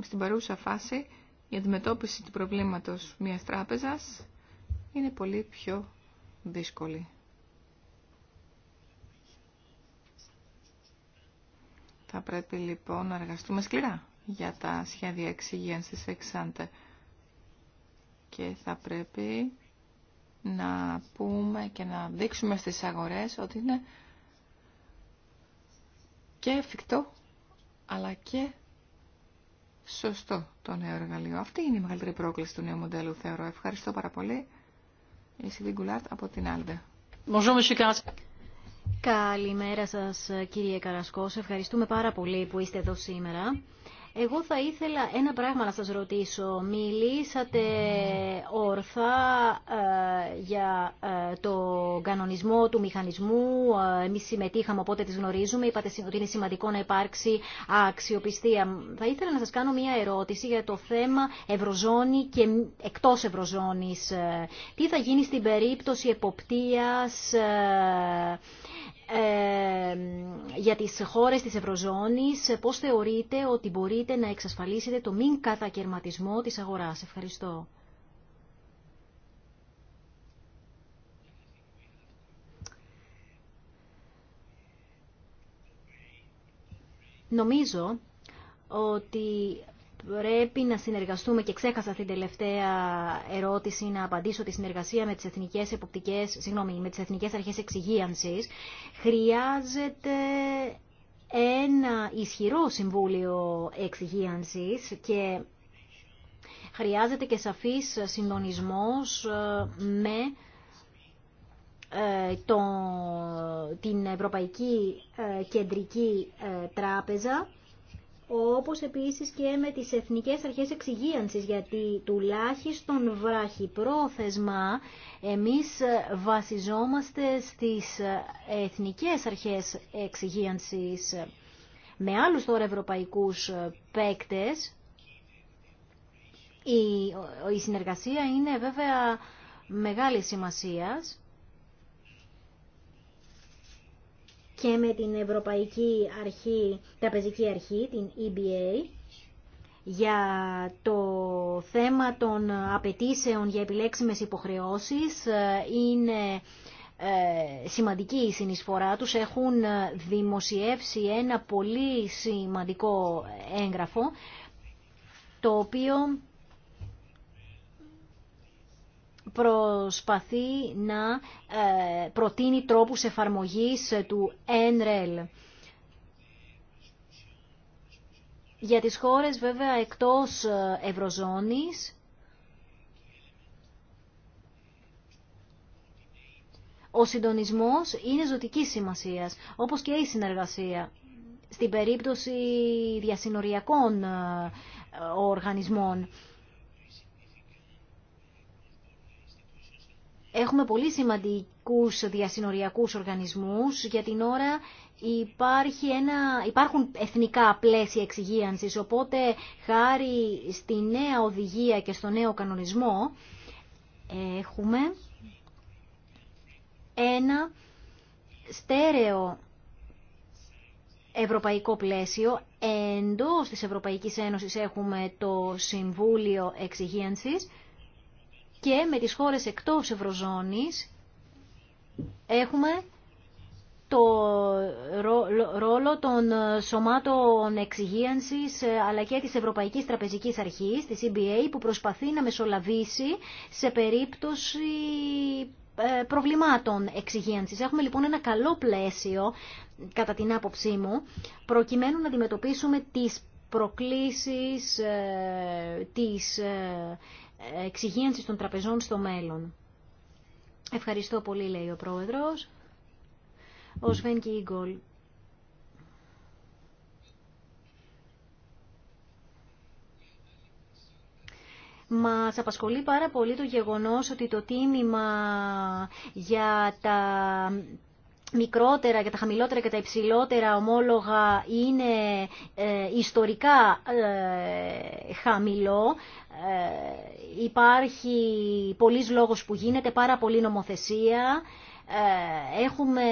στην παρούσα φάση η αντιμετώπιση του προβλήματος μιας τράπεζας είναι πολύ πιο δύσκολη. Θα πρέπει λοιπόν να εργαστούμε σκληρά για τα σχέδια εξυγένσης εξάντε και θα πρέπει να πούμε και να δείξουμε στις αγορές ότι είναι και εφικτό αλλά και σωστό το νέο εργαλείο. Αυτή είναι η μεγαλύτερη πρόκληση του νέου μοντέλου, θεωρώ. Ευχαριστώ πάρα πολύ. Η από την Άλντε. Καλημέρα σας κύριε Καρασκός. Ευχαριστούμε πάρα πολύ που είστε εδώ σήμερα. Εγώ θα ήθελα ένα πράγμα να σας ρωτήσω. Μιλήσατε ορθά ε, για ε, το κανονισμό του μηχανισμού. Ε, εμείς συμμετείχαμε, οπότε τις γνωρίζουμε. Είπατε ότι είναι σημαντικό να υπάρξει αξιοπιστία. Θα ήθελα να σας κάνω μια ερώτηση για το θέμα ευρωζώνη και εκτός ευρωζώνης. Τι θα γίνει στην περίπτωση εποπτείας ε, για τις χώρες της Ευρωζώνης, πώς θεωρείτε ότι μπορείτε να εξασφαλίσετε το μην κατακαιρματισμό της αγοράς. Ευχαριστώ. Νομίζω ότι πρέπει να συνεργαστούμε και ξέχασα την τελευταία ερώτηση να απαντήσω τη συνεργασία με τις εθνικές, εποπτικές, συγγνώμη, με τις εθνικές αρχές εξυγίανσης χρειάζεται ένα ισχυρό συμβούλιο εξυγίανσης και χρειάζεται και σαφής συντονισμός ε, με ε, το, την Ευρωπαϊκή ε, Κεντρική Τράπεζα όπως επίσης και με τις εθνικές αρχές εξυγίανσης, γιατί τουλάχιστον πρόθεσμα εμείς βασιζόμαστε στις εθνικές αρχές εξυγίανσης με άλλους τώρα ευρωπαϊκούς παίκτες. Η, η συνεργασία είναι βέβαια μεγάλη σημασίας και με την Ευρωπαϊκή Αρχή, Τραπεζική Αρχή, την EBA, για το θέμα των απαιτήσεων για επιλέξιμες υποχρεώσεις ε, είναι ε, σημαντική η συνεισφορά τους. Έχουν ε, δημοσιεύσει ένα πολύ σημαντικό έγγραφο το οποίο προσπαθεί να ε, προτείνει τρόπους εφαρμογής του ΕΝΡΕΛ. E Για τις χώρες βέβαια εκτός ε, Ευρωζώνης, ο συντονισμός είναι ζωτικής σημασίας, όπως και η συνεργασία. Στην περίπτωση διασυνοριακών ε, οργανισμών. Έχουμε πολύ σημαντικούς διασυνοριακούς οργανισμούς. Για την ώρα υπάρχει ένα, υπάρχουν εθνικά πλαίσια εξυγίανσης, οπότε χάρη στη νέα οδηγία και στο νέο κανονισμό έχουμε ένα στέρεο ευρωπαϊκό πλαίσιο. Εντός της Ευρωπαϊκής Ένωσης έχουμε το Συμβούλιο Εξυγίανσης, και με τις χώρες εκτός Ευρωζώνης έχουμε το ρόλο των σωμάτων εξυγίανσης ε, αλλά και της Ευρωπαϊκής Τραπεζικής Αρχής, της EBA, που προσπαθεί να μεσολαβήσει σε περίπτωση ε, προβλημάτων εξυγίανσης. Έχουμε λοιπόν ένα καλό πλαίσιο, κατά την άποψή μου, προκειμένου να αντιμετωπίσουμε τις προκλήσεις ε, της εξυγίανσης των τραπεζών στο μέλλον. Ευχαριστώ πολύ, λέει ο Πρόεδρος. Ο Σβέν Κίγκολ. Μας απασχολεί πάρα πολύ το γεγονός ότι το τίμημα για τα μικρότερα για τα χαμηλότερα και τα υψηλότερα ομόλογα είναι ε, ιστορικά ε, χαμηλό. Ε, υπάρχει πολλής λόγος που γίνεται, πάρα πολύ νομοθεσία. Ε, έχουμε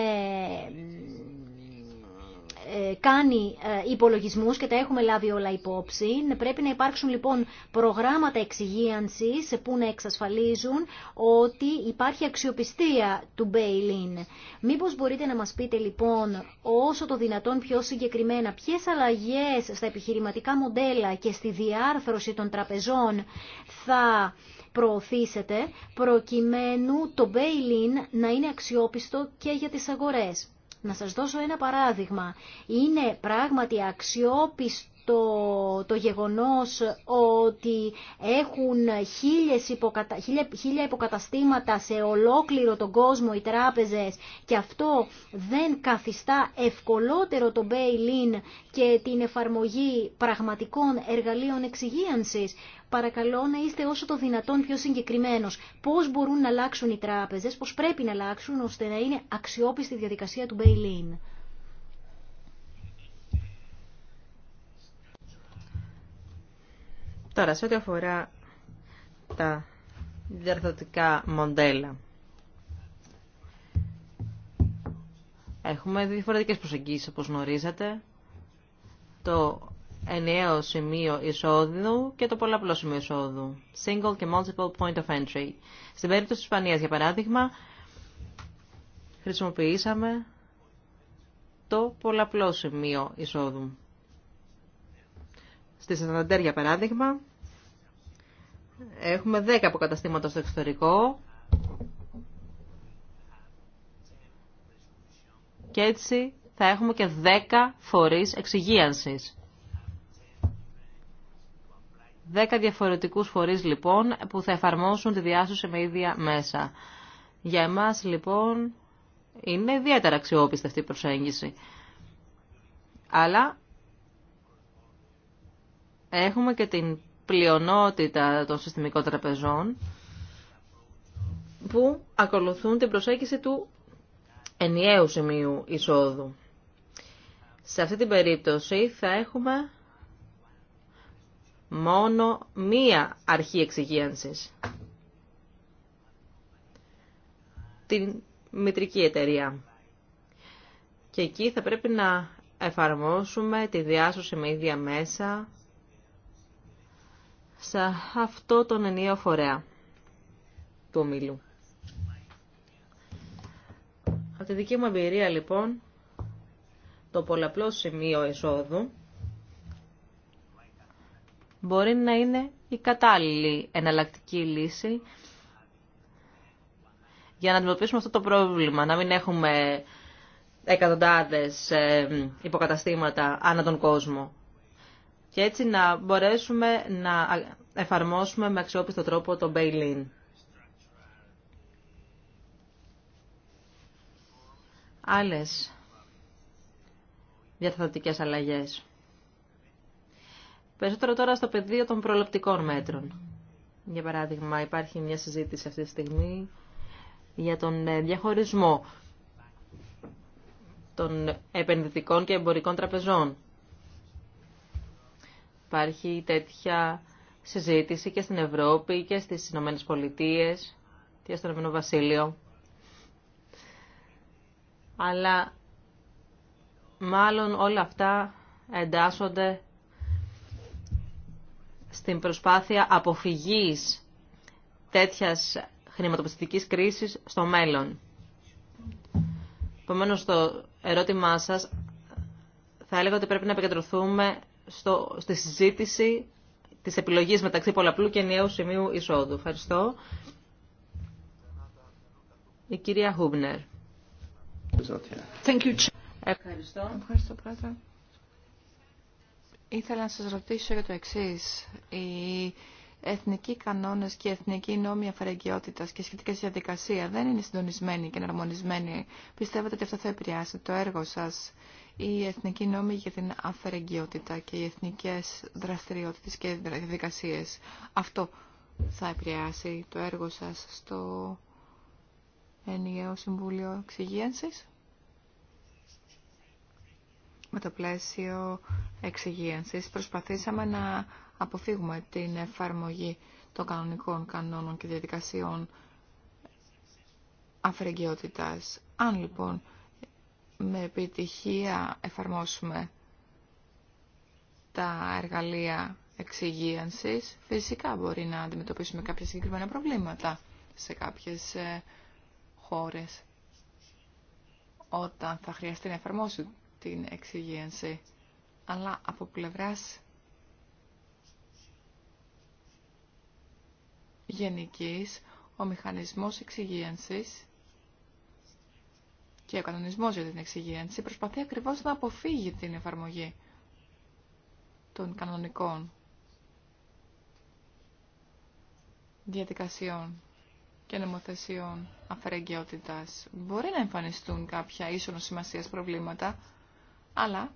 ε, κάνει ε, υπολογισμού και τα έχουμε λάβει όλα υπόψη. Πρέπει να υπάρξουν λοιπόν προγράμματα εξυγίανση που να εξασφαλίζουν ότι υπάρχει αξιοπιστία του bail-in. Μήπως μπορείτε να μα πείτε λοιπόν όσο το δυνατόν πιο συγκεκριμένα ποιε αλλαγέ στα επιχειρηματικά μοντέλα και στη διάρθρωση των τραπεζών θα προωθήσετε προκειμένου το bail-in να είναι αξιόπιστο και για τις αγορές. Να σας δώσω ένα παράδειγμα. Είναι πράγματι αξιόπιστο το, το γεγονός ότι έχουν χίλιες υποκατα, χίλια, υποκαταστήματα σε ολόκληρο τον κόσμο οι τράπεζες και αυτό δεν καθιστά ευκολότερο το bail-in και την εφαρμογή πραγματικών εργαλείων εξυγίανσης. Παρακαλώ να είστε όσο το δυνατόν πιο συγκεκριμένος. Πώς μπορούν να αλλάξουν οι τράπεζες, πώς πρέπει να αλλάξουν ώστε να είναι αξιόπιστη η διαδικασία του bail-in. Τώρα, σε ό,τι αφορά τα διαρθωτικά μοντέλα. Έχουμε διαφορετικές προσεγγίσεις, όπως γνωρίζετε. Το ενιαίο σημείο εισόδου και το πολλαπλό σημείο εισόδου. Single και multiple point of entry. Στην περίπτωση της Ισπανίας, για παράδειγμα, χρησιμοποιήσαμε το πολλαπλό σημείο εισόδου. Στη Σανταντέρ, για παράδειγμα, Έχουμε 10 αποκαταστήματα στο εξωτερικό. Και έτσι θα έχουμε και 10 φορείς εξυγίανσης. 10 διαφορετικούς φορείς λοιπόν που θα εφαρμόσουν τη διάσωση με ίδια μέσα. Για εμάς λοιπόν είναι ιδιαίτερα αξιόπιστη αυτή η προσέγγιση. Αλλά έχουμε και την πλειονότητα των συστημικών τραπεζών που ακολουθούν την προσέγγιση του ενιαίου σημείου εισόδου. Σε αυτή την περίπτωση θα έχουμε μόνο μία αρχή εξυγίανσης. Την μητρική εταιρεία. Και εκεί θα πρέπει να εφαρμόσουμε τη διάσωση με ίδια μέσα σε αυτό τον ενιαίο φορέα του ομίλου. Από τη δική μου εμπειρία λοιπόν, το πολλαπλό σημείο εισόδου μπορεί να είναι η κατάλληλη εναλλακτική λύση για να αντιμετωπίσουμε αυτό το πρόβλημα, να μην έχουμε εκατοντάδες ε, υποκαταστήματα ανά τον κόσμο και έτσι να μπορέσουμε να εφαρμόσουμε με αξιόπιστο τρόπο το bail-in. Άλλες διαθετικές αλλαγές. Περισσότερο τώρα στο πεδίο των προληπτικών μέτρων. Για παράδειγμα, υπάρχει μια συζήτηση αυτή τη στιγμή για τον ε, διαχωρισμό των επενδυτικών και εμπορικών τραπεζών. Υπάρχει τέτοια συζήτηση και στην Ευρώπη και στις Ηνωμένες Πολιτείες και στον Ευρωπαϊκό Βασίλειο. Αλλά μάλλον όλα αυτά εντάσσονται στην προσπάθεια αποφυγής τέτοιας χρηματοπιστικής κρίσης στο μέλλον. Επομένω, το ερώτημά σας θα έλεγα ότι πρέπει να επικεντρωθούμε στο, στη συζήτηση της επιλογής μεταξύ πολλαπλού και ενιαίου σημείου εισόδου. Ευχαριστώ. Η κυρία Χούμπνερ. Ευχαριστώ. Ευχαριστώ, Πρόεδρε. Ήθελα να σας ρωτήσω για το εξής. Οι εθνικοί κανόνες και οι εθνικοί νόμοι αφαιρεγγιότητας και σχετικές διαδικασία δεν είναι συντονισμένοι και εναρμονισμένοι. Πιστεύετε ότι αυτό θα επηρεάσει το έργο σας η Εθνική Νόμη για την αφαιρεγγιότητα και οι εθνικές δραστηριότητες και διαδικασίες. Αυτό θα επηρεάσει το έργο σας στο ενιαίο Συμβούλιο Εξυγίανσης με το πλαίσιο εξυγίανσης προσπαθήσαμε να αποφύγουμε την εφαρμογή των κανονικών κανόνων και διαδικασιών αφαιρεγγιότητας. Αν λοιπόν με επιτυχία εφαρμόσουμε τα εργαλεία εξυγίανσης, φυσικά μπορεί να αντιμετωπίσουμε κάποια συγκεκριμένα προβλήματα σε κάποιες ε, χώρες όταν θα χρειαστεί να εφαρμόσουν την εξυγίανση. Αλλά από πλευράς γενικής, ο μηχανισμός εξυγίανσης και ο κανονισμός για την εξυγίανση προσπαθεί ακριβώς να αποφύγει την εφαρμογή των κανονικών διαδικασιών και νομοθεσιών αφαιρεγγιότητας. Μπορεί να εμφανιστούν κάποια ίσονο σημασία προβλήματα, αλλά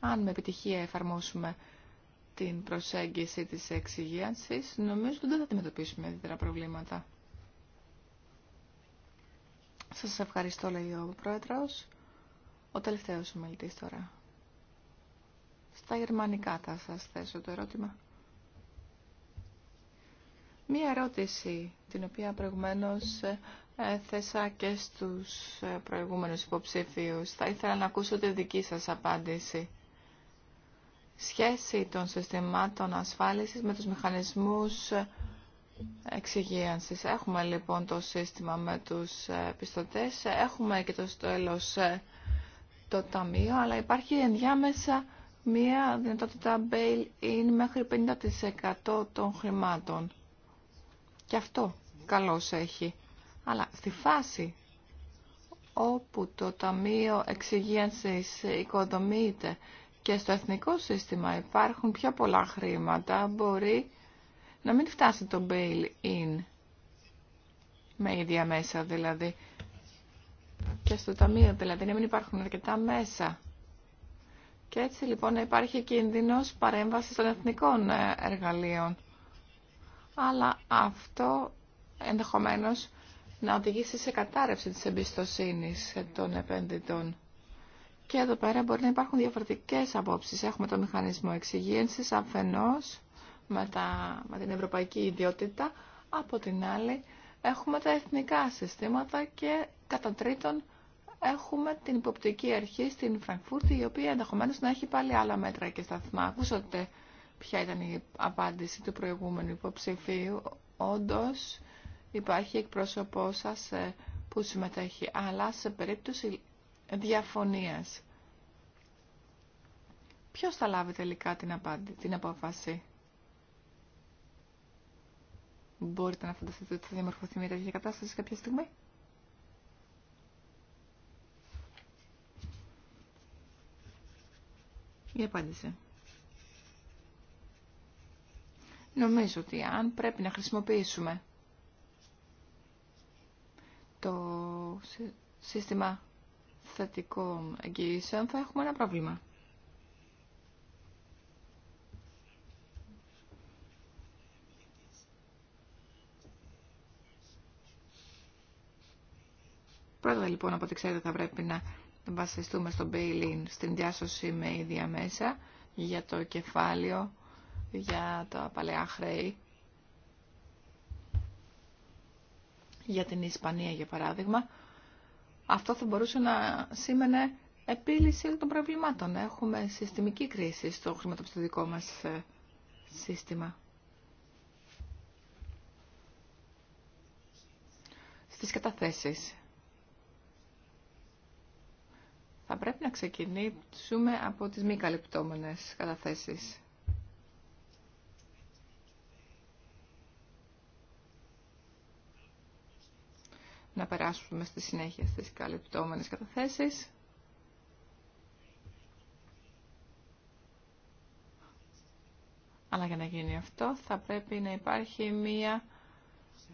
αν με επιτυχία εφαρμόσουμε την προσέγγιση της εξυγίανσης, νομίζω ότι δεν θα αντιμετωπίσουμε ιδιαίτερα προβλήματα. Σας ευχαριστώ, λέει ο Πρόεδρος. Ο τελευταίος ομιλητής τώρα. Στα γερμανικά θα σας θέσω το ερώτημα. Μία ερώτηση, την οποία προηγουμένως θέσα και στους προηγούμενους υποψήφιους. Θα ήθελα να ακούσω τη δική σας απάντηση. Σχέση των συστημάτων ασφάλισης με τους μηχανισμούς εξυγίανσης. Έχουμε λοιπόν το σύστημα με τους ε, πιστωτές, έχουμε και το στέλος ε, το ταμείο, αλλά υπάρχει ενδιάμεσα μία δυνατότητα bail-in μέχρι 50% των χρημάτων. Και αυτό καλώς έχει. Αλλά στη φάση όπου το Ταμείο Εξυγίανσης οικοδομείται και στο εθνικό σύστημα υπάρχουν πιο πολλά χρήματα, μπορεί να μην φτάσει το bail-in με ίδια μέσα δηλαδή και στο ταμείο δηλαδή να μην υπάρχουν αρκετά μέσα. Και έτσι λοιπόν να υπάρχει κίνδυνος παρέμβασης των εθνικών ε, εργαλείων. Αλλά αυτό ενδεχομένως να οδηγήσει σε κατάρρευση της εμπιστοσύνης των επενδυτών. Και εδώ πέρα μπορεί να υπάρχουν διαφορετικές απόψεις. Έχουμε το μηχανισμό εξυγίανσης αφενός με, τα, την ευρωπαϊκή ιδιότητα, από την άλλη έχουμε τα εθνικά συστήματα και κατά τρίτον έχουμε την υποπτική αρχή στην Φραγκφούρτη, η οποία ενδεχομένω να έχει πάλι άλλα μέτρα και σταθμά. Ακούσατε ποια ήταν η απάντηση του προηγούμενου υποψηφίου. Όντω υπάρχει εκπρόσωπό σα ε, που συμμετέχει, αλλά σε περίπτωση διαφωνίας. Ποιος θα λάβει τελικά την απόφαση. Μπορείτε να φανταστείτε ότι θα διαμορφωθεί μια τέτοια κατάσταση κάποια στιγμή. Η απάντηση. Νομίζω ότι αν πρέπει να χρησιμοποιήσουμε το σύστημα θετικών εγγυήσεων θα έχουμε ένα πρόβλημα. πρώτα λοιπόν από ό,τι ξέρετε θα πρέπει να βασιστούμε στο bail στην διάσωση με ίδια μέσα για το κεφάλαιο, για τα παλαιά χρέη. Για την Ισπανία για παράδειγμα. Αυτό θα μπορούσε να σήμαινε επίλυση των προβλημάτων. Έχουμε συστημική κρίση στο χρηματοπιστωτικό μας ε, σύστημα. Στις καταθέσεις θα πρέπει να ξεκινήσουμε από τις μη καλυπτόμενες καταθέσεις. Να περάσουμε στη συνέχεια στις καλυπτόμενες καταθέσεις. Αλλά για να γίνει αυτό θα πρέπει να υπάρχει μία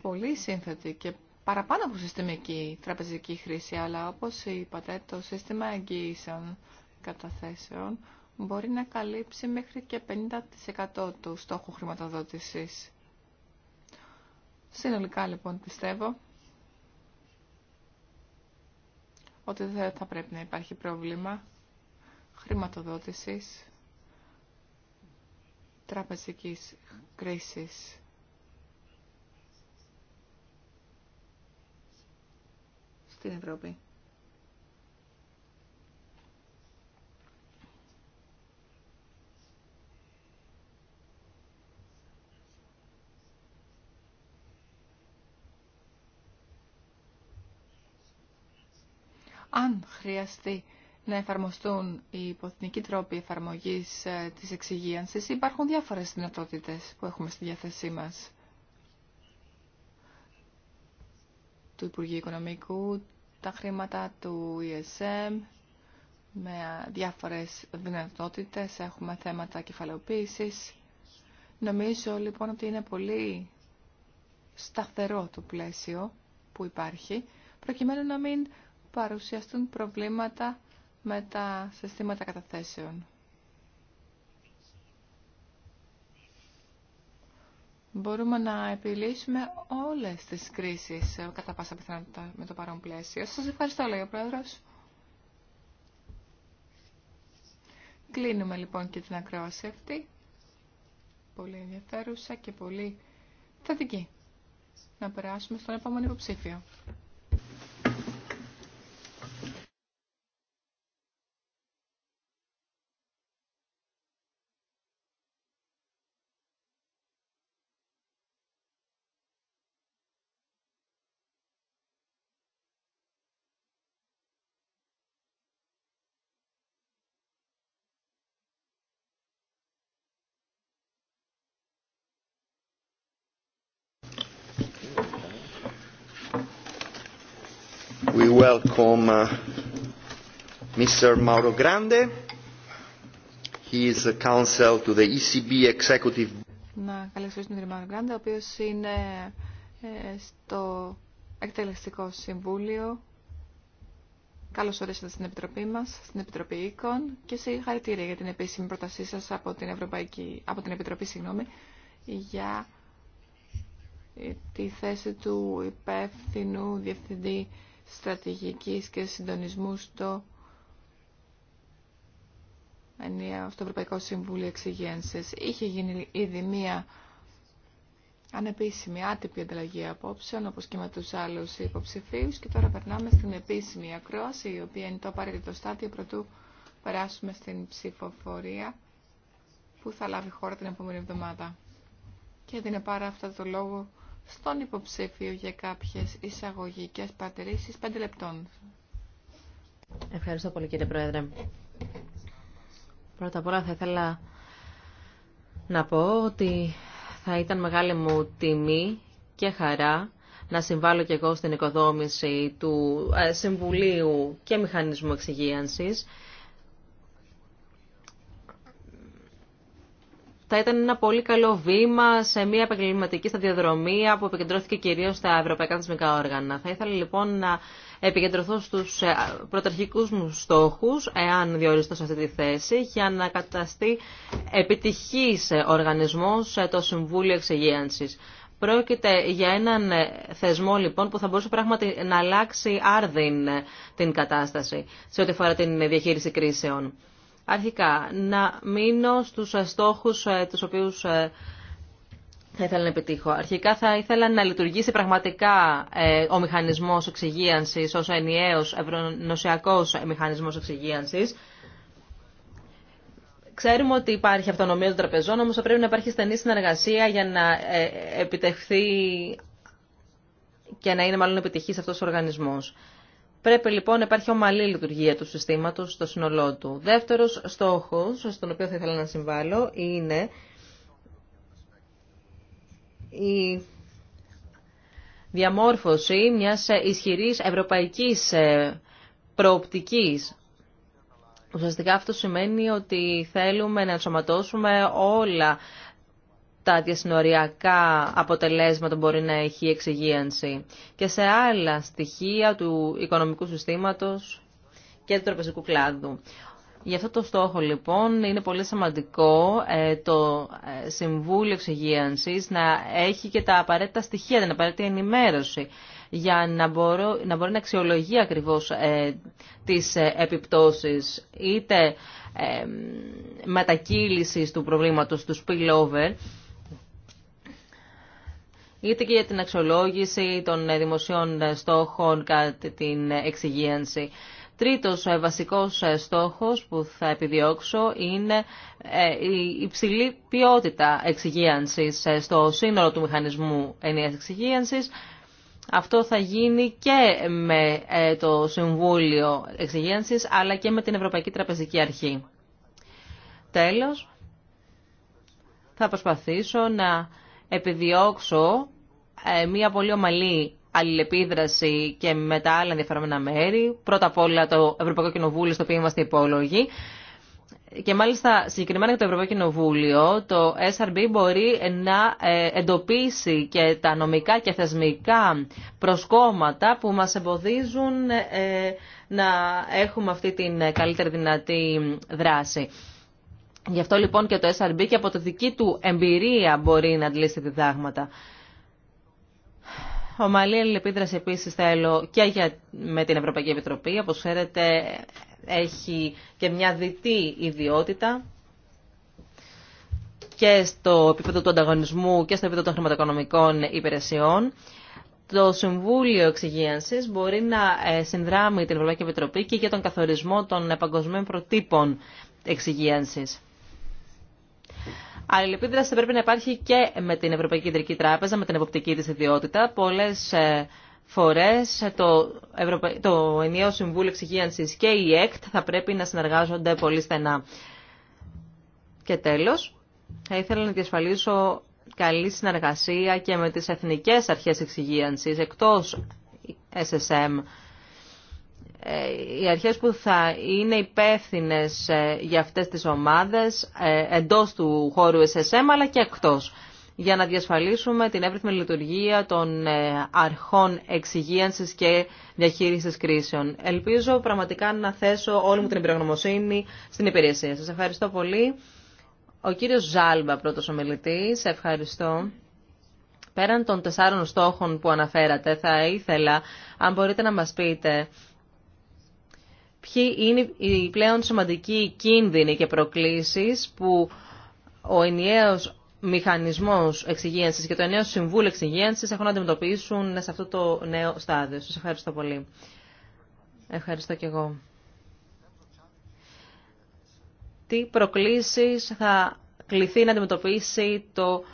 πολύ σύνθετη και παραπάνω από συστημική τραπεζική χρήση, αλλά όπως είπατε, το σύστημα εγγύησεων καταθέσεων μπορεί να καλύψει μέχρι και 50% του στόχου χρηματοδότησης. Συνολικά λοιπόν πιστεύω ότι δεν θα πρέπει να υπάρχει πρόβλημα χρηματοδότησης τραπεζικής κρίσης. στην Ευρώπη. αν χρειαστεί να εφαρμοστούν οι υποθνικοί τρόποι εφαρμογής ε, της εξυγίανσης, υπάρχουν διάφορες δυνατότητες που έχουμε στη διάθεσή μας. Του Υπουργείου Οικονομικού, τα χρήματα του ESM με διάφορες δυνατότητες, έχουμε θέματα κεφαλαιοποίησης. Νομίζω λοιπόν ότι είναι πολύ σταθερό το πλαίσιο που υπάρχει, προκειμένου να μην παρουσιαστούν προβλήματα με τα συστήματα καταθέσεων. μπορούμε να επιλύσουμε όλες τις κρίσεις ε, κατά πάσα πιθανότητα με το παρόν πλαίσιο. Σας ευχαριστώ, λέει ο Πρόεδρος. Κλείνουμε λοιπόν και την ακρόαση αυτή. Πολύ ενδιαφέρουσα και πολύ θετική. Να περάσουμε στον επόμενο υποψήφιο. welcome uh, Mr. Mauro Grande. He is a counsel to the ECB Executive. Να καλωσορίσω τον κύριο Μάρο Γκράντε, ο οποίο είναι ε, στο εκτελεστικό συμβούλιο. Καλώ ορίσατε στην Επιτροπή μα, στην Επιτροπή Οίκων και συγχαρητήρια για την επίσημη πρότασή σα από την, Ευρωπαϊκή, από την Επιτροπή συγγνώμη, για ε, τη θέση του υπεύθυνου διευθυντή στρατηγικής και συντονισμού στο στο Ευρωπαϊκό Συμβούλιο Εξυγένσης. Είχε γίνει ήδη μία ανεπίσημη, άτυπη ανταλλαγή απόψεων, όπως και με τους άλλους υποψηφίους. Και τώρα περνάμε στην επίσημη ακρόαση, η οποία είναι το απαραίτητο στάδιο, πρωτού περάσουμε στην ψηφοφορία, που θα λάβει χώρα την επόμενη εβδομάδα. Και δίνε πάρα αυτά το λόγο στον υποψήφιο για κάποιες εισαγωγικές παρατηρήσεις 5 λεπτών. Ευχαριστώ πολύ κύριε Πρόεδρε. Πρώτα απ' όλα θα ήθελα να πω ότι θα ήταν μεγάλη μου τιμή και χαρά να συμβάλλω και εγώ στην οικοδόμηση του ε, Συμβουλίου και Μηχανισμού Εξυγίανσης θα ήταν ένα πολύ καλό βήμα σε μια επαγγελματική σταδιοδρομία που επικεντρώθηκε κυρίω στα ευρωπαϊκά θεσμικά όργανα. Θα ήθελα λοιπόν να επικεντρωθώ στου ε, πρωταρχικού μου στόχου, εάν διοριστώ σε αυτή τη θέση, για να καταστεί επιτυχής οργανισμό ε, το Συμβούλιο Εξυγίανση. Πρόκειται για έναν ε, θεσμό λοιπόν που θα μπορούσε πράγματι να αλλάξει άρδιν την κατάσταση σε ό,τι αφορά την διαχείριση κρίσεων. Αρχικά, να μείνω στους στόχους ε, τους οποίους ε, θα ήθελα να επιτύχω. Αρχικά θα ήθελα να λειτουργήσει πραγματικά ε, ο μηχανισμός εξυγίανσης ως ενιαίος ευρωνοσιακός μηχανισμός εξυγίανσης. Ξέρουμε ότι υπάρχει αυτονομία των τραπεζών, όμως θα πρέπει να υπάρχει στενή συνεργασία για να επιτευχθεί και να είναι μάλλον επιτυχής αυτός ο οργανισμός. Πρέπει λοιπόν να υπάρχει ομαλή λειτουργία του συστήματος στο σύνολό του. Δεύτερος στόχος, στον οποίο θα ήθελα να συμβάλλω, είναι η διαμόρφωση μια ισχυρής ευρωπαϊκής ε, προοπτικής. Ουσιαστικά αυτό σημαίνει ότι θέλουμε να ενσωματώσουμε όλα τα διασυνοριακά αποτελέσματα μπορεί να έχει η εξυγίανση και σε άλλα στοιχεία του οικονομικού συστήματος και του τραπεζικού κλάδου. Γι' αυτό το στόχο λοιπόν είναι πολύ σημαντικό ε, το ε, Συμβούλιο Εξυγίανσης να έχει και τα απαραίτητα στοιχεία, την απαραίτητη ενημέρωση για να, μπορώ, να μπορεί να αξιολογεί ακριβώς ε, τις ε, είτε ε, του προβλήματος του spillover είτε και για την αξιολόγηση των ε, δημοσίων ε, στόχων κατά την ε, εξυγίανση. Τρίτος βασικός στόχος που θα επιδιώξω είναι η υψηλή ποιότητα εξυγίανσης στο σύνολο του μηχανισμού Ενίας εξυγίανσης. Αυτό θα γίνει και με το Συμβούλιο Εξυγίανσης αλλά και με την Ευρωπαϊκή Τραπεζική Αρχή. Τέλος, θα προσπαθήσω να επιδιώξω ε, μια πολύ ομαλή αλληλεπίδραση και με τα άλλα ενδιαφερόμενα μέρη. Πρώτα απ' όλα το Ευρωπαϊκό Κοινοβούλιο, στο οποίο είμαστε υπόλογοι. Και μάλιστα συγκεκριμένα για το Ευρωπαϊκό Κοινοβούλιο, το SRB μπορεί να ε, εντοπίσει και τα νομικά και θεσμικά προσκόμματα που μας εμποδίζουν ε, να έχουμε αυτή την καλύτερη δυνατή δράση. Γι' αυτό λοιπόν και το SRB και από τη δική του εμπειρία μπορεί να αντλήσει διδάγματα. Ομαλή αλληλεπίδραση επίση θέλω και για, με την Ευρωπαϊκή Επιτροπή. Όπω ξέρετε, έχει και μια διτή ιδιότητα και στο επίπεδο του ανταγωνισμού και στο επίπεδο των χρηματοοικονομικών υπηρεσιών. Το Συμβούλιο Εξυγίανση μπορεί να ε, συνδράμει την Ευρωπαϊκή Επιτροπή και για τον καθορισμό των παγκοσμίων προτύπων εξυγίανση. Αλληλεπίδραση θα πρέπει να υπάρχει και με την Ευρωπαϊκή Κεντρική Τράπεζα, με την εποπτική της ιδιότητα. Πολλές ε, φορές ε, το, Ευρωπα... το ενιαίο Συμβούλιο Εξυγίανσης και η ΕΚΤ θα πρέπει να συνεργάζονται πολύ στενά. Και τέλος, θα ήθελα να διασφαλίσω καλή συνεργασία και με τις εθνικές αρχές εξυγίανσης εκτός SSM ε, οι αρχές που θα είναι υπεύθυνε ε, για αυτές τις ομάδες ε, εντός του χώρου SSM αλλά και εκτός για να διασφαλίσουμε την εύρυθμη λειτουργία των αρχών εξυγίανσης και διαχείρισης κρίσεων. Ελπίζω πραγματικά να θέσω όλη μου την εμπειρογνωμοσύνη στην υπηρεσία σας. Ευχαριστώ πολύ. Ο κύριος Ζάλμπα, πρώτος ομιλητής, ευχαριστώ. Πέραν των τεσσάρων στόχων που αναφέρατε, θα ήθελα, αν μπορείτε να μας πείτε, ποιοι είναι οι πλέον σημαντικοί κίνδυνοι και προκλήσεις που ο ενιαίος μηχανισμός εξυγίανσης και το ενιαίο συμβούλιο εξυγίανσης έχουν να αντιμετωπίσουν σε αυτό το νέο στάδιο. Σας ευχαριστώ πολύ. Ευχαριστώ και εγώ. Τι προκλήσεις θα κληθεί να αντιμετωπίσει το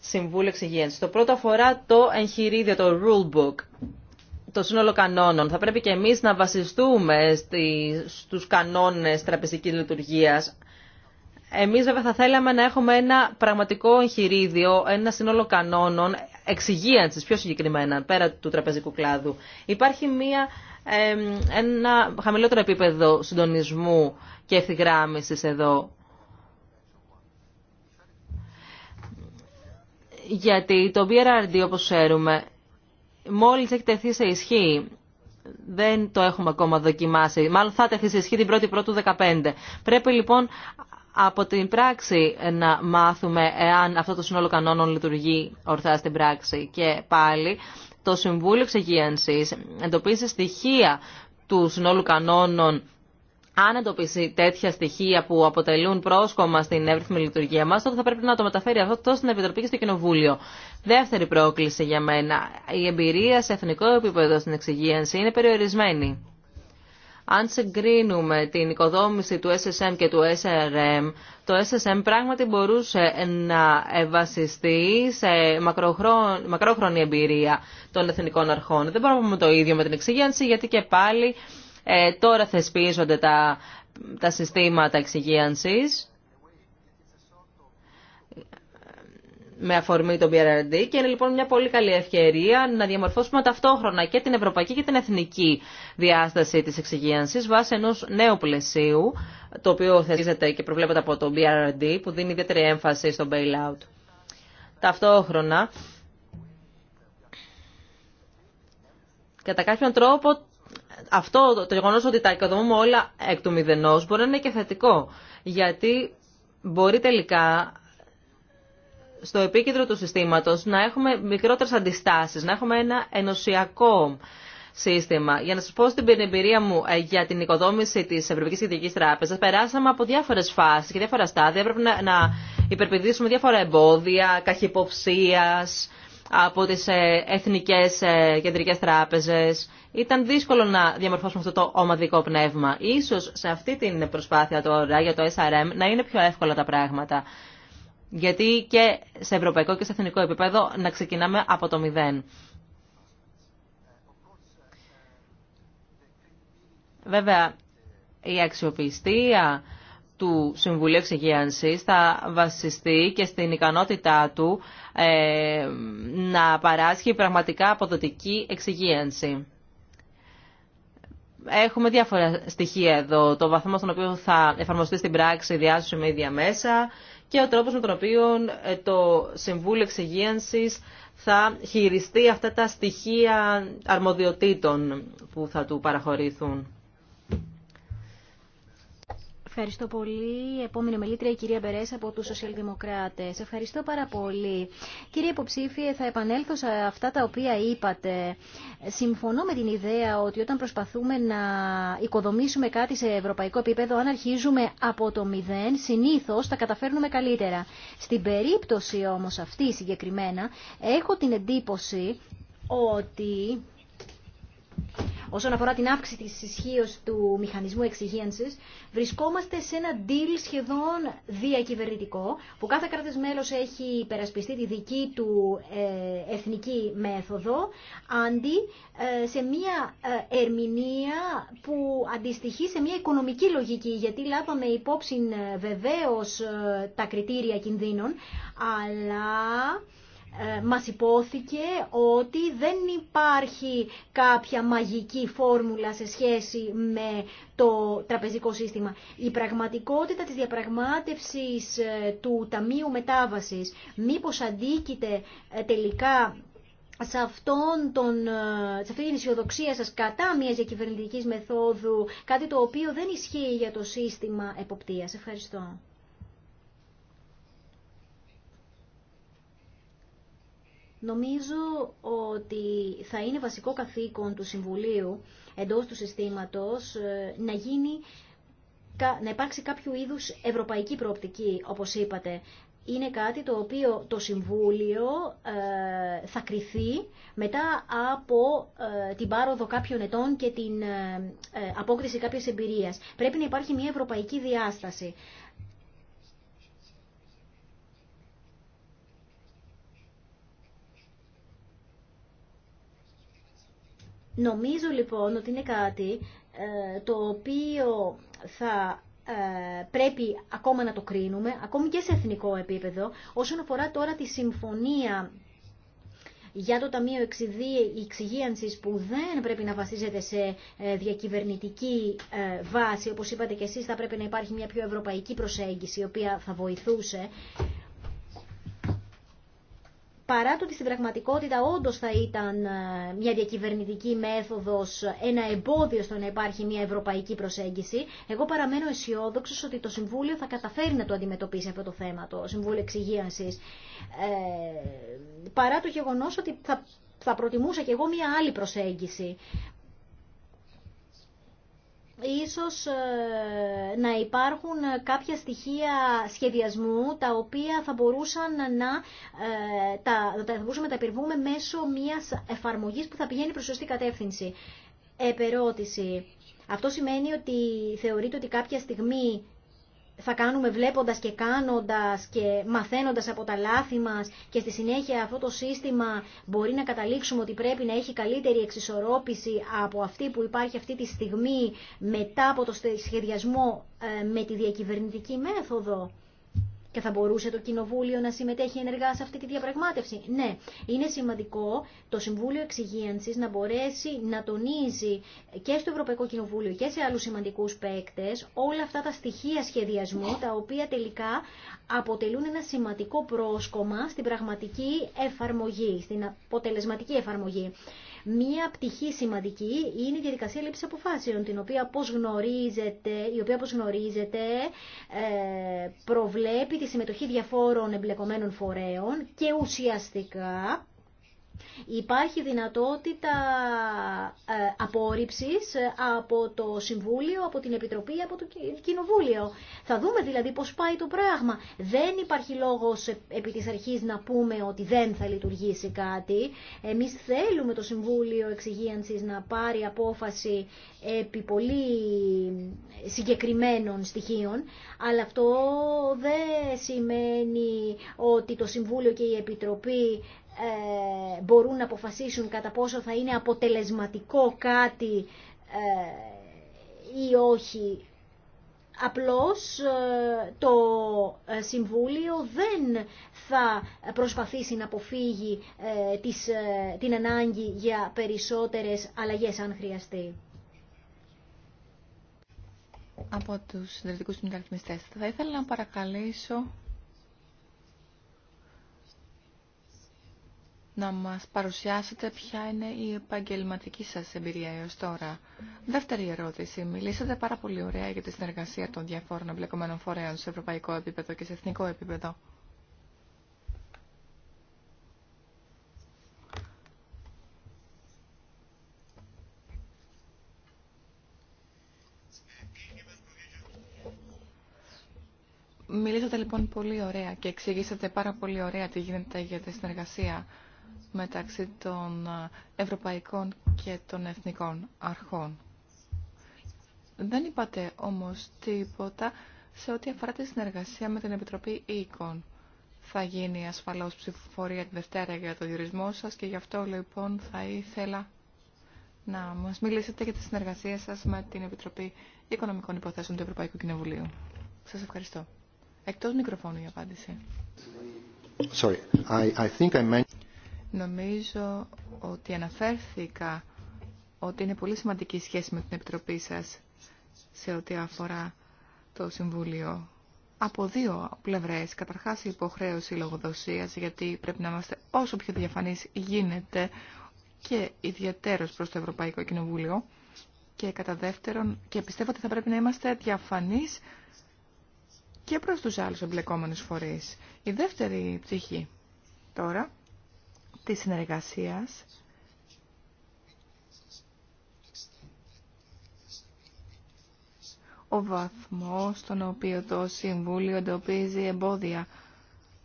Συμβούλιο Εξυγίανσης. Το πρώτο αφορά το εγχειρίδιο, το rule book το σύνολο κανόνων. Θα πρέπει και εμείς να βασιστούμε στους κανόνες τραπεζικής λειτουργίας. Εμείς βέβαια θα θέλαμε να έχουμε ένα πραγματικό εγχειρίδιο, ένα σύνολο κανόνων, εξυγίανσης πιο συγκεκριμένα, πέρα του τραπεζικού κλάδου. Υπάρχει μια, ένα χαμηλότερο επίπεδο συντονισμού και ευθυγράμμισης εδώ. Γιατί το BRRD, όπως ξέρουμε, μόλις έχει τεθεί σε ισχύ. Δεν το έχουμε ακόμα δοκιμάσει. Μάλλον θα τεθεί σε ισχύ την 1η Πρώτου 2015. Πρέπει λοιπόν από την πράξη να μάθουμε εάν αυτό το σύνολο κανόνων λειτουργεί ορθά στην πράξη. Και πάλι το Συμβούλιο Ξεγίανσης εντοπίζει στοιχεία του συνόλου κανόνων αν εντοπίσει τέτοια στοιχεία που αποτελούν πρόσκομα στην εύρυθμη λειτουργία μα, τότε θα πρέπει να το μεταφέρει αυτό τόσο στην Επιτροπή και στο Κοινοβούλιο. Δεύτερη πρόκληση για μένα. Η εμπειρία σε εθνικό επίπεδο στην εξυγίανση είναι περιορισμένη. Αν συγκρίνουμε την οικοδόμηση του SSM και του SRM, το SSM πράγματι μπορούσε να βασιστεί σε μακρόχρονη εμπειρία των εθνικών αρχών. Δεν μπορούμε το ίδιο με την εξυγίανση, γιατί και πάλι ε, τώρα θεσπίζονται τα, τα συστήματα εξυγίανσης με αφορμή το BRRD και είναι λοιπόν μια πολύ καλή ευκαιρία να διαμορφώσουμε ταυτόχρονα και την ευρωπαϊκή και την εθνική διάσταση της εξυγίανσης βάσει ενός νέου πλαισίου το οποίο θεσπίζεται και προβλέπεται από το BRRD που δίνει ιδιαίτερη έμφαση στο bailout. Ταυτόχρονα κατά κάποιον τρόπο αυτό το γεγονό ότι τα οικοδομούμε όλα εκ του μηδενό μπορεί να είναι και θετικό. Γιατί μπορεί τελικά στο επίκεντρο του συστήματος να έχουμε μικρότερες αντιστάσεις, να έχουμε ένα ενωσιακό σύστημα. Για να σας πω στην εμπειρία μου ε, για την οικοδόμηση της Ευρωπαϊκής Κεντρικής Τράπεζας, περάσαμε από διάφορες φάσεις και διάφορα στάδια. έπρεπε να, να υπερπηδήσουμε διάφορα εμπόδια, καχυποψίας, από τις ε, εθνικές ε, κεντρικές τράπεζες. Ήταν δύσκολο να διαμορφώσουμε αυτό το ομαδικό πνεύμα. Ίσως σε αυτή την προσπάθεια τώρα για το SRM να είναι πιο εύκολα τα πράγματα. Γιατί και σε ευρωπαϊκό και σε εθνικό επίπεδο να ξεκινάμε από το μηδέν. Βέβαια, η αξιοπιστία του Συμβουλίου Εξυγίανσης θα βασιστεί και στην ικανότητά του ε, να παράσχει πραγματικά αποδοτική εξυγίανση. Έχουμε διάφορα στοιχεία εδώ. Το βαθμό στον οποίο θα εφαρμοστεί στην πράξη διάσωση με ίδια μέσα και ο τρόπος με τον οποίο ε, το Συμβούλιο Εξυγίανσης θα χειριστεί αυτά τα στοιχεία αρμοδιοτήτων που θα του παραχωρηθούν. Ευχαριστώ πολύ. Επόμενη μελήτρια η κυρία Μπερέσα από τους Σοσιαλδημοκράτες. Ευχαριστώ πάρα πολύ. Κύριε υποψήφιε, θα επανέλθω σε αυτά τα οποία είπατε. Συμφωνώ με την ιδέα ότι όταν προσπαθούμε να οικοδομήσουμε κάτι σε ευρωπαϊκό επίπεδο, αν αρχίζουμε από το μηδέν, συνήθως τα καταφέρνουμε καλύτερα. Στην περίπτωση όμως αυτή συγκεκριμένα, έχω την εντύπωση ότι Όσον αφορά την αύξηση της ισχύω του μηχανισμού εξυγίανσης, βρισκόμαστε σε ένα deal σχεδόν διακυβερνητικό, που κάθε κράτος μέλος έχει υπερασπιστεί τη δική του ε, εθνική μέθοδο, αντί ε, σε μια ε, ερμηνεία που αντιστοιχεί σε μια οικονομική λογική, γιατί λάβαμε υπόψη βεβαίως τα κριτήρια κινδύνων, αλλά ε, μας υπόθηκε ότι δεν υπάρχει κάποια μαγική φόρμουλα σε σχέση με το τραπεζικό σύστημα. Η πραγματικότητα της διαπραγμάτευσης ε, του Ταμείου Μετάβασης μήπως αντίκειται ε, τελικά σε, αυτόν τον, σε αυτή την αισιοδοξία σας κατά μιας διακυβερνητικής μεθόδου, κάτι το οποίο δεν ισχύει για το σύστημα εποπτείας. Ευχαριστώ. Νομίζω ότι θα είναι βασικό καθήκον του Συμβουλίου εντός του συστήματος ε, να γίνει να υπάρξει κάποιο είδους ευρωπαϊκή προοπτική, όπως είπατε. Είναι κάτι το οποίο το Συμβούλιο ε, θα κριθεί μετά από ε, την πάροδο κάποιων ετών και την απόκριση κάποιας εμπειρίας. Πρέπει να υπάρχει μια ευρωπαϊκή διάσταση. Νομίζω λοιπόν ότι είναι κάτι ε, το οποίο θα ε, πρέπει ακόμα να το κρίνουμε, ακόμη και σε εθνικό επίπεδο, όσον αφορά τώρα τη συμφωνία για το Ταμείο Εξυγίανσης που δεν πρέπει να βασίζεται σε ε, διακυβερνητική βάση, όπως είπατε και εσείς θα πρέπει να υπάρχει μια πιο ευρωπαϊκή προσέγγιση η οποία θα βοηθούσε παρά το ότι στην πραγματικότητα όντως θα ήταν ε, μια διακυβερνητική μέθοδος ένα εμπόδιο στο να υπάρχει μια ευρωπαϊκή προσέγγιση, εγώ παραμένω αισιόδοξο ότι το Συμβούλιο θα καταφέρει να το αντιμετωπίσει αυτό το θέμα, το Συμβούλιο Εξυγίανσης, ε, παρά το γεγονός ότι θα, θα προτιμούσα και εγώ μια άλλη προσέγγιση ίσως ε, να υπάρχουν ε, κάποια στοιχεία σχεδιασμού τα οποία θα μπορούσαν να ε, τα, τα, μπορούσαμε να τα επιρβούμε μέσω μιας εφαρμογής που θα πηγαίνει προς σωστή κατεύθυνση. Επερώτηση. Αυτό σημαίνει ότι θεωρείτε ότι κάποια στιγμή θα κάνουμε βλέποντας και κάνοντας και μαθαίνοντας από τα λάθη μας και στη συνέχεια αυτό το σύστημα μπορεί να καταλήξουμε ότι πρέπει να έχει καλύτερη εξισορρόπηση από αυτή που υπάρχει αυτή τη στιγμή μετά από το σχεδιασμό ε, με τη διακυβερνητική μέθοδο. Και θα μπορούσε το Κοινοβούλιο να συμμετέχει ενεργά σε αυτή τη διαπραγμάτευση. Ναι, είναι σημαντικό το Συμβούλιο Εξυγίανση να μπορέσει να τονίζει και στο Ευρωπαϊκό Κοινοβούλιο και σε άλλους σημαντικούς παίκτε όλα αυτά τα στοιχεία σχεδιασμού τα οποία τελικά αποτελούν ένα σημαντικό πρόσκομα στην πραγματική εφαρμογή, στην αποτελεσματική εφαρμογή. Μία πτυχή σημαντική είναι η διαδικασία λήψη αποφάσεων, την οποία, όπως γνωρίζετε, η οποία, όπως γνωρίζετε, ε, προβλέπει τη συμμετοχή διαφόρων εμπλεκομένων φορέων και ουσιαστικά Υπάρχει δυνατότητα ε, απόρριψης ε, από το Συμβούλιο, από την Επιτροπή, από το Κοινοβούλιο. Θα δούμε δηλαδή πώς πάει το πράγμα. Δεν υπάρχει λόγος ε, επί της αρχής να πούμε ότι δεν θα λειτουργήσει κάτι. Εμείς θέλουμε το Συμβούλιο Εξυγίανσης να πάρει απόφαση επί πολύ συγκεκριμένων στοιχείων, αλλά αυτό δεν σημαίνει ότι το Συμβούλιο και η Επιτροπή ε, μπορούν να αποφασίσουν κατά πόσο θα είναι αποτελεσματικό κάτι ε, ή όχι. Απλώς ε, το Συμβούλιο δεν θα προσπαθήσει να αποφύγει την ανάγκη για περισσότερες αλλαγές αν χρειαστεί. Από τους συντηρητικούς μεταρρυθμιστές θα ήθελα να παρακαλέσω να μας παρουσιάσετε ποια είναι η επαγγελματική σας εμπειρία έως τώρα. Δεύτερη ερώτηση. Μιλήσατε πάρα πολύ ωραία για τη συνεργασία των διαφόρων εμπλεκομένων φορέων σε ευρωπαϊκό επίπεδο και σε εθνικό επίπεδο. Μιλήσατε λοιπόν πολύ ωραία και εξηγήσατε πάρα πολύ ωραία τι γίνεται για τη συνεργασία μεταξύ των ε, ευρωπαϊκών και των εθνικών αρχών. Δεν είπατε όμως τίποτα σε ό,τι αφορά τη συνεργασία με την Επιτροπή Οίκων. Θα γίνει ασφαλώς ψηφοφορία τη Δευτέρα για το διορισμό σας και γι' αυτό λοιπόν θα ήθελα να μας μιλήσετε για τη συνεργασία σας με την Επιτροπή Οικονομικών Υποθέσεων του Ευρωπαϊκού Κοινοβουλίου. Σας ευχαριστώ. Εκτός μικροφώνου η απάντηση. Sorry, I, I think I Νομίζω ότι αναφέρθηκα ότι είναι πολύ σημαντική η σχέση με την Επιτροπή σας σε ό,τι αφορά το Συμβούλιο. Από δύο πλευρές. Καταρχάς η υποχρέωση λογοδοσίας, γιατί πρέπει να είμαστε όσο πιο διαφανείς γίνεται και ιδιαίτερος προς το Ευρωπαϊκό Κοινοβούλιο. Και κατά δεύτερον, και πιστεύω ότι θα πρέπει να είμαστε διαφανείς και προς τους άλλους εμπλεκόμενους φορείς. Η δεύτερη ψυχή τώρα της συνεργασίας ο βαθμός στον οποίο το Συμβούλιο εντοπίζει εμπόδια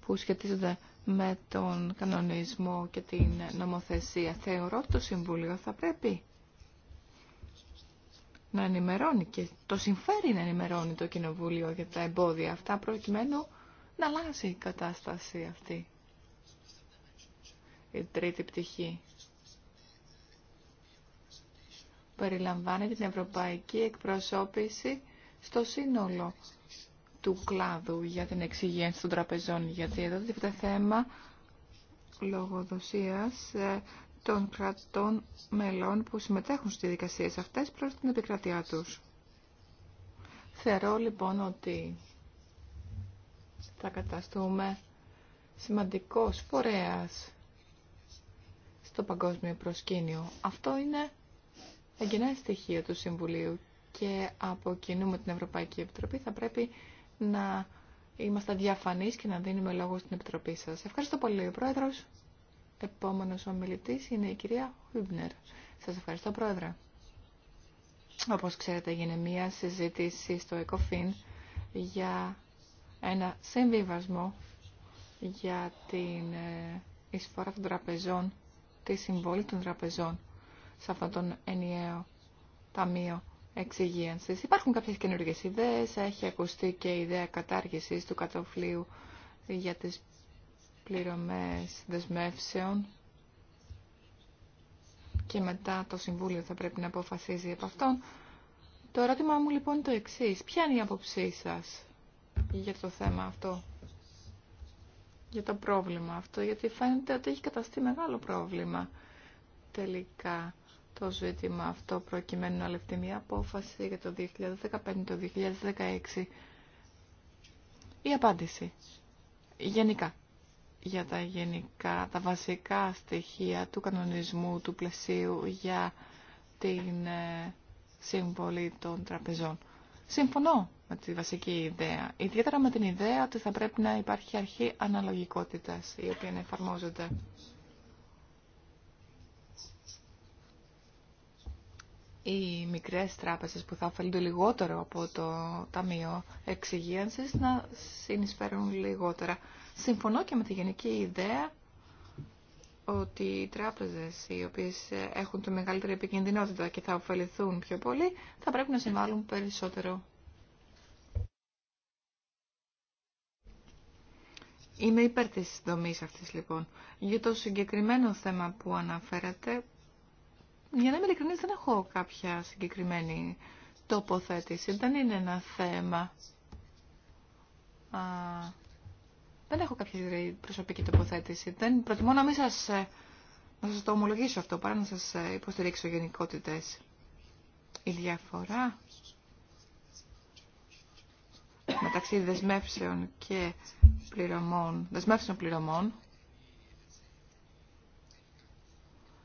που σχετίζονται με τον κανονισμό και την νομοθεσία. Θεωρώ ότι το Συμβούλιο θα πρέπει να ενημερώνει και το συμφέρει να ενημερώνει το Κοινοβούλιο για τα εμπόδια αυτά προκειμένου να αλλάζει η κατάσταση αυτή η τρίτη πτυχή. Περιλαμβάνει την ευρωπαϊκή εκπροσώπηση στο σύνολο του κλάδου για την εξυγένση των τραπεζών, γιατί εδώ το θέμα λογοδοσίας ε, των κρατών μελών που συμμετέχουν στις δικασίες αυτές προς την επικρατεία τους. Θεωρώ λοιπόν ότι θα καταστούμε σημαντικός φορέας το παγκόσμιο προσκήνιο. Αυτό είναι εγγενέ στοιχεία του Συμβουλίου και από κοινού με την Ευρωπαϊκή Επιτροπή θα πρέπει να είμαστε διαφανείς και να δίνουμε λόγο στην Επιτροπή σας. Ευχαριστώ πολύ, ο Πρόεδρος. Επόμενος ομιλητής είναι η κυρία Χούμπνερ. Σας ευχαριστώ, Πρόεδρε. Όπως ξέρετε, έγινε μία συζήτηση στο ΕΚΟΦΗΝ για ένα συμβιβασμό για την ε, εισφορά των τραπεζών τη συμβόλη των τραπεζών σε αυτόν τον ενιαίο ταμείο εξυγίανση. Υπάρχουν κάποιε καινούργιε ιδέε, έχει ακουστεί και η ιδέα κατάργηση του κατοφλίου για τις πληρωμές δεσμεύσεων και μετά το Συμβούλιο θα πρέπει να αποφασίζει από αυτόν. Το ερώτημα μου λοιπόν το εξή. Ποια είναι η άποψή σα για το θέμα αυτό για το πρόβλημα αυτό, γιατί φαίνεται ότι έχει καταστεί μεγάλο πρόβλημα τελικά το ζήτημα αυτό προκειμένου να λεφτεί μια απόφαση για το 2015, το 2016. Η απάντηση γενικά για τα γενικά, τα βασικά στοιχεία του κανονισμού, του πλαισίου για την ε, συμβολή των τραπεζών. Συμφωνώ με τη βασική ιδέα. Ιδιαίτερα με την ιδέα ότι θα πρέπει να υπάρχει αρχή αναλογικότητας η οποία να εφαρμόζεται. οι μικρές τράπεζες που θα ωφελούνται λιγότερο από το Ταμείο Εξυγίανσης να συνεισφέρουν λιγότερα. Συμφωνώ και με τη γενική ιδέα ότι οι τράπεζες οι οποίες έχουν το μεγαλύτερη επικινδυνότητα και θα ωφεληθούν πιο πολύ θα πρέπει να συμβάλλουν περισσότερο. Είμαι υπέρ της δομής αυτής λοιπόν. Για το συγκεκριμένο θέμα που αναφέρατε, για να είμαι ειλικρινής δεν έχω κάποια συγκεκριμένη τοποθέτηση. Δεν είναι ένα θέμα δεν έχω κάποια προσωπική τοποθέτηση. Δεν προτιμώ να μην σας, ε, να σας το ομολογήσω αυτό παρά να σας ε, υποστηρίξω γενικότητες. Η διαφορά μεταξύ δεσμεύσεων και πληρωμών, δεσμεύσεων πληρωμών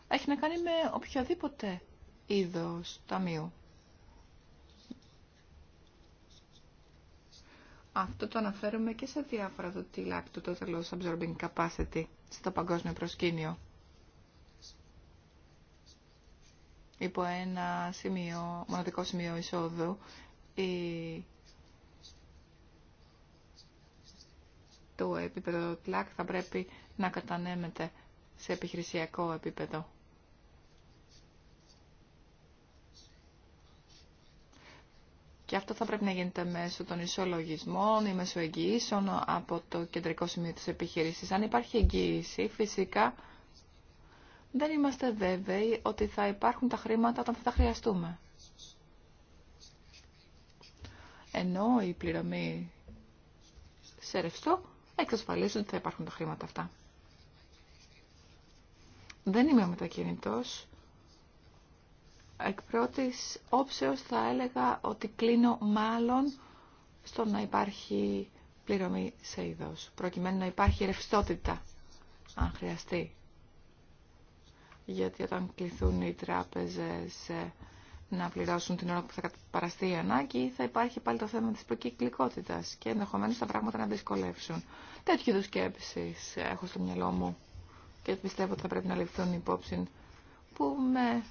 έχει να κάνει με οποιοδήποτε είδος ταμείου. Αυτό το αναφέρουμε και σε διάφορα το του το Loss absorbing capacity στο παγκόσμιο προσκήνιο. Υπό ένα σημείο, μοναδικό σημείο εισόδου, η... το επίπεδο TLAC θα πρέπει να κατανέμεται σε επιχειρησιακό επίπεδο. Και αυτό θα πρέπει να γίνεται μέσω των ισολογισμών ή μέσω εγγυήσεων από το κεντρικό σημείο της επιχείρησης. Αν υπάρχει εγγύηση, φυσικά δεν είμαστε βέβαιοι ότι θα υπάρχουν τα χρήματα όταν θα τα χρειαστούμε. Ενώ η πληρωμή σε ρευστό εξασφαλίζει ότι θα υπάρχουν τα χρήματα αυτά. Δεν είμαι μετακινητός εκ πρώτης όψεως θα έλεγα ότι κλείνω μάλλον στο να υπάρχει πληρωμή σε είδος, προκειμένου να υπάρχει ρευστότητα, αν χρειαστεί. Γιατί όταν κληθούν οι τράπεζες ε, να πληρώσουν την ώρα που θα παραστεί η ανάγκη, θα υπάρχει πάλι το θέμα της προκυκλικότητας και ενδεχομένως τα πράγματα να δυσκολεύσουν. Τέτοιου είδους σκέψεις έχω στο μυαλό μου και πιστεύω ότι θα πρέπει να ληφθούν υπόψη που με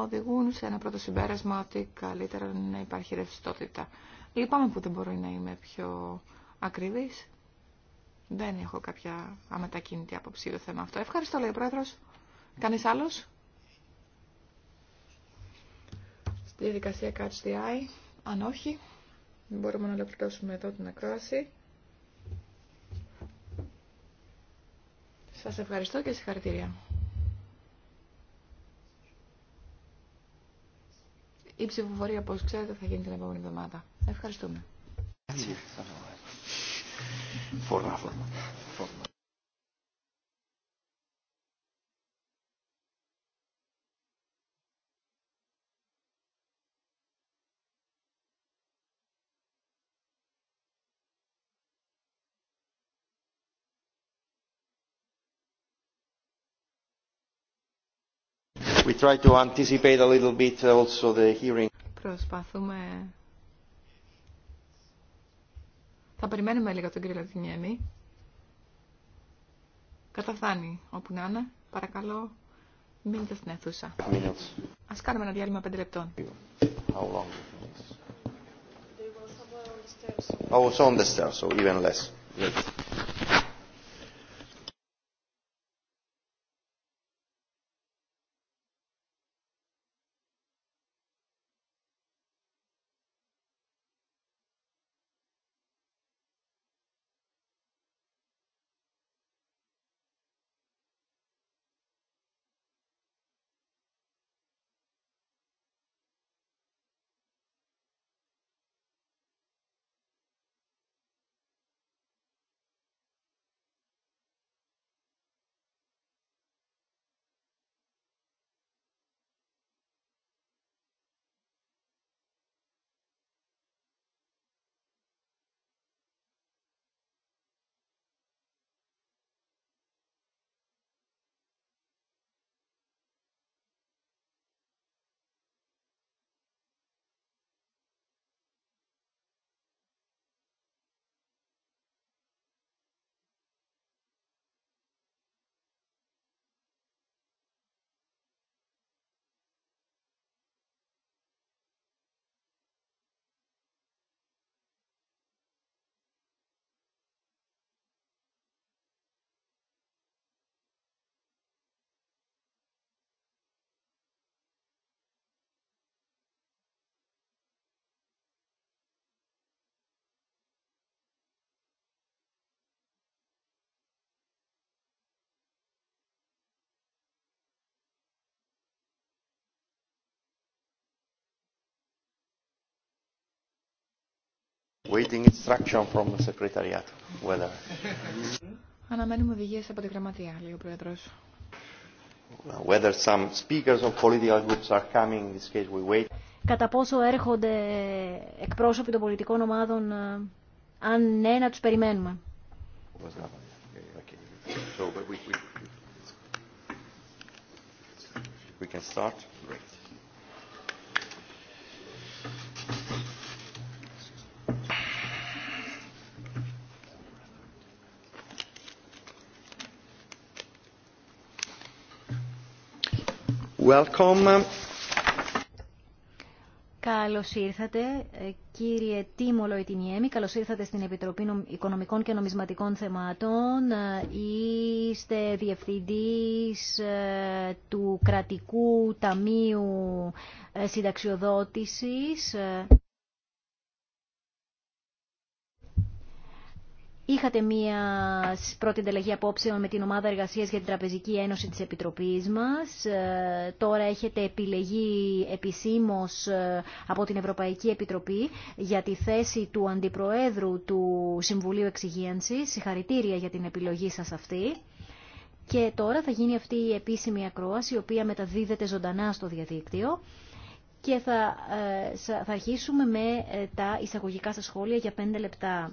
οδηγούν σε ένα πρώτο συμπέρασμα ότι καλύτερα να υπάρχει ρευστότητα. Λυπάμαι που δεν μπορώ να είμαι πιο ακριβής. Δεν έχω κάποια αμετακίνητη άποψη για το θέμα αυτό. Ευχαριστώ, λέει ο Πρόεδρος. Κανείς άλλος? Στη διαδικασία Catch the Eye, αν όχι, μπορούμε να ολοκληρώσουμε εδώ την ακρόαση. Σας ευχαριστώ και συγχαρητήρια. Η ψηφοφορία, όπω ξέρετε, θα γίνει την επόμενη εβδομάδα. Ευχαριστούμε. try to anticipate a little bit also the hearing. Προσπαθούμε. Θα περιμένουμε λίγο τον κύριο Λατινιέμι. Καταφθάνει όπου να είναι. Παρακαλώ, μείνετε στην αίθουσα. Ας κάνουμε ένα διάλειμμα 5 λεπτών. How long? Oh, I was on the stairs, so even less. Yes. Waiting instruction from the secretariat. Whether. Αναμένουμε οδηγίες από τη γραμματεία, λέει ο Πρόεδρος. Whether some speakers of political groups are coming, in this case we wait. Κατά πόσο έρχονται εκπρόσωποι των πολιτικών ομάδων, αν ναι, να τους περιμένουμε. We can start. Great. Welcome. Καλώς ήρθατε, ε, κύριε Τίμο Λοϊτινιέμι. Καλώς ήρθατε στην Επιτροπή Οικονομικών και Νομισματικών Θεμάτων. Ε, είστε διευθυντής ε, του Κρατικού Ταμείου Συνταξιοδότησης. Είχατε μία πρώτη ενταλλαγή απόψεων με την ομάδα εργασίας για την Τραπεζική Ένωση της Επιτροπής μας. Ε, τώρα έχετε επιλεγεί επισήμως ε, από την Ευρωπαϊκή Επιτροπή για τη θέση του Αντιπροέδρου του Συμβουλίου Εξυγίανσης. Συγχαρητήρια για την επιλογή σας αυτή. Και τώρα θα γίνει αυτή η επίσημη ακρόαση, η οποία μεταδίδεται ζωντανά στο διαδίκτυο. Και θα, ε, αρχίσουμε με τα εισαγωγικά σας σχόλια για πέντε λεπτά.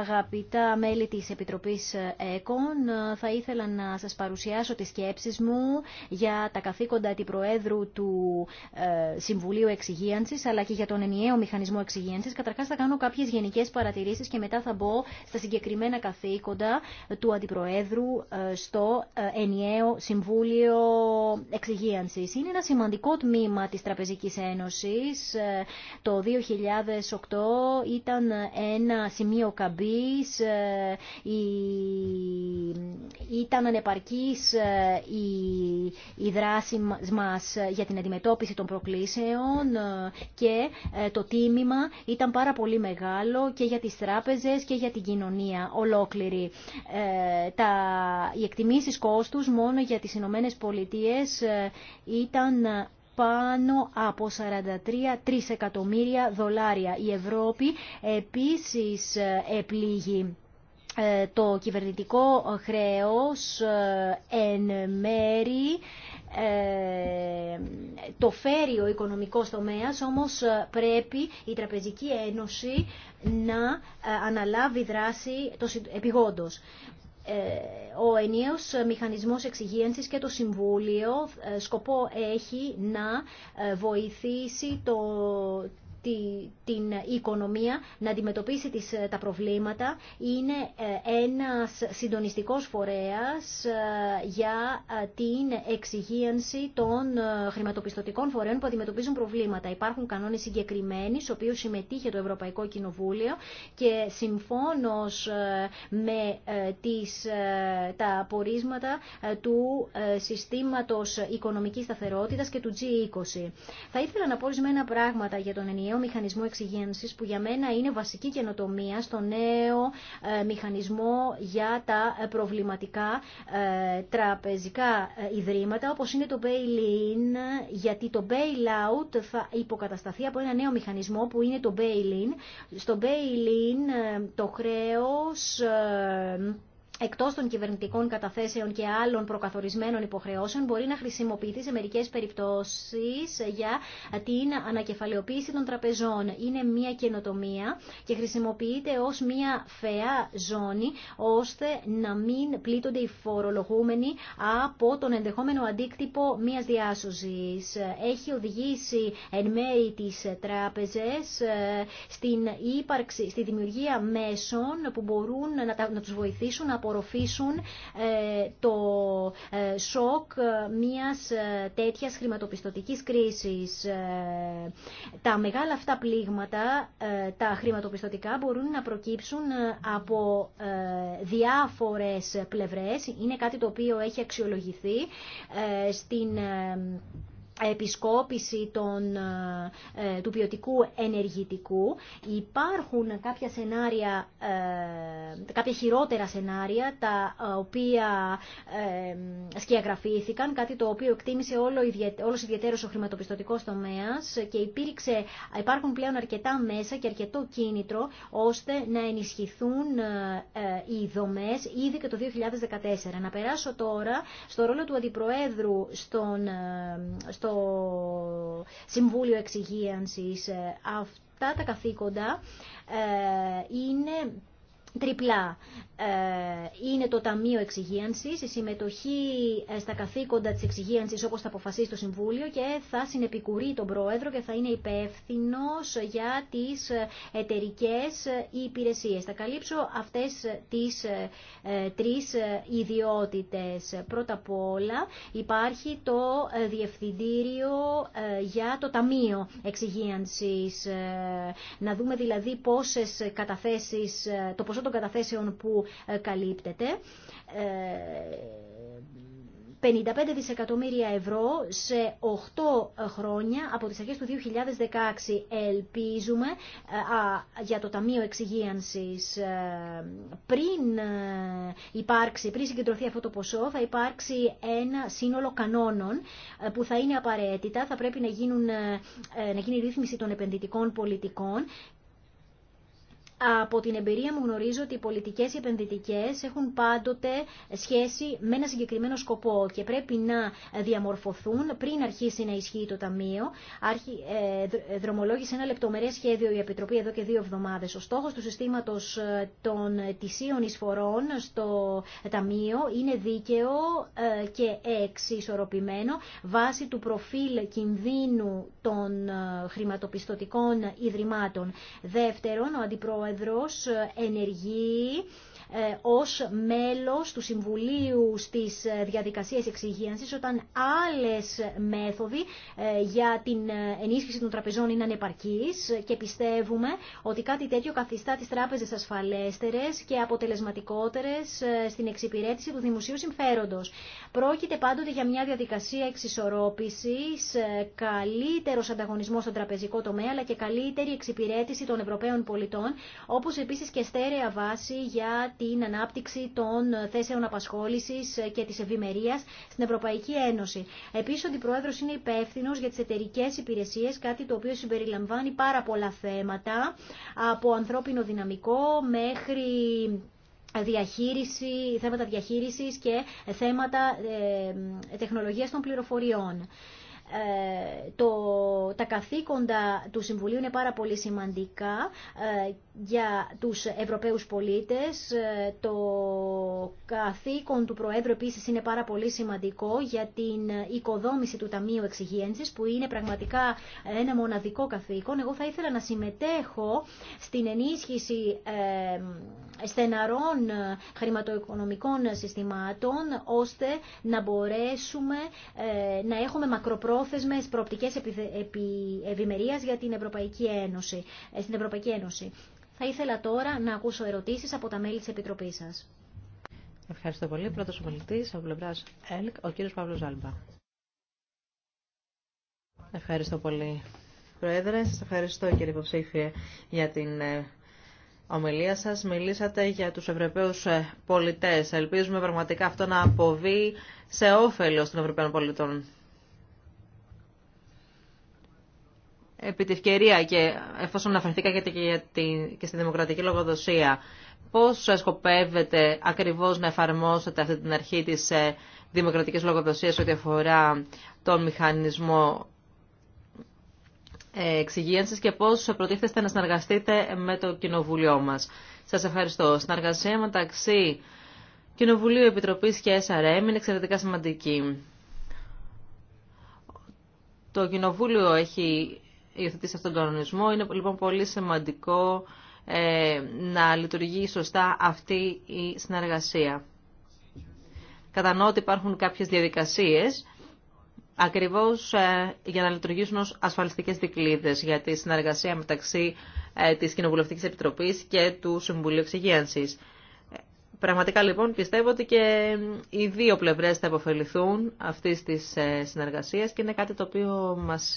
Αγαπητά μέλη της Επιτροπής ΕΚΟΝ, θα ήθελα να σας παρουσιάσω τις σκέψεις μου για τα καθήκοντα αντιπροέδρου του ε, Συμβουλίου Εξυγίανσης, αλλά και για τον ενιαίο μηχανισμό εξυγίανσης. Καταρχάς θα κάνω κάποιες γενικές παρατηρήσεις και μετά θα μπω στα συγκεκριμένα καθήκοντα του αντιπροέδρου ε, στο ε, ενιαίο Συμβούλιο Εξυγίανσης. Είναι ένα σημαντικό τμήμα της Τραπεζικής Ένωσης. Το 2008 ήταν ένα σημείο ή ε, ήταν ανεπαρκής ε, η η δράση μας ε, για την αντιμετώπιση των προκλήσεων και το τίμημα ήταν πάρα πολύ μεγάλο και για τις τράπεζες και για την κοινωνία ολόκληρη. Τα, οι εκτιμήσεις κόστους μόνο για τις Ηνωμένε Πολιτείες ήταν πάνω από 43 τρισεκατομμύρια δολάρια. Η Ευρώπη επίσης ε, επλήγει ε, το κυβερνητικό χρέος ε, εν μέρη το φέρει ο οικονομικός τομέας, όμως πρέπει η Τραπεζική Ένωση να αναλάβει δράση επιγόντως. Ε, ο ενίος μηχανισμός εξυγίανσης και το Συμβούλιο ε, σκοπό έχει να ε, βοηθήσει το, την οικονομία, να αντιμετωπίσει τις, ε, τα προβλήματα. Είναι ε, ένας συντονιστικός φορέας ε, για την εξυγίανση των χρηματοπιστωτικών φορέων που αντιμετωπίζουν προβλήματα. Υπάρχουν κανόνες συγκεκριμένοι, στους οποίους συμμετείχε το Ευρωπαϊκό Κοινοβούλιο και συμφώνως με τις, τα απορίσματα του συστήματος οικονομικής σταθερότητας και του G20. Θα ήθελα να πω ορισμένα πράγματα για τον ενιαίο νέο μηχανισμό εξυγένση που για μένα είναι βασική καινοτομία στο νέο ε, μηχανισμό για τα ε, προβληματικά ε, τραπεζικά ιδρύματα όπως είναι το bail-in γιατί το bail-out θα υποκατασταθεί από ένα νέο μηχανισμό που είναι το bail-in. Στο bail-in το χρέος εκτός των κυβερνητικών καταθέσεων και άλλων προκαθορισμένων υποχρεώσεων μπορεί να χρησιμοποιηθεί σε μερικές περιπτώσεις για την ανακεφαλαιοποίηση των τραπεζών. Είναι μια καινοτομία και χρησιμοποιείται ως μια φαιά ζώνη ώστε να μην πλήττονται οι φορολογούμενοι από τον ενδεχόμενο αντίκτυπο μιας διάσωση. Έχει οδηγήσει εν μέρη τι τράπεζε ε, στην ύπαρξη, στη δημιουργία μέσων που μπορούν να του βοηθήσουν από απορροφήσουν ε, το ε, σοκ ε, μιας τέτοιας χρηματοπιστωτικής κρίσης. Τα μεγάλα αυτά πλήγματα, τα χρηματοπιστωτικά, μπορούν να προκύψουν από διάφορες πλευρές. Είναι κάτι το οποίο έχει αξιολογηθεί στην επισκόπηση των, ε, ε, του ποιοτικού ενεργητικού. Υπάρχουν κάποια σενάρια, ε, κάποια χειρότερα σενάρια, τα οποία ε, σκιαγραφήθηκαν, κάτι το οποίο εκτίμησε όλο ιδιαι, όλος ο χρηματοπιστωτικός τομέας και υπήρξε, υπάρχουν πλέον αρκετά μέσα και αρκετό κίνητρο ώστε να ενισχυθούν ε, οι δομές ήδη και το 2014. Να περάσω τώρα στο ρόλο του Αντιπροέδρου στον, το Συμβούλιο Εξυγίανσης. Ε, αυτά τα καθήκοντα ε, είναι Τριπλά ε, είναι το Ταμείο Εξυγίανση, η συμμετοχή ε, στα καθήκοντα της εξυγίανση όπως θα αποφασίσει το Συμβούλιο και θα συνεπικουρεί τον Πρόεδρο και θα είναι υπεύθυνο για τις ε, εταιρικέ υπηρεσίες. Θα καλύψω αυτές τις τρει ιδιότητες. Πρώτα απ' όλα υπάρχει το Διευθυντήριο για το Ταμείο Εξυγίανσης. Να δούμε δηλαδή πόσες καταθέσεις, το ποσό των καταθέσεων που ε, καλύπτεται. 55 ε, δισεκατομμύρια ευρώ σε 8 ε, χρόνια από τις αρχές του 2016 ελπίζουμε για το Ταμείο Εξυγίανσης πριν υπάρξει, πριν συγκεντρωθεί αυτό το ποσό θα υπάρξει ένα σύνολο κανόνων που θα είναι απαραίτητα θα πρέπει να, γίνουν, να γίνει η ρύθμιση των επενδυτικών πολιτικών από την εμπειρία μου γνωρίζω ότι οι πολιτικές επενδυτικές έχουν πάντοτε σχέση με ένα συγκεκριμένο σκοπό και πρέπει να διαμορφωθούν πριν αρχίσει να ισχύει το Ταμείο. Ε, ε, δρομολόγησε ένα λεπτομερέ σχέδιο η Επιτροπή εδώ και δύο εβδομάδε. Ο στόχο του συστήματο ε, των τυσίων εισφορών στο Ταμείο είναι δίκαιο και εξισορροπημένο βάσει του προφίλ κινδύνου των χρηματοπιστωτικών ιδρυμάτων. Δεύτερον, ο πρόεδρος ε, ενεργεί ε, ως μέλος του Συμβουλίου στις ε, διαδικασίες εξυγίανσης όταν άλλες μέθοδοι ε, για την ενίσχυση των τραπεζών είναι ανεπαρκείς και πιστεύουμε ότι κάτι τέτοιο καθιστά τις τράπεζες ασφαλέστερες και αποτελεσματικότερες στην εξυπηρέτηση του δημοσίου συμφέροντος. Πρόκειται πάντοτε για μια διαδικασία εξισορρόπησης, καλύτερος ανταγωνισμός στον τραπεζικό τομέα αλλά και καλύτερη εξυπηρέτηση των Ευρωπαίων πολιτών, όπως επίσης και στέρεα βάση για την ανάπτυξη των θέσεων απασχόληση και τη ευημερία στην Ευρωπαϊκή Ένωση. Επίσης, ο Αντιπρόεδρο είναι υπεύθυνο για τις εταιρικέ υπηρεσίες, κάτι το οποίο συμπεριλαμβάνει πάρα πολλά θέματα, από ανθρώπινο δυναμικό μέχρι διαχείριση, θέματα διαχείρισης και θέματα ε, τεχνολογίας των πληροφοριών. Ε, το, τα καθήκοντα του Συμβουλίου είναι πάρα πολύ σημαντικά ε, για τους Ευρωπαίους πολίτες. Το καθήκον του Προέδρου επίσης είναι πάρα πολύ σημαντικό για την οικοδόμηση του Ταμείου Εξυγένσης που είναι πραγματικά ένα μοναδικό καθήκον. Εγώ θα ήθελα να συμμετέχω στην ενίσχυση στεναρών χρηματοοικονομικών συστημάτων ώστε να μπορέσουμε ε, να έχουμε μακροπρόθεσμες προοπτικές ευημερίας για την Ευρωπαϊκή Ένωση. Ε, στην Ευρωπαϊκή Ένωση. Θα ήθελα τώρα να ακούσω ερωτήσει από τα μέλη τη επιτροπή σα. Ευχαριστώ πολύ. Πρώτος ομιλητή από πλευρά ΕΛΚ, ο κύριο Παύλο Ζάλμπα. Ευχαριστώ πολύ, Πρόεδρε. Σα ευχαριστώ, κύριε υποψήφιε, για την ε, ομιλία σας. Μιλήσατε για τους Ευρωπαίους ε, πολιτές. Ελπίζουμε πραγματικά αυτό να αποβεί σε όφελος των Ευρωπαίων πολιτών. επί τη ευκαιρία και εφόσον αναφερθήκατε και, για και στη δημοκρατική λογοδοσία, πώς σκοπεύετε ακριβώς να εφαρμόσετε αυτή την αρχή της ε, δημοκρατικής λογοδοσίας ό,τι αφορά τον μηχανισμό ε, εξυγίανσης και πώς προτίθεστε να συνεργαστείτε με το Κοινοβουλίο μας. Σας ευχαριστώ. Συνεργασία μεταξύ Κοινοβουλίου Επιτροπής και SRM είναι εξαιρετικά σημαντική. Το Κοινοβούλιο έχει υιοθετήσει αυτόν τον κανονισμό. Είναι λοιπόν πολύ σημαντικό ε, να λειτουργεί σωστά αυτή η συνεργασία. Κατανοώ ότι υπάρχουν κάποιες διαδικασίες ακριβώς ε, για να λειτουργήσουν ως ασφαλιστικές δικλείδες για τη συνεργασία μεταξύ ε, της Κοινοβουλευτικής Επιτροπής και του Συμβουλίου Εξυγίανσης. Πραγματικά λοιπόν πιστεύω ότι και οι δύο πλευρές θα υποφεληθούν αυτής της συνεργασίας και είναι κάτι το οποίο μας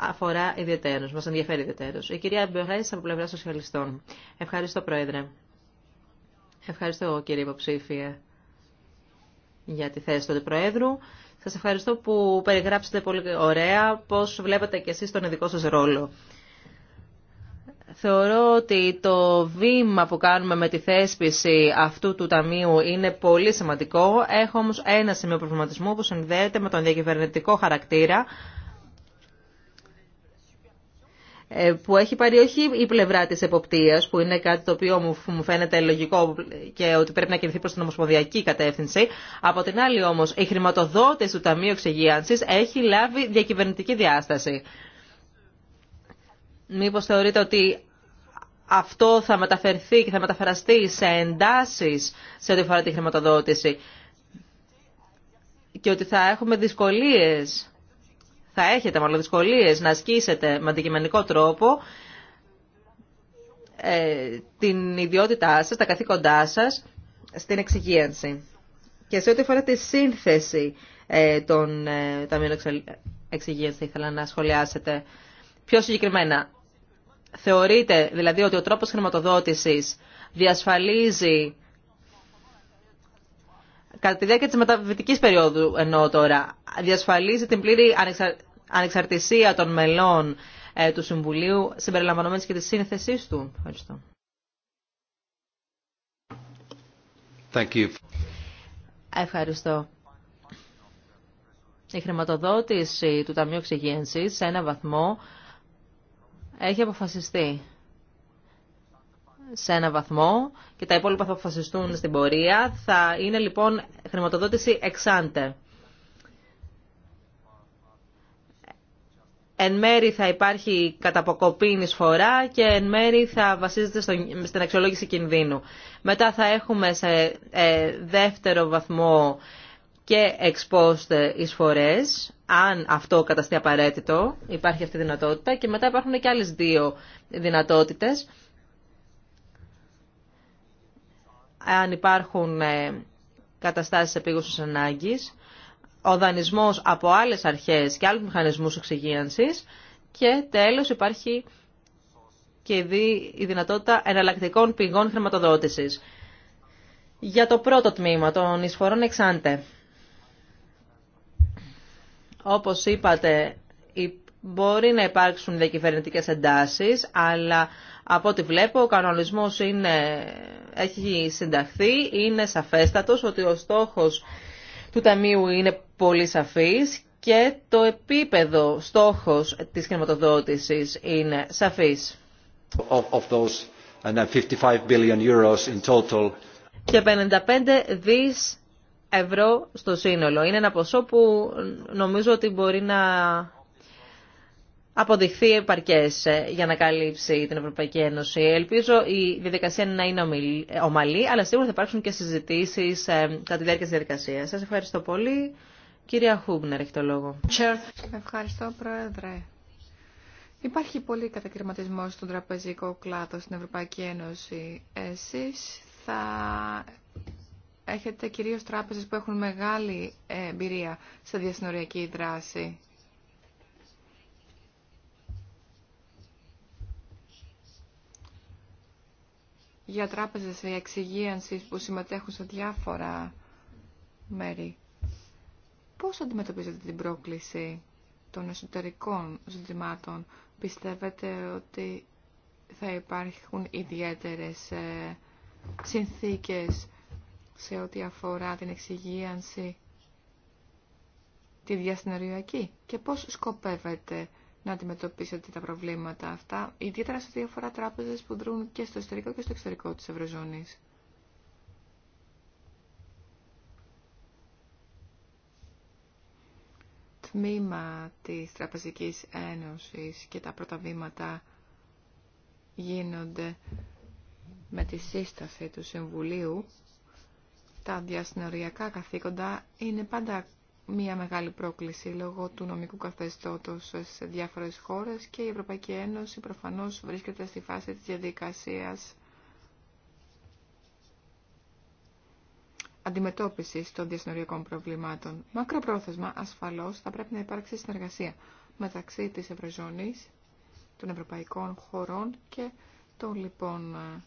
αφορά ιδιαίτερω, μα ενδιαφέρει ιδιαίτερω. Η κυρία Μπεχάη από πλευρά Σοσιαλιστών. Ευχαριστώ, Πρόεδρε. Ευχαριστώ, κύριε υποψήφια, για τη θέση του Πρόεδρου. Σα ευχαριστώ που περιγράψετε πολύ ωραία πώ βλέπετε κι εσεί τον ειδικό σα ρόλο. Θεωρώ ότι το βήμα που κάνουμε με τη θέσπιση αυτού του ταμείου είναι πολύ σημαντικό. Έχω όμως ένα σημείο προβληματισμού που συνδέεται με τον διακυβερνητικό χαρακτήρα ε, που έχει πάρει όχι η πλευρά της εποπτείας, που είναι κάτι το οποίο μου φαίνεται λογικό και ότι πρέπει να κινηθεί προς την ομοσπονδιακή κατεύθυνση. Από την άλλη όμως, η χρηματοδότηση του Ταμείου Εξεγίανσης έχει λάβει διακυβερνητική διάσταση. Μήπως θεωρείτε ότι αυτό θα μεταφερθεί και θα μεταφραστεί σε εντάσεις σε ό,τι αφορά τη χρηματοδότηση και ότι θα έχουμε δυσκολίες θα έχετε μάλλον δυσκολίες να ασκήσετε με αντικειμενικό τρόπο ε, την ιδιότητά σας, τα καθήκοντά σας στην εξυγίανση. Και σε ό,τι αφορά τη σύνθεση ε, των ε, ταμείων εξυγίανση, θα ήθελα να σχολιάσετε πιο συγκεκριμένα. Θεωρείτε δηλαδή ότι ο τρόπος χρηματοδότησης διασφαλίζει κατά τη διάρκεια τη μεταβιβητική περίοδου εννοώ τώρα διασφαλίζει την πλήρη ανεξαρτησία των μελών ε, του Συμβουλίου συμπεριλαμβανομένη και τη σύνθεσή του. Ευχαριστώ. Thank you. Ευχαριστώ. Η χρηματοδότηση του Ταμείου Εξυγένσης σε ένα βαθμό έχει αποφασιστεί σε ένα βαθμό και τα υπόλοιπα θα αποφασιστούν στην πορεία. Θα είναι λοιπόν χρηματοδότηση εξάντε. Εν μέρη θα υπάρχει καταποκοπή εισφορά και εν μέρη θα βασίζεται στην αξιολόγηση κινδύνου. Μετά θα έχουμε σε ε, δεύτερο βαθμό και εξπόστε εισφορές, αν αυτό καταστεί απαραίτητο, υπάρχει αυτή η δυνατότητα και μετά υπάρχουν και άλλες δύο δυνατότητες αν υπάρχουν ε, καταστάσεις επίγουσης ανάγκης, ο δανεισμός από άλλες αρχές και άλλους μηχανισμούς εξυγίανσης και τέλος υπάρχει και η δυνατότητα εναλλακτικών πηγών χρηματοδότησης. Για το πρώτο τμήμα των εισφορών εξάντε. Όπως είπατε, μπορεί να υπάρξουν διακυβερνητικές εντάσεις, αλλά από ό,τι βλέπω, ο κανονισμός είναι, έχει συνταχθεί, είναι σαφέστατος ότι ο στόχος του Ταμείου είναι πολύ σαφής και το επίπεδο στόχος της χρηματοδότησης είναι σαφής. Και 55 δις ευρώ στο σύνολο. Είναι ένα ποσό που νομίζω ότι μπορεί να αποδειχθεί επαρκέ ε, για να καλύψει την Ευρωπαϊκή Ένωση. Ελπίζω η διαδικασία να είναι ε, ομαλή, αλλά σίγουρα θα υπάρξουν και συζητήσει ε, κατά τη διάρκεια της διαδικασία. Σας ευχαριστώ πολύ. Κυρία Χούμπνερ, έχει το λόγο. Ευχαριστώ, Πρόεδρε. Υπάρχει πολύ κατακριματισμό στον τραπεζικό κλάδο στην Ευρωπαϊκή Ένωση. Εσεί θα έχετε κυρίως τράπεζες που έχουν μεγάλη εμπειρία σε διασυνοριακή δράση. για τράπεζες εξυγίανση που συμμετέχουν σε διάφορα μέρη. Πώς αντιμετωπίζετε την πρόκληση των εσωτερικών ζητημάτων. Πιστεύετε ότι θα υπάρχουν ιδιαίτερες ε, συνθήκες σε ό,τι αφορά την εξυγίανση, τη διασυνοριακή και πώς σκοπεύετε να αντιμετωπίσετε τα προβλήματα αυτά, ιδιαίτερα σε διάφορα αφορά τράπεζες που δρούν και στο εσωτερικό και στο εξωτερικό τη Ευρωζώνης. Τμήμα της Τραπεζικής Ένωσης και τα πρώτα βήματα γίνονται με τη σύσταση του Συμβουλίου. Τα διασυνοριακά καθήκοντα είναι πάντα μια μεγάλη πρόκληση λόγω του νομικού καθεστώτος σε διάφορες χώρες και η Ευρωπαϊκή Ένωση προφανώς βρίσκεται στη φάση της διαδικασίας αντιμετώπισης των διασυνοριακών προβλημάτων. Μακροπρόθεσμα, ασφαλώς, θα πρέπει να υπάρξει συνεργασία μεταξύ της Ευρωζώνης, των ευρωπαϊκών χωρών και των λοιπόν ε,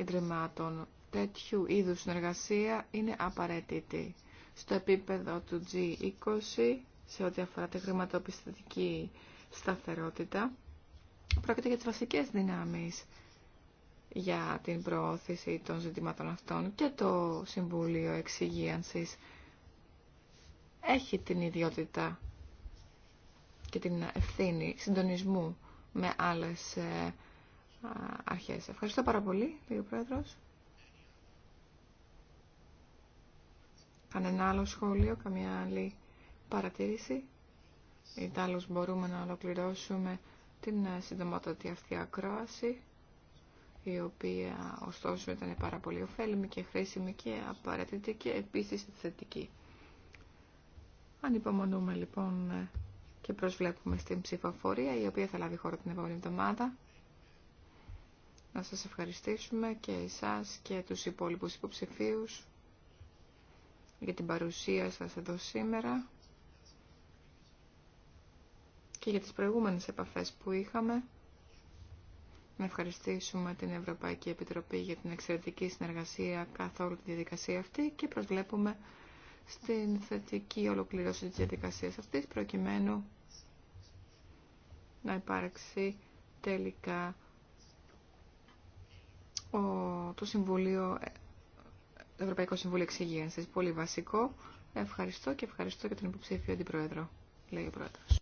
ιδρυμάτων. Τέτοιου είδους συνεργασία είναι απαραίτητη στο επίπεδο του G20 σε ό,τι αφορά τη χρηματοπιστωτική σταθερότητα. Πρόκειται για τις βασικές δυνάμεις για την προώθηση των ζητημάτων αυτών και το Συμβούλιο Εξυγίανσης έχει την ιδιότητα και την ευθύνη συντονισμού με άλλες ε, αρχές. Ευχαριστώ πάρα πολύ, κύριε Πρόεδρος. Κανένα άλλο σχόλιο, καμία άλλη παρατήρηση. οποία ωστόσο ήταν πάρα πολύ ωφέλιμη μπορούμε να ολοκληρώσουμε την ε, συντομότατη αυτή ακρόαση, η οποία ωστόσο ήταν πάρα πολύ ωφέλιμη και χρήσιμη και απαραίτητη και επίσης θετική. Ανυπομονούμε λοιπόν ε, και προσβλέπουμε στην ψηφοφορία η οποία θα λάβει χώρα την επόμενη εβδομάδα. Να σας ευχαριστήσουμε και εσάς και τους υπόλοιπους υποψηφίους για την παρουσία σας εδώ σήμερα και για τις προηγούμενες επαφές που είχαμε. Να ευχαριστήσουμε την Ευρωπαϊκή Επιτροπή για την εξαιρετική συνεργασία καθ' όλη τη διαδικασία αυτή και προσβλέπουμε στην θετική ολοκλήρωση της διαδικασίας αυτής προκειμένου να υπάρξει τελικά το Συμβουλίο το Ευρωπαϊκό Συμβούλιο Εξυγίανσης. Πολύ βασικό. Ευχαριστώ και ευχαριστώ και τον υποψήφιο αντιπρόεδρο, λέει ο πρόεδρος.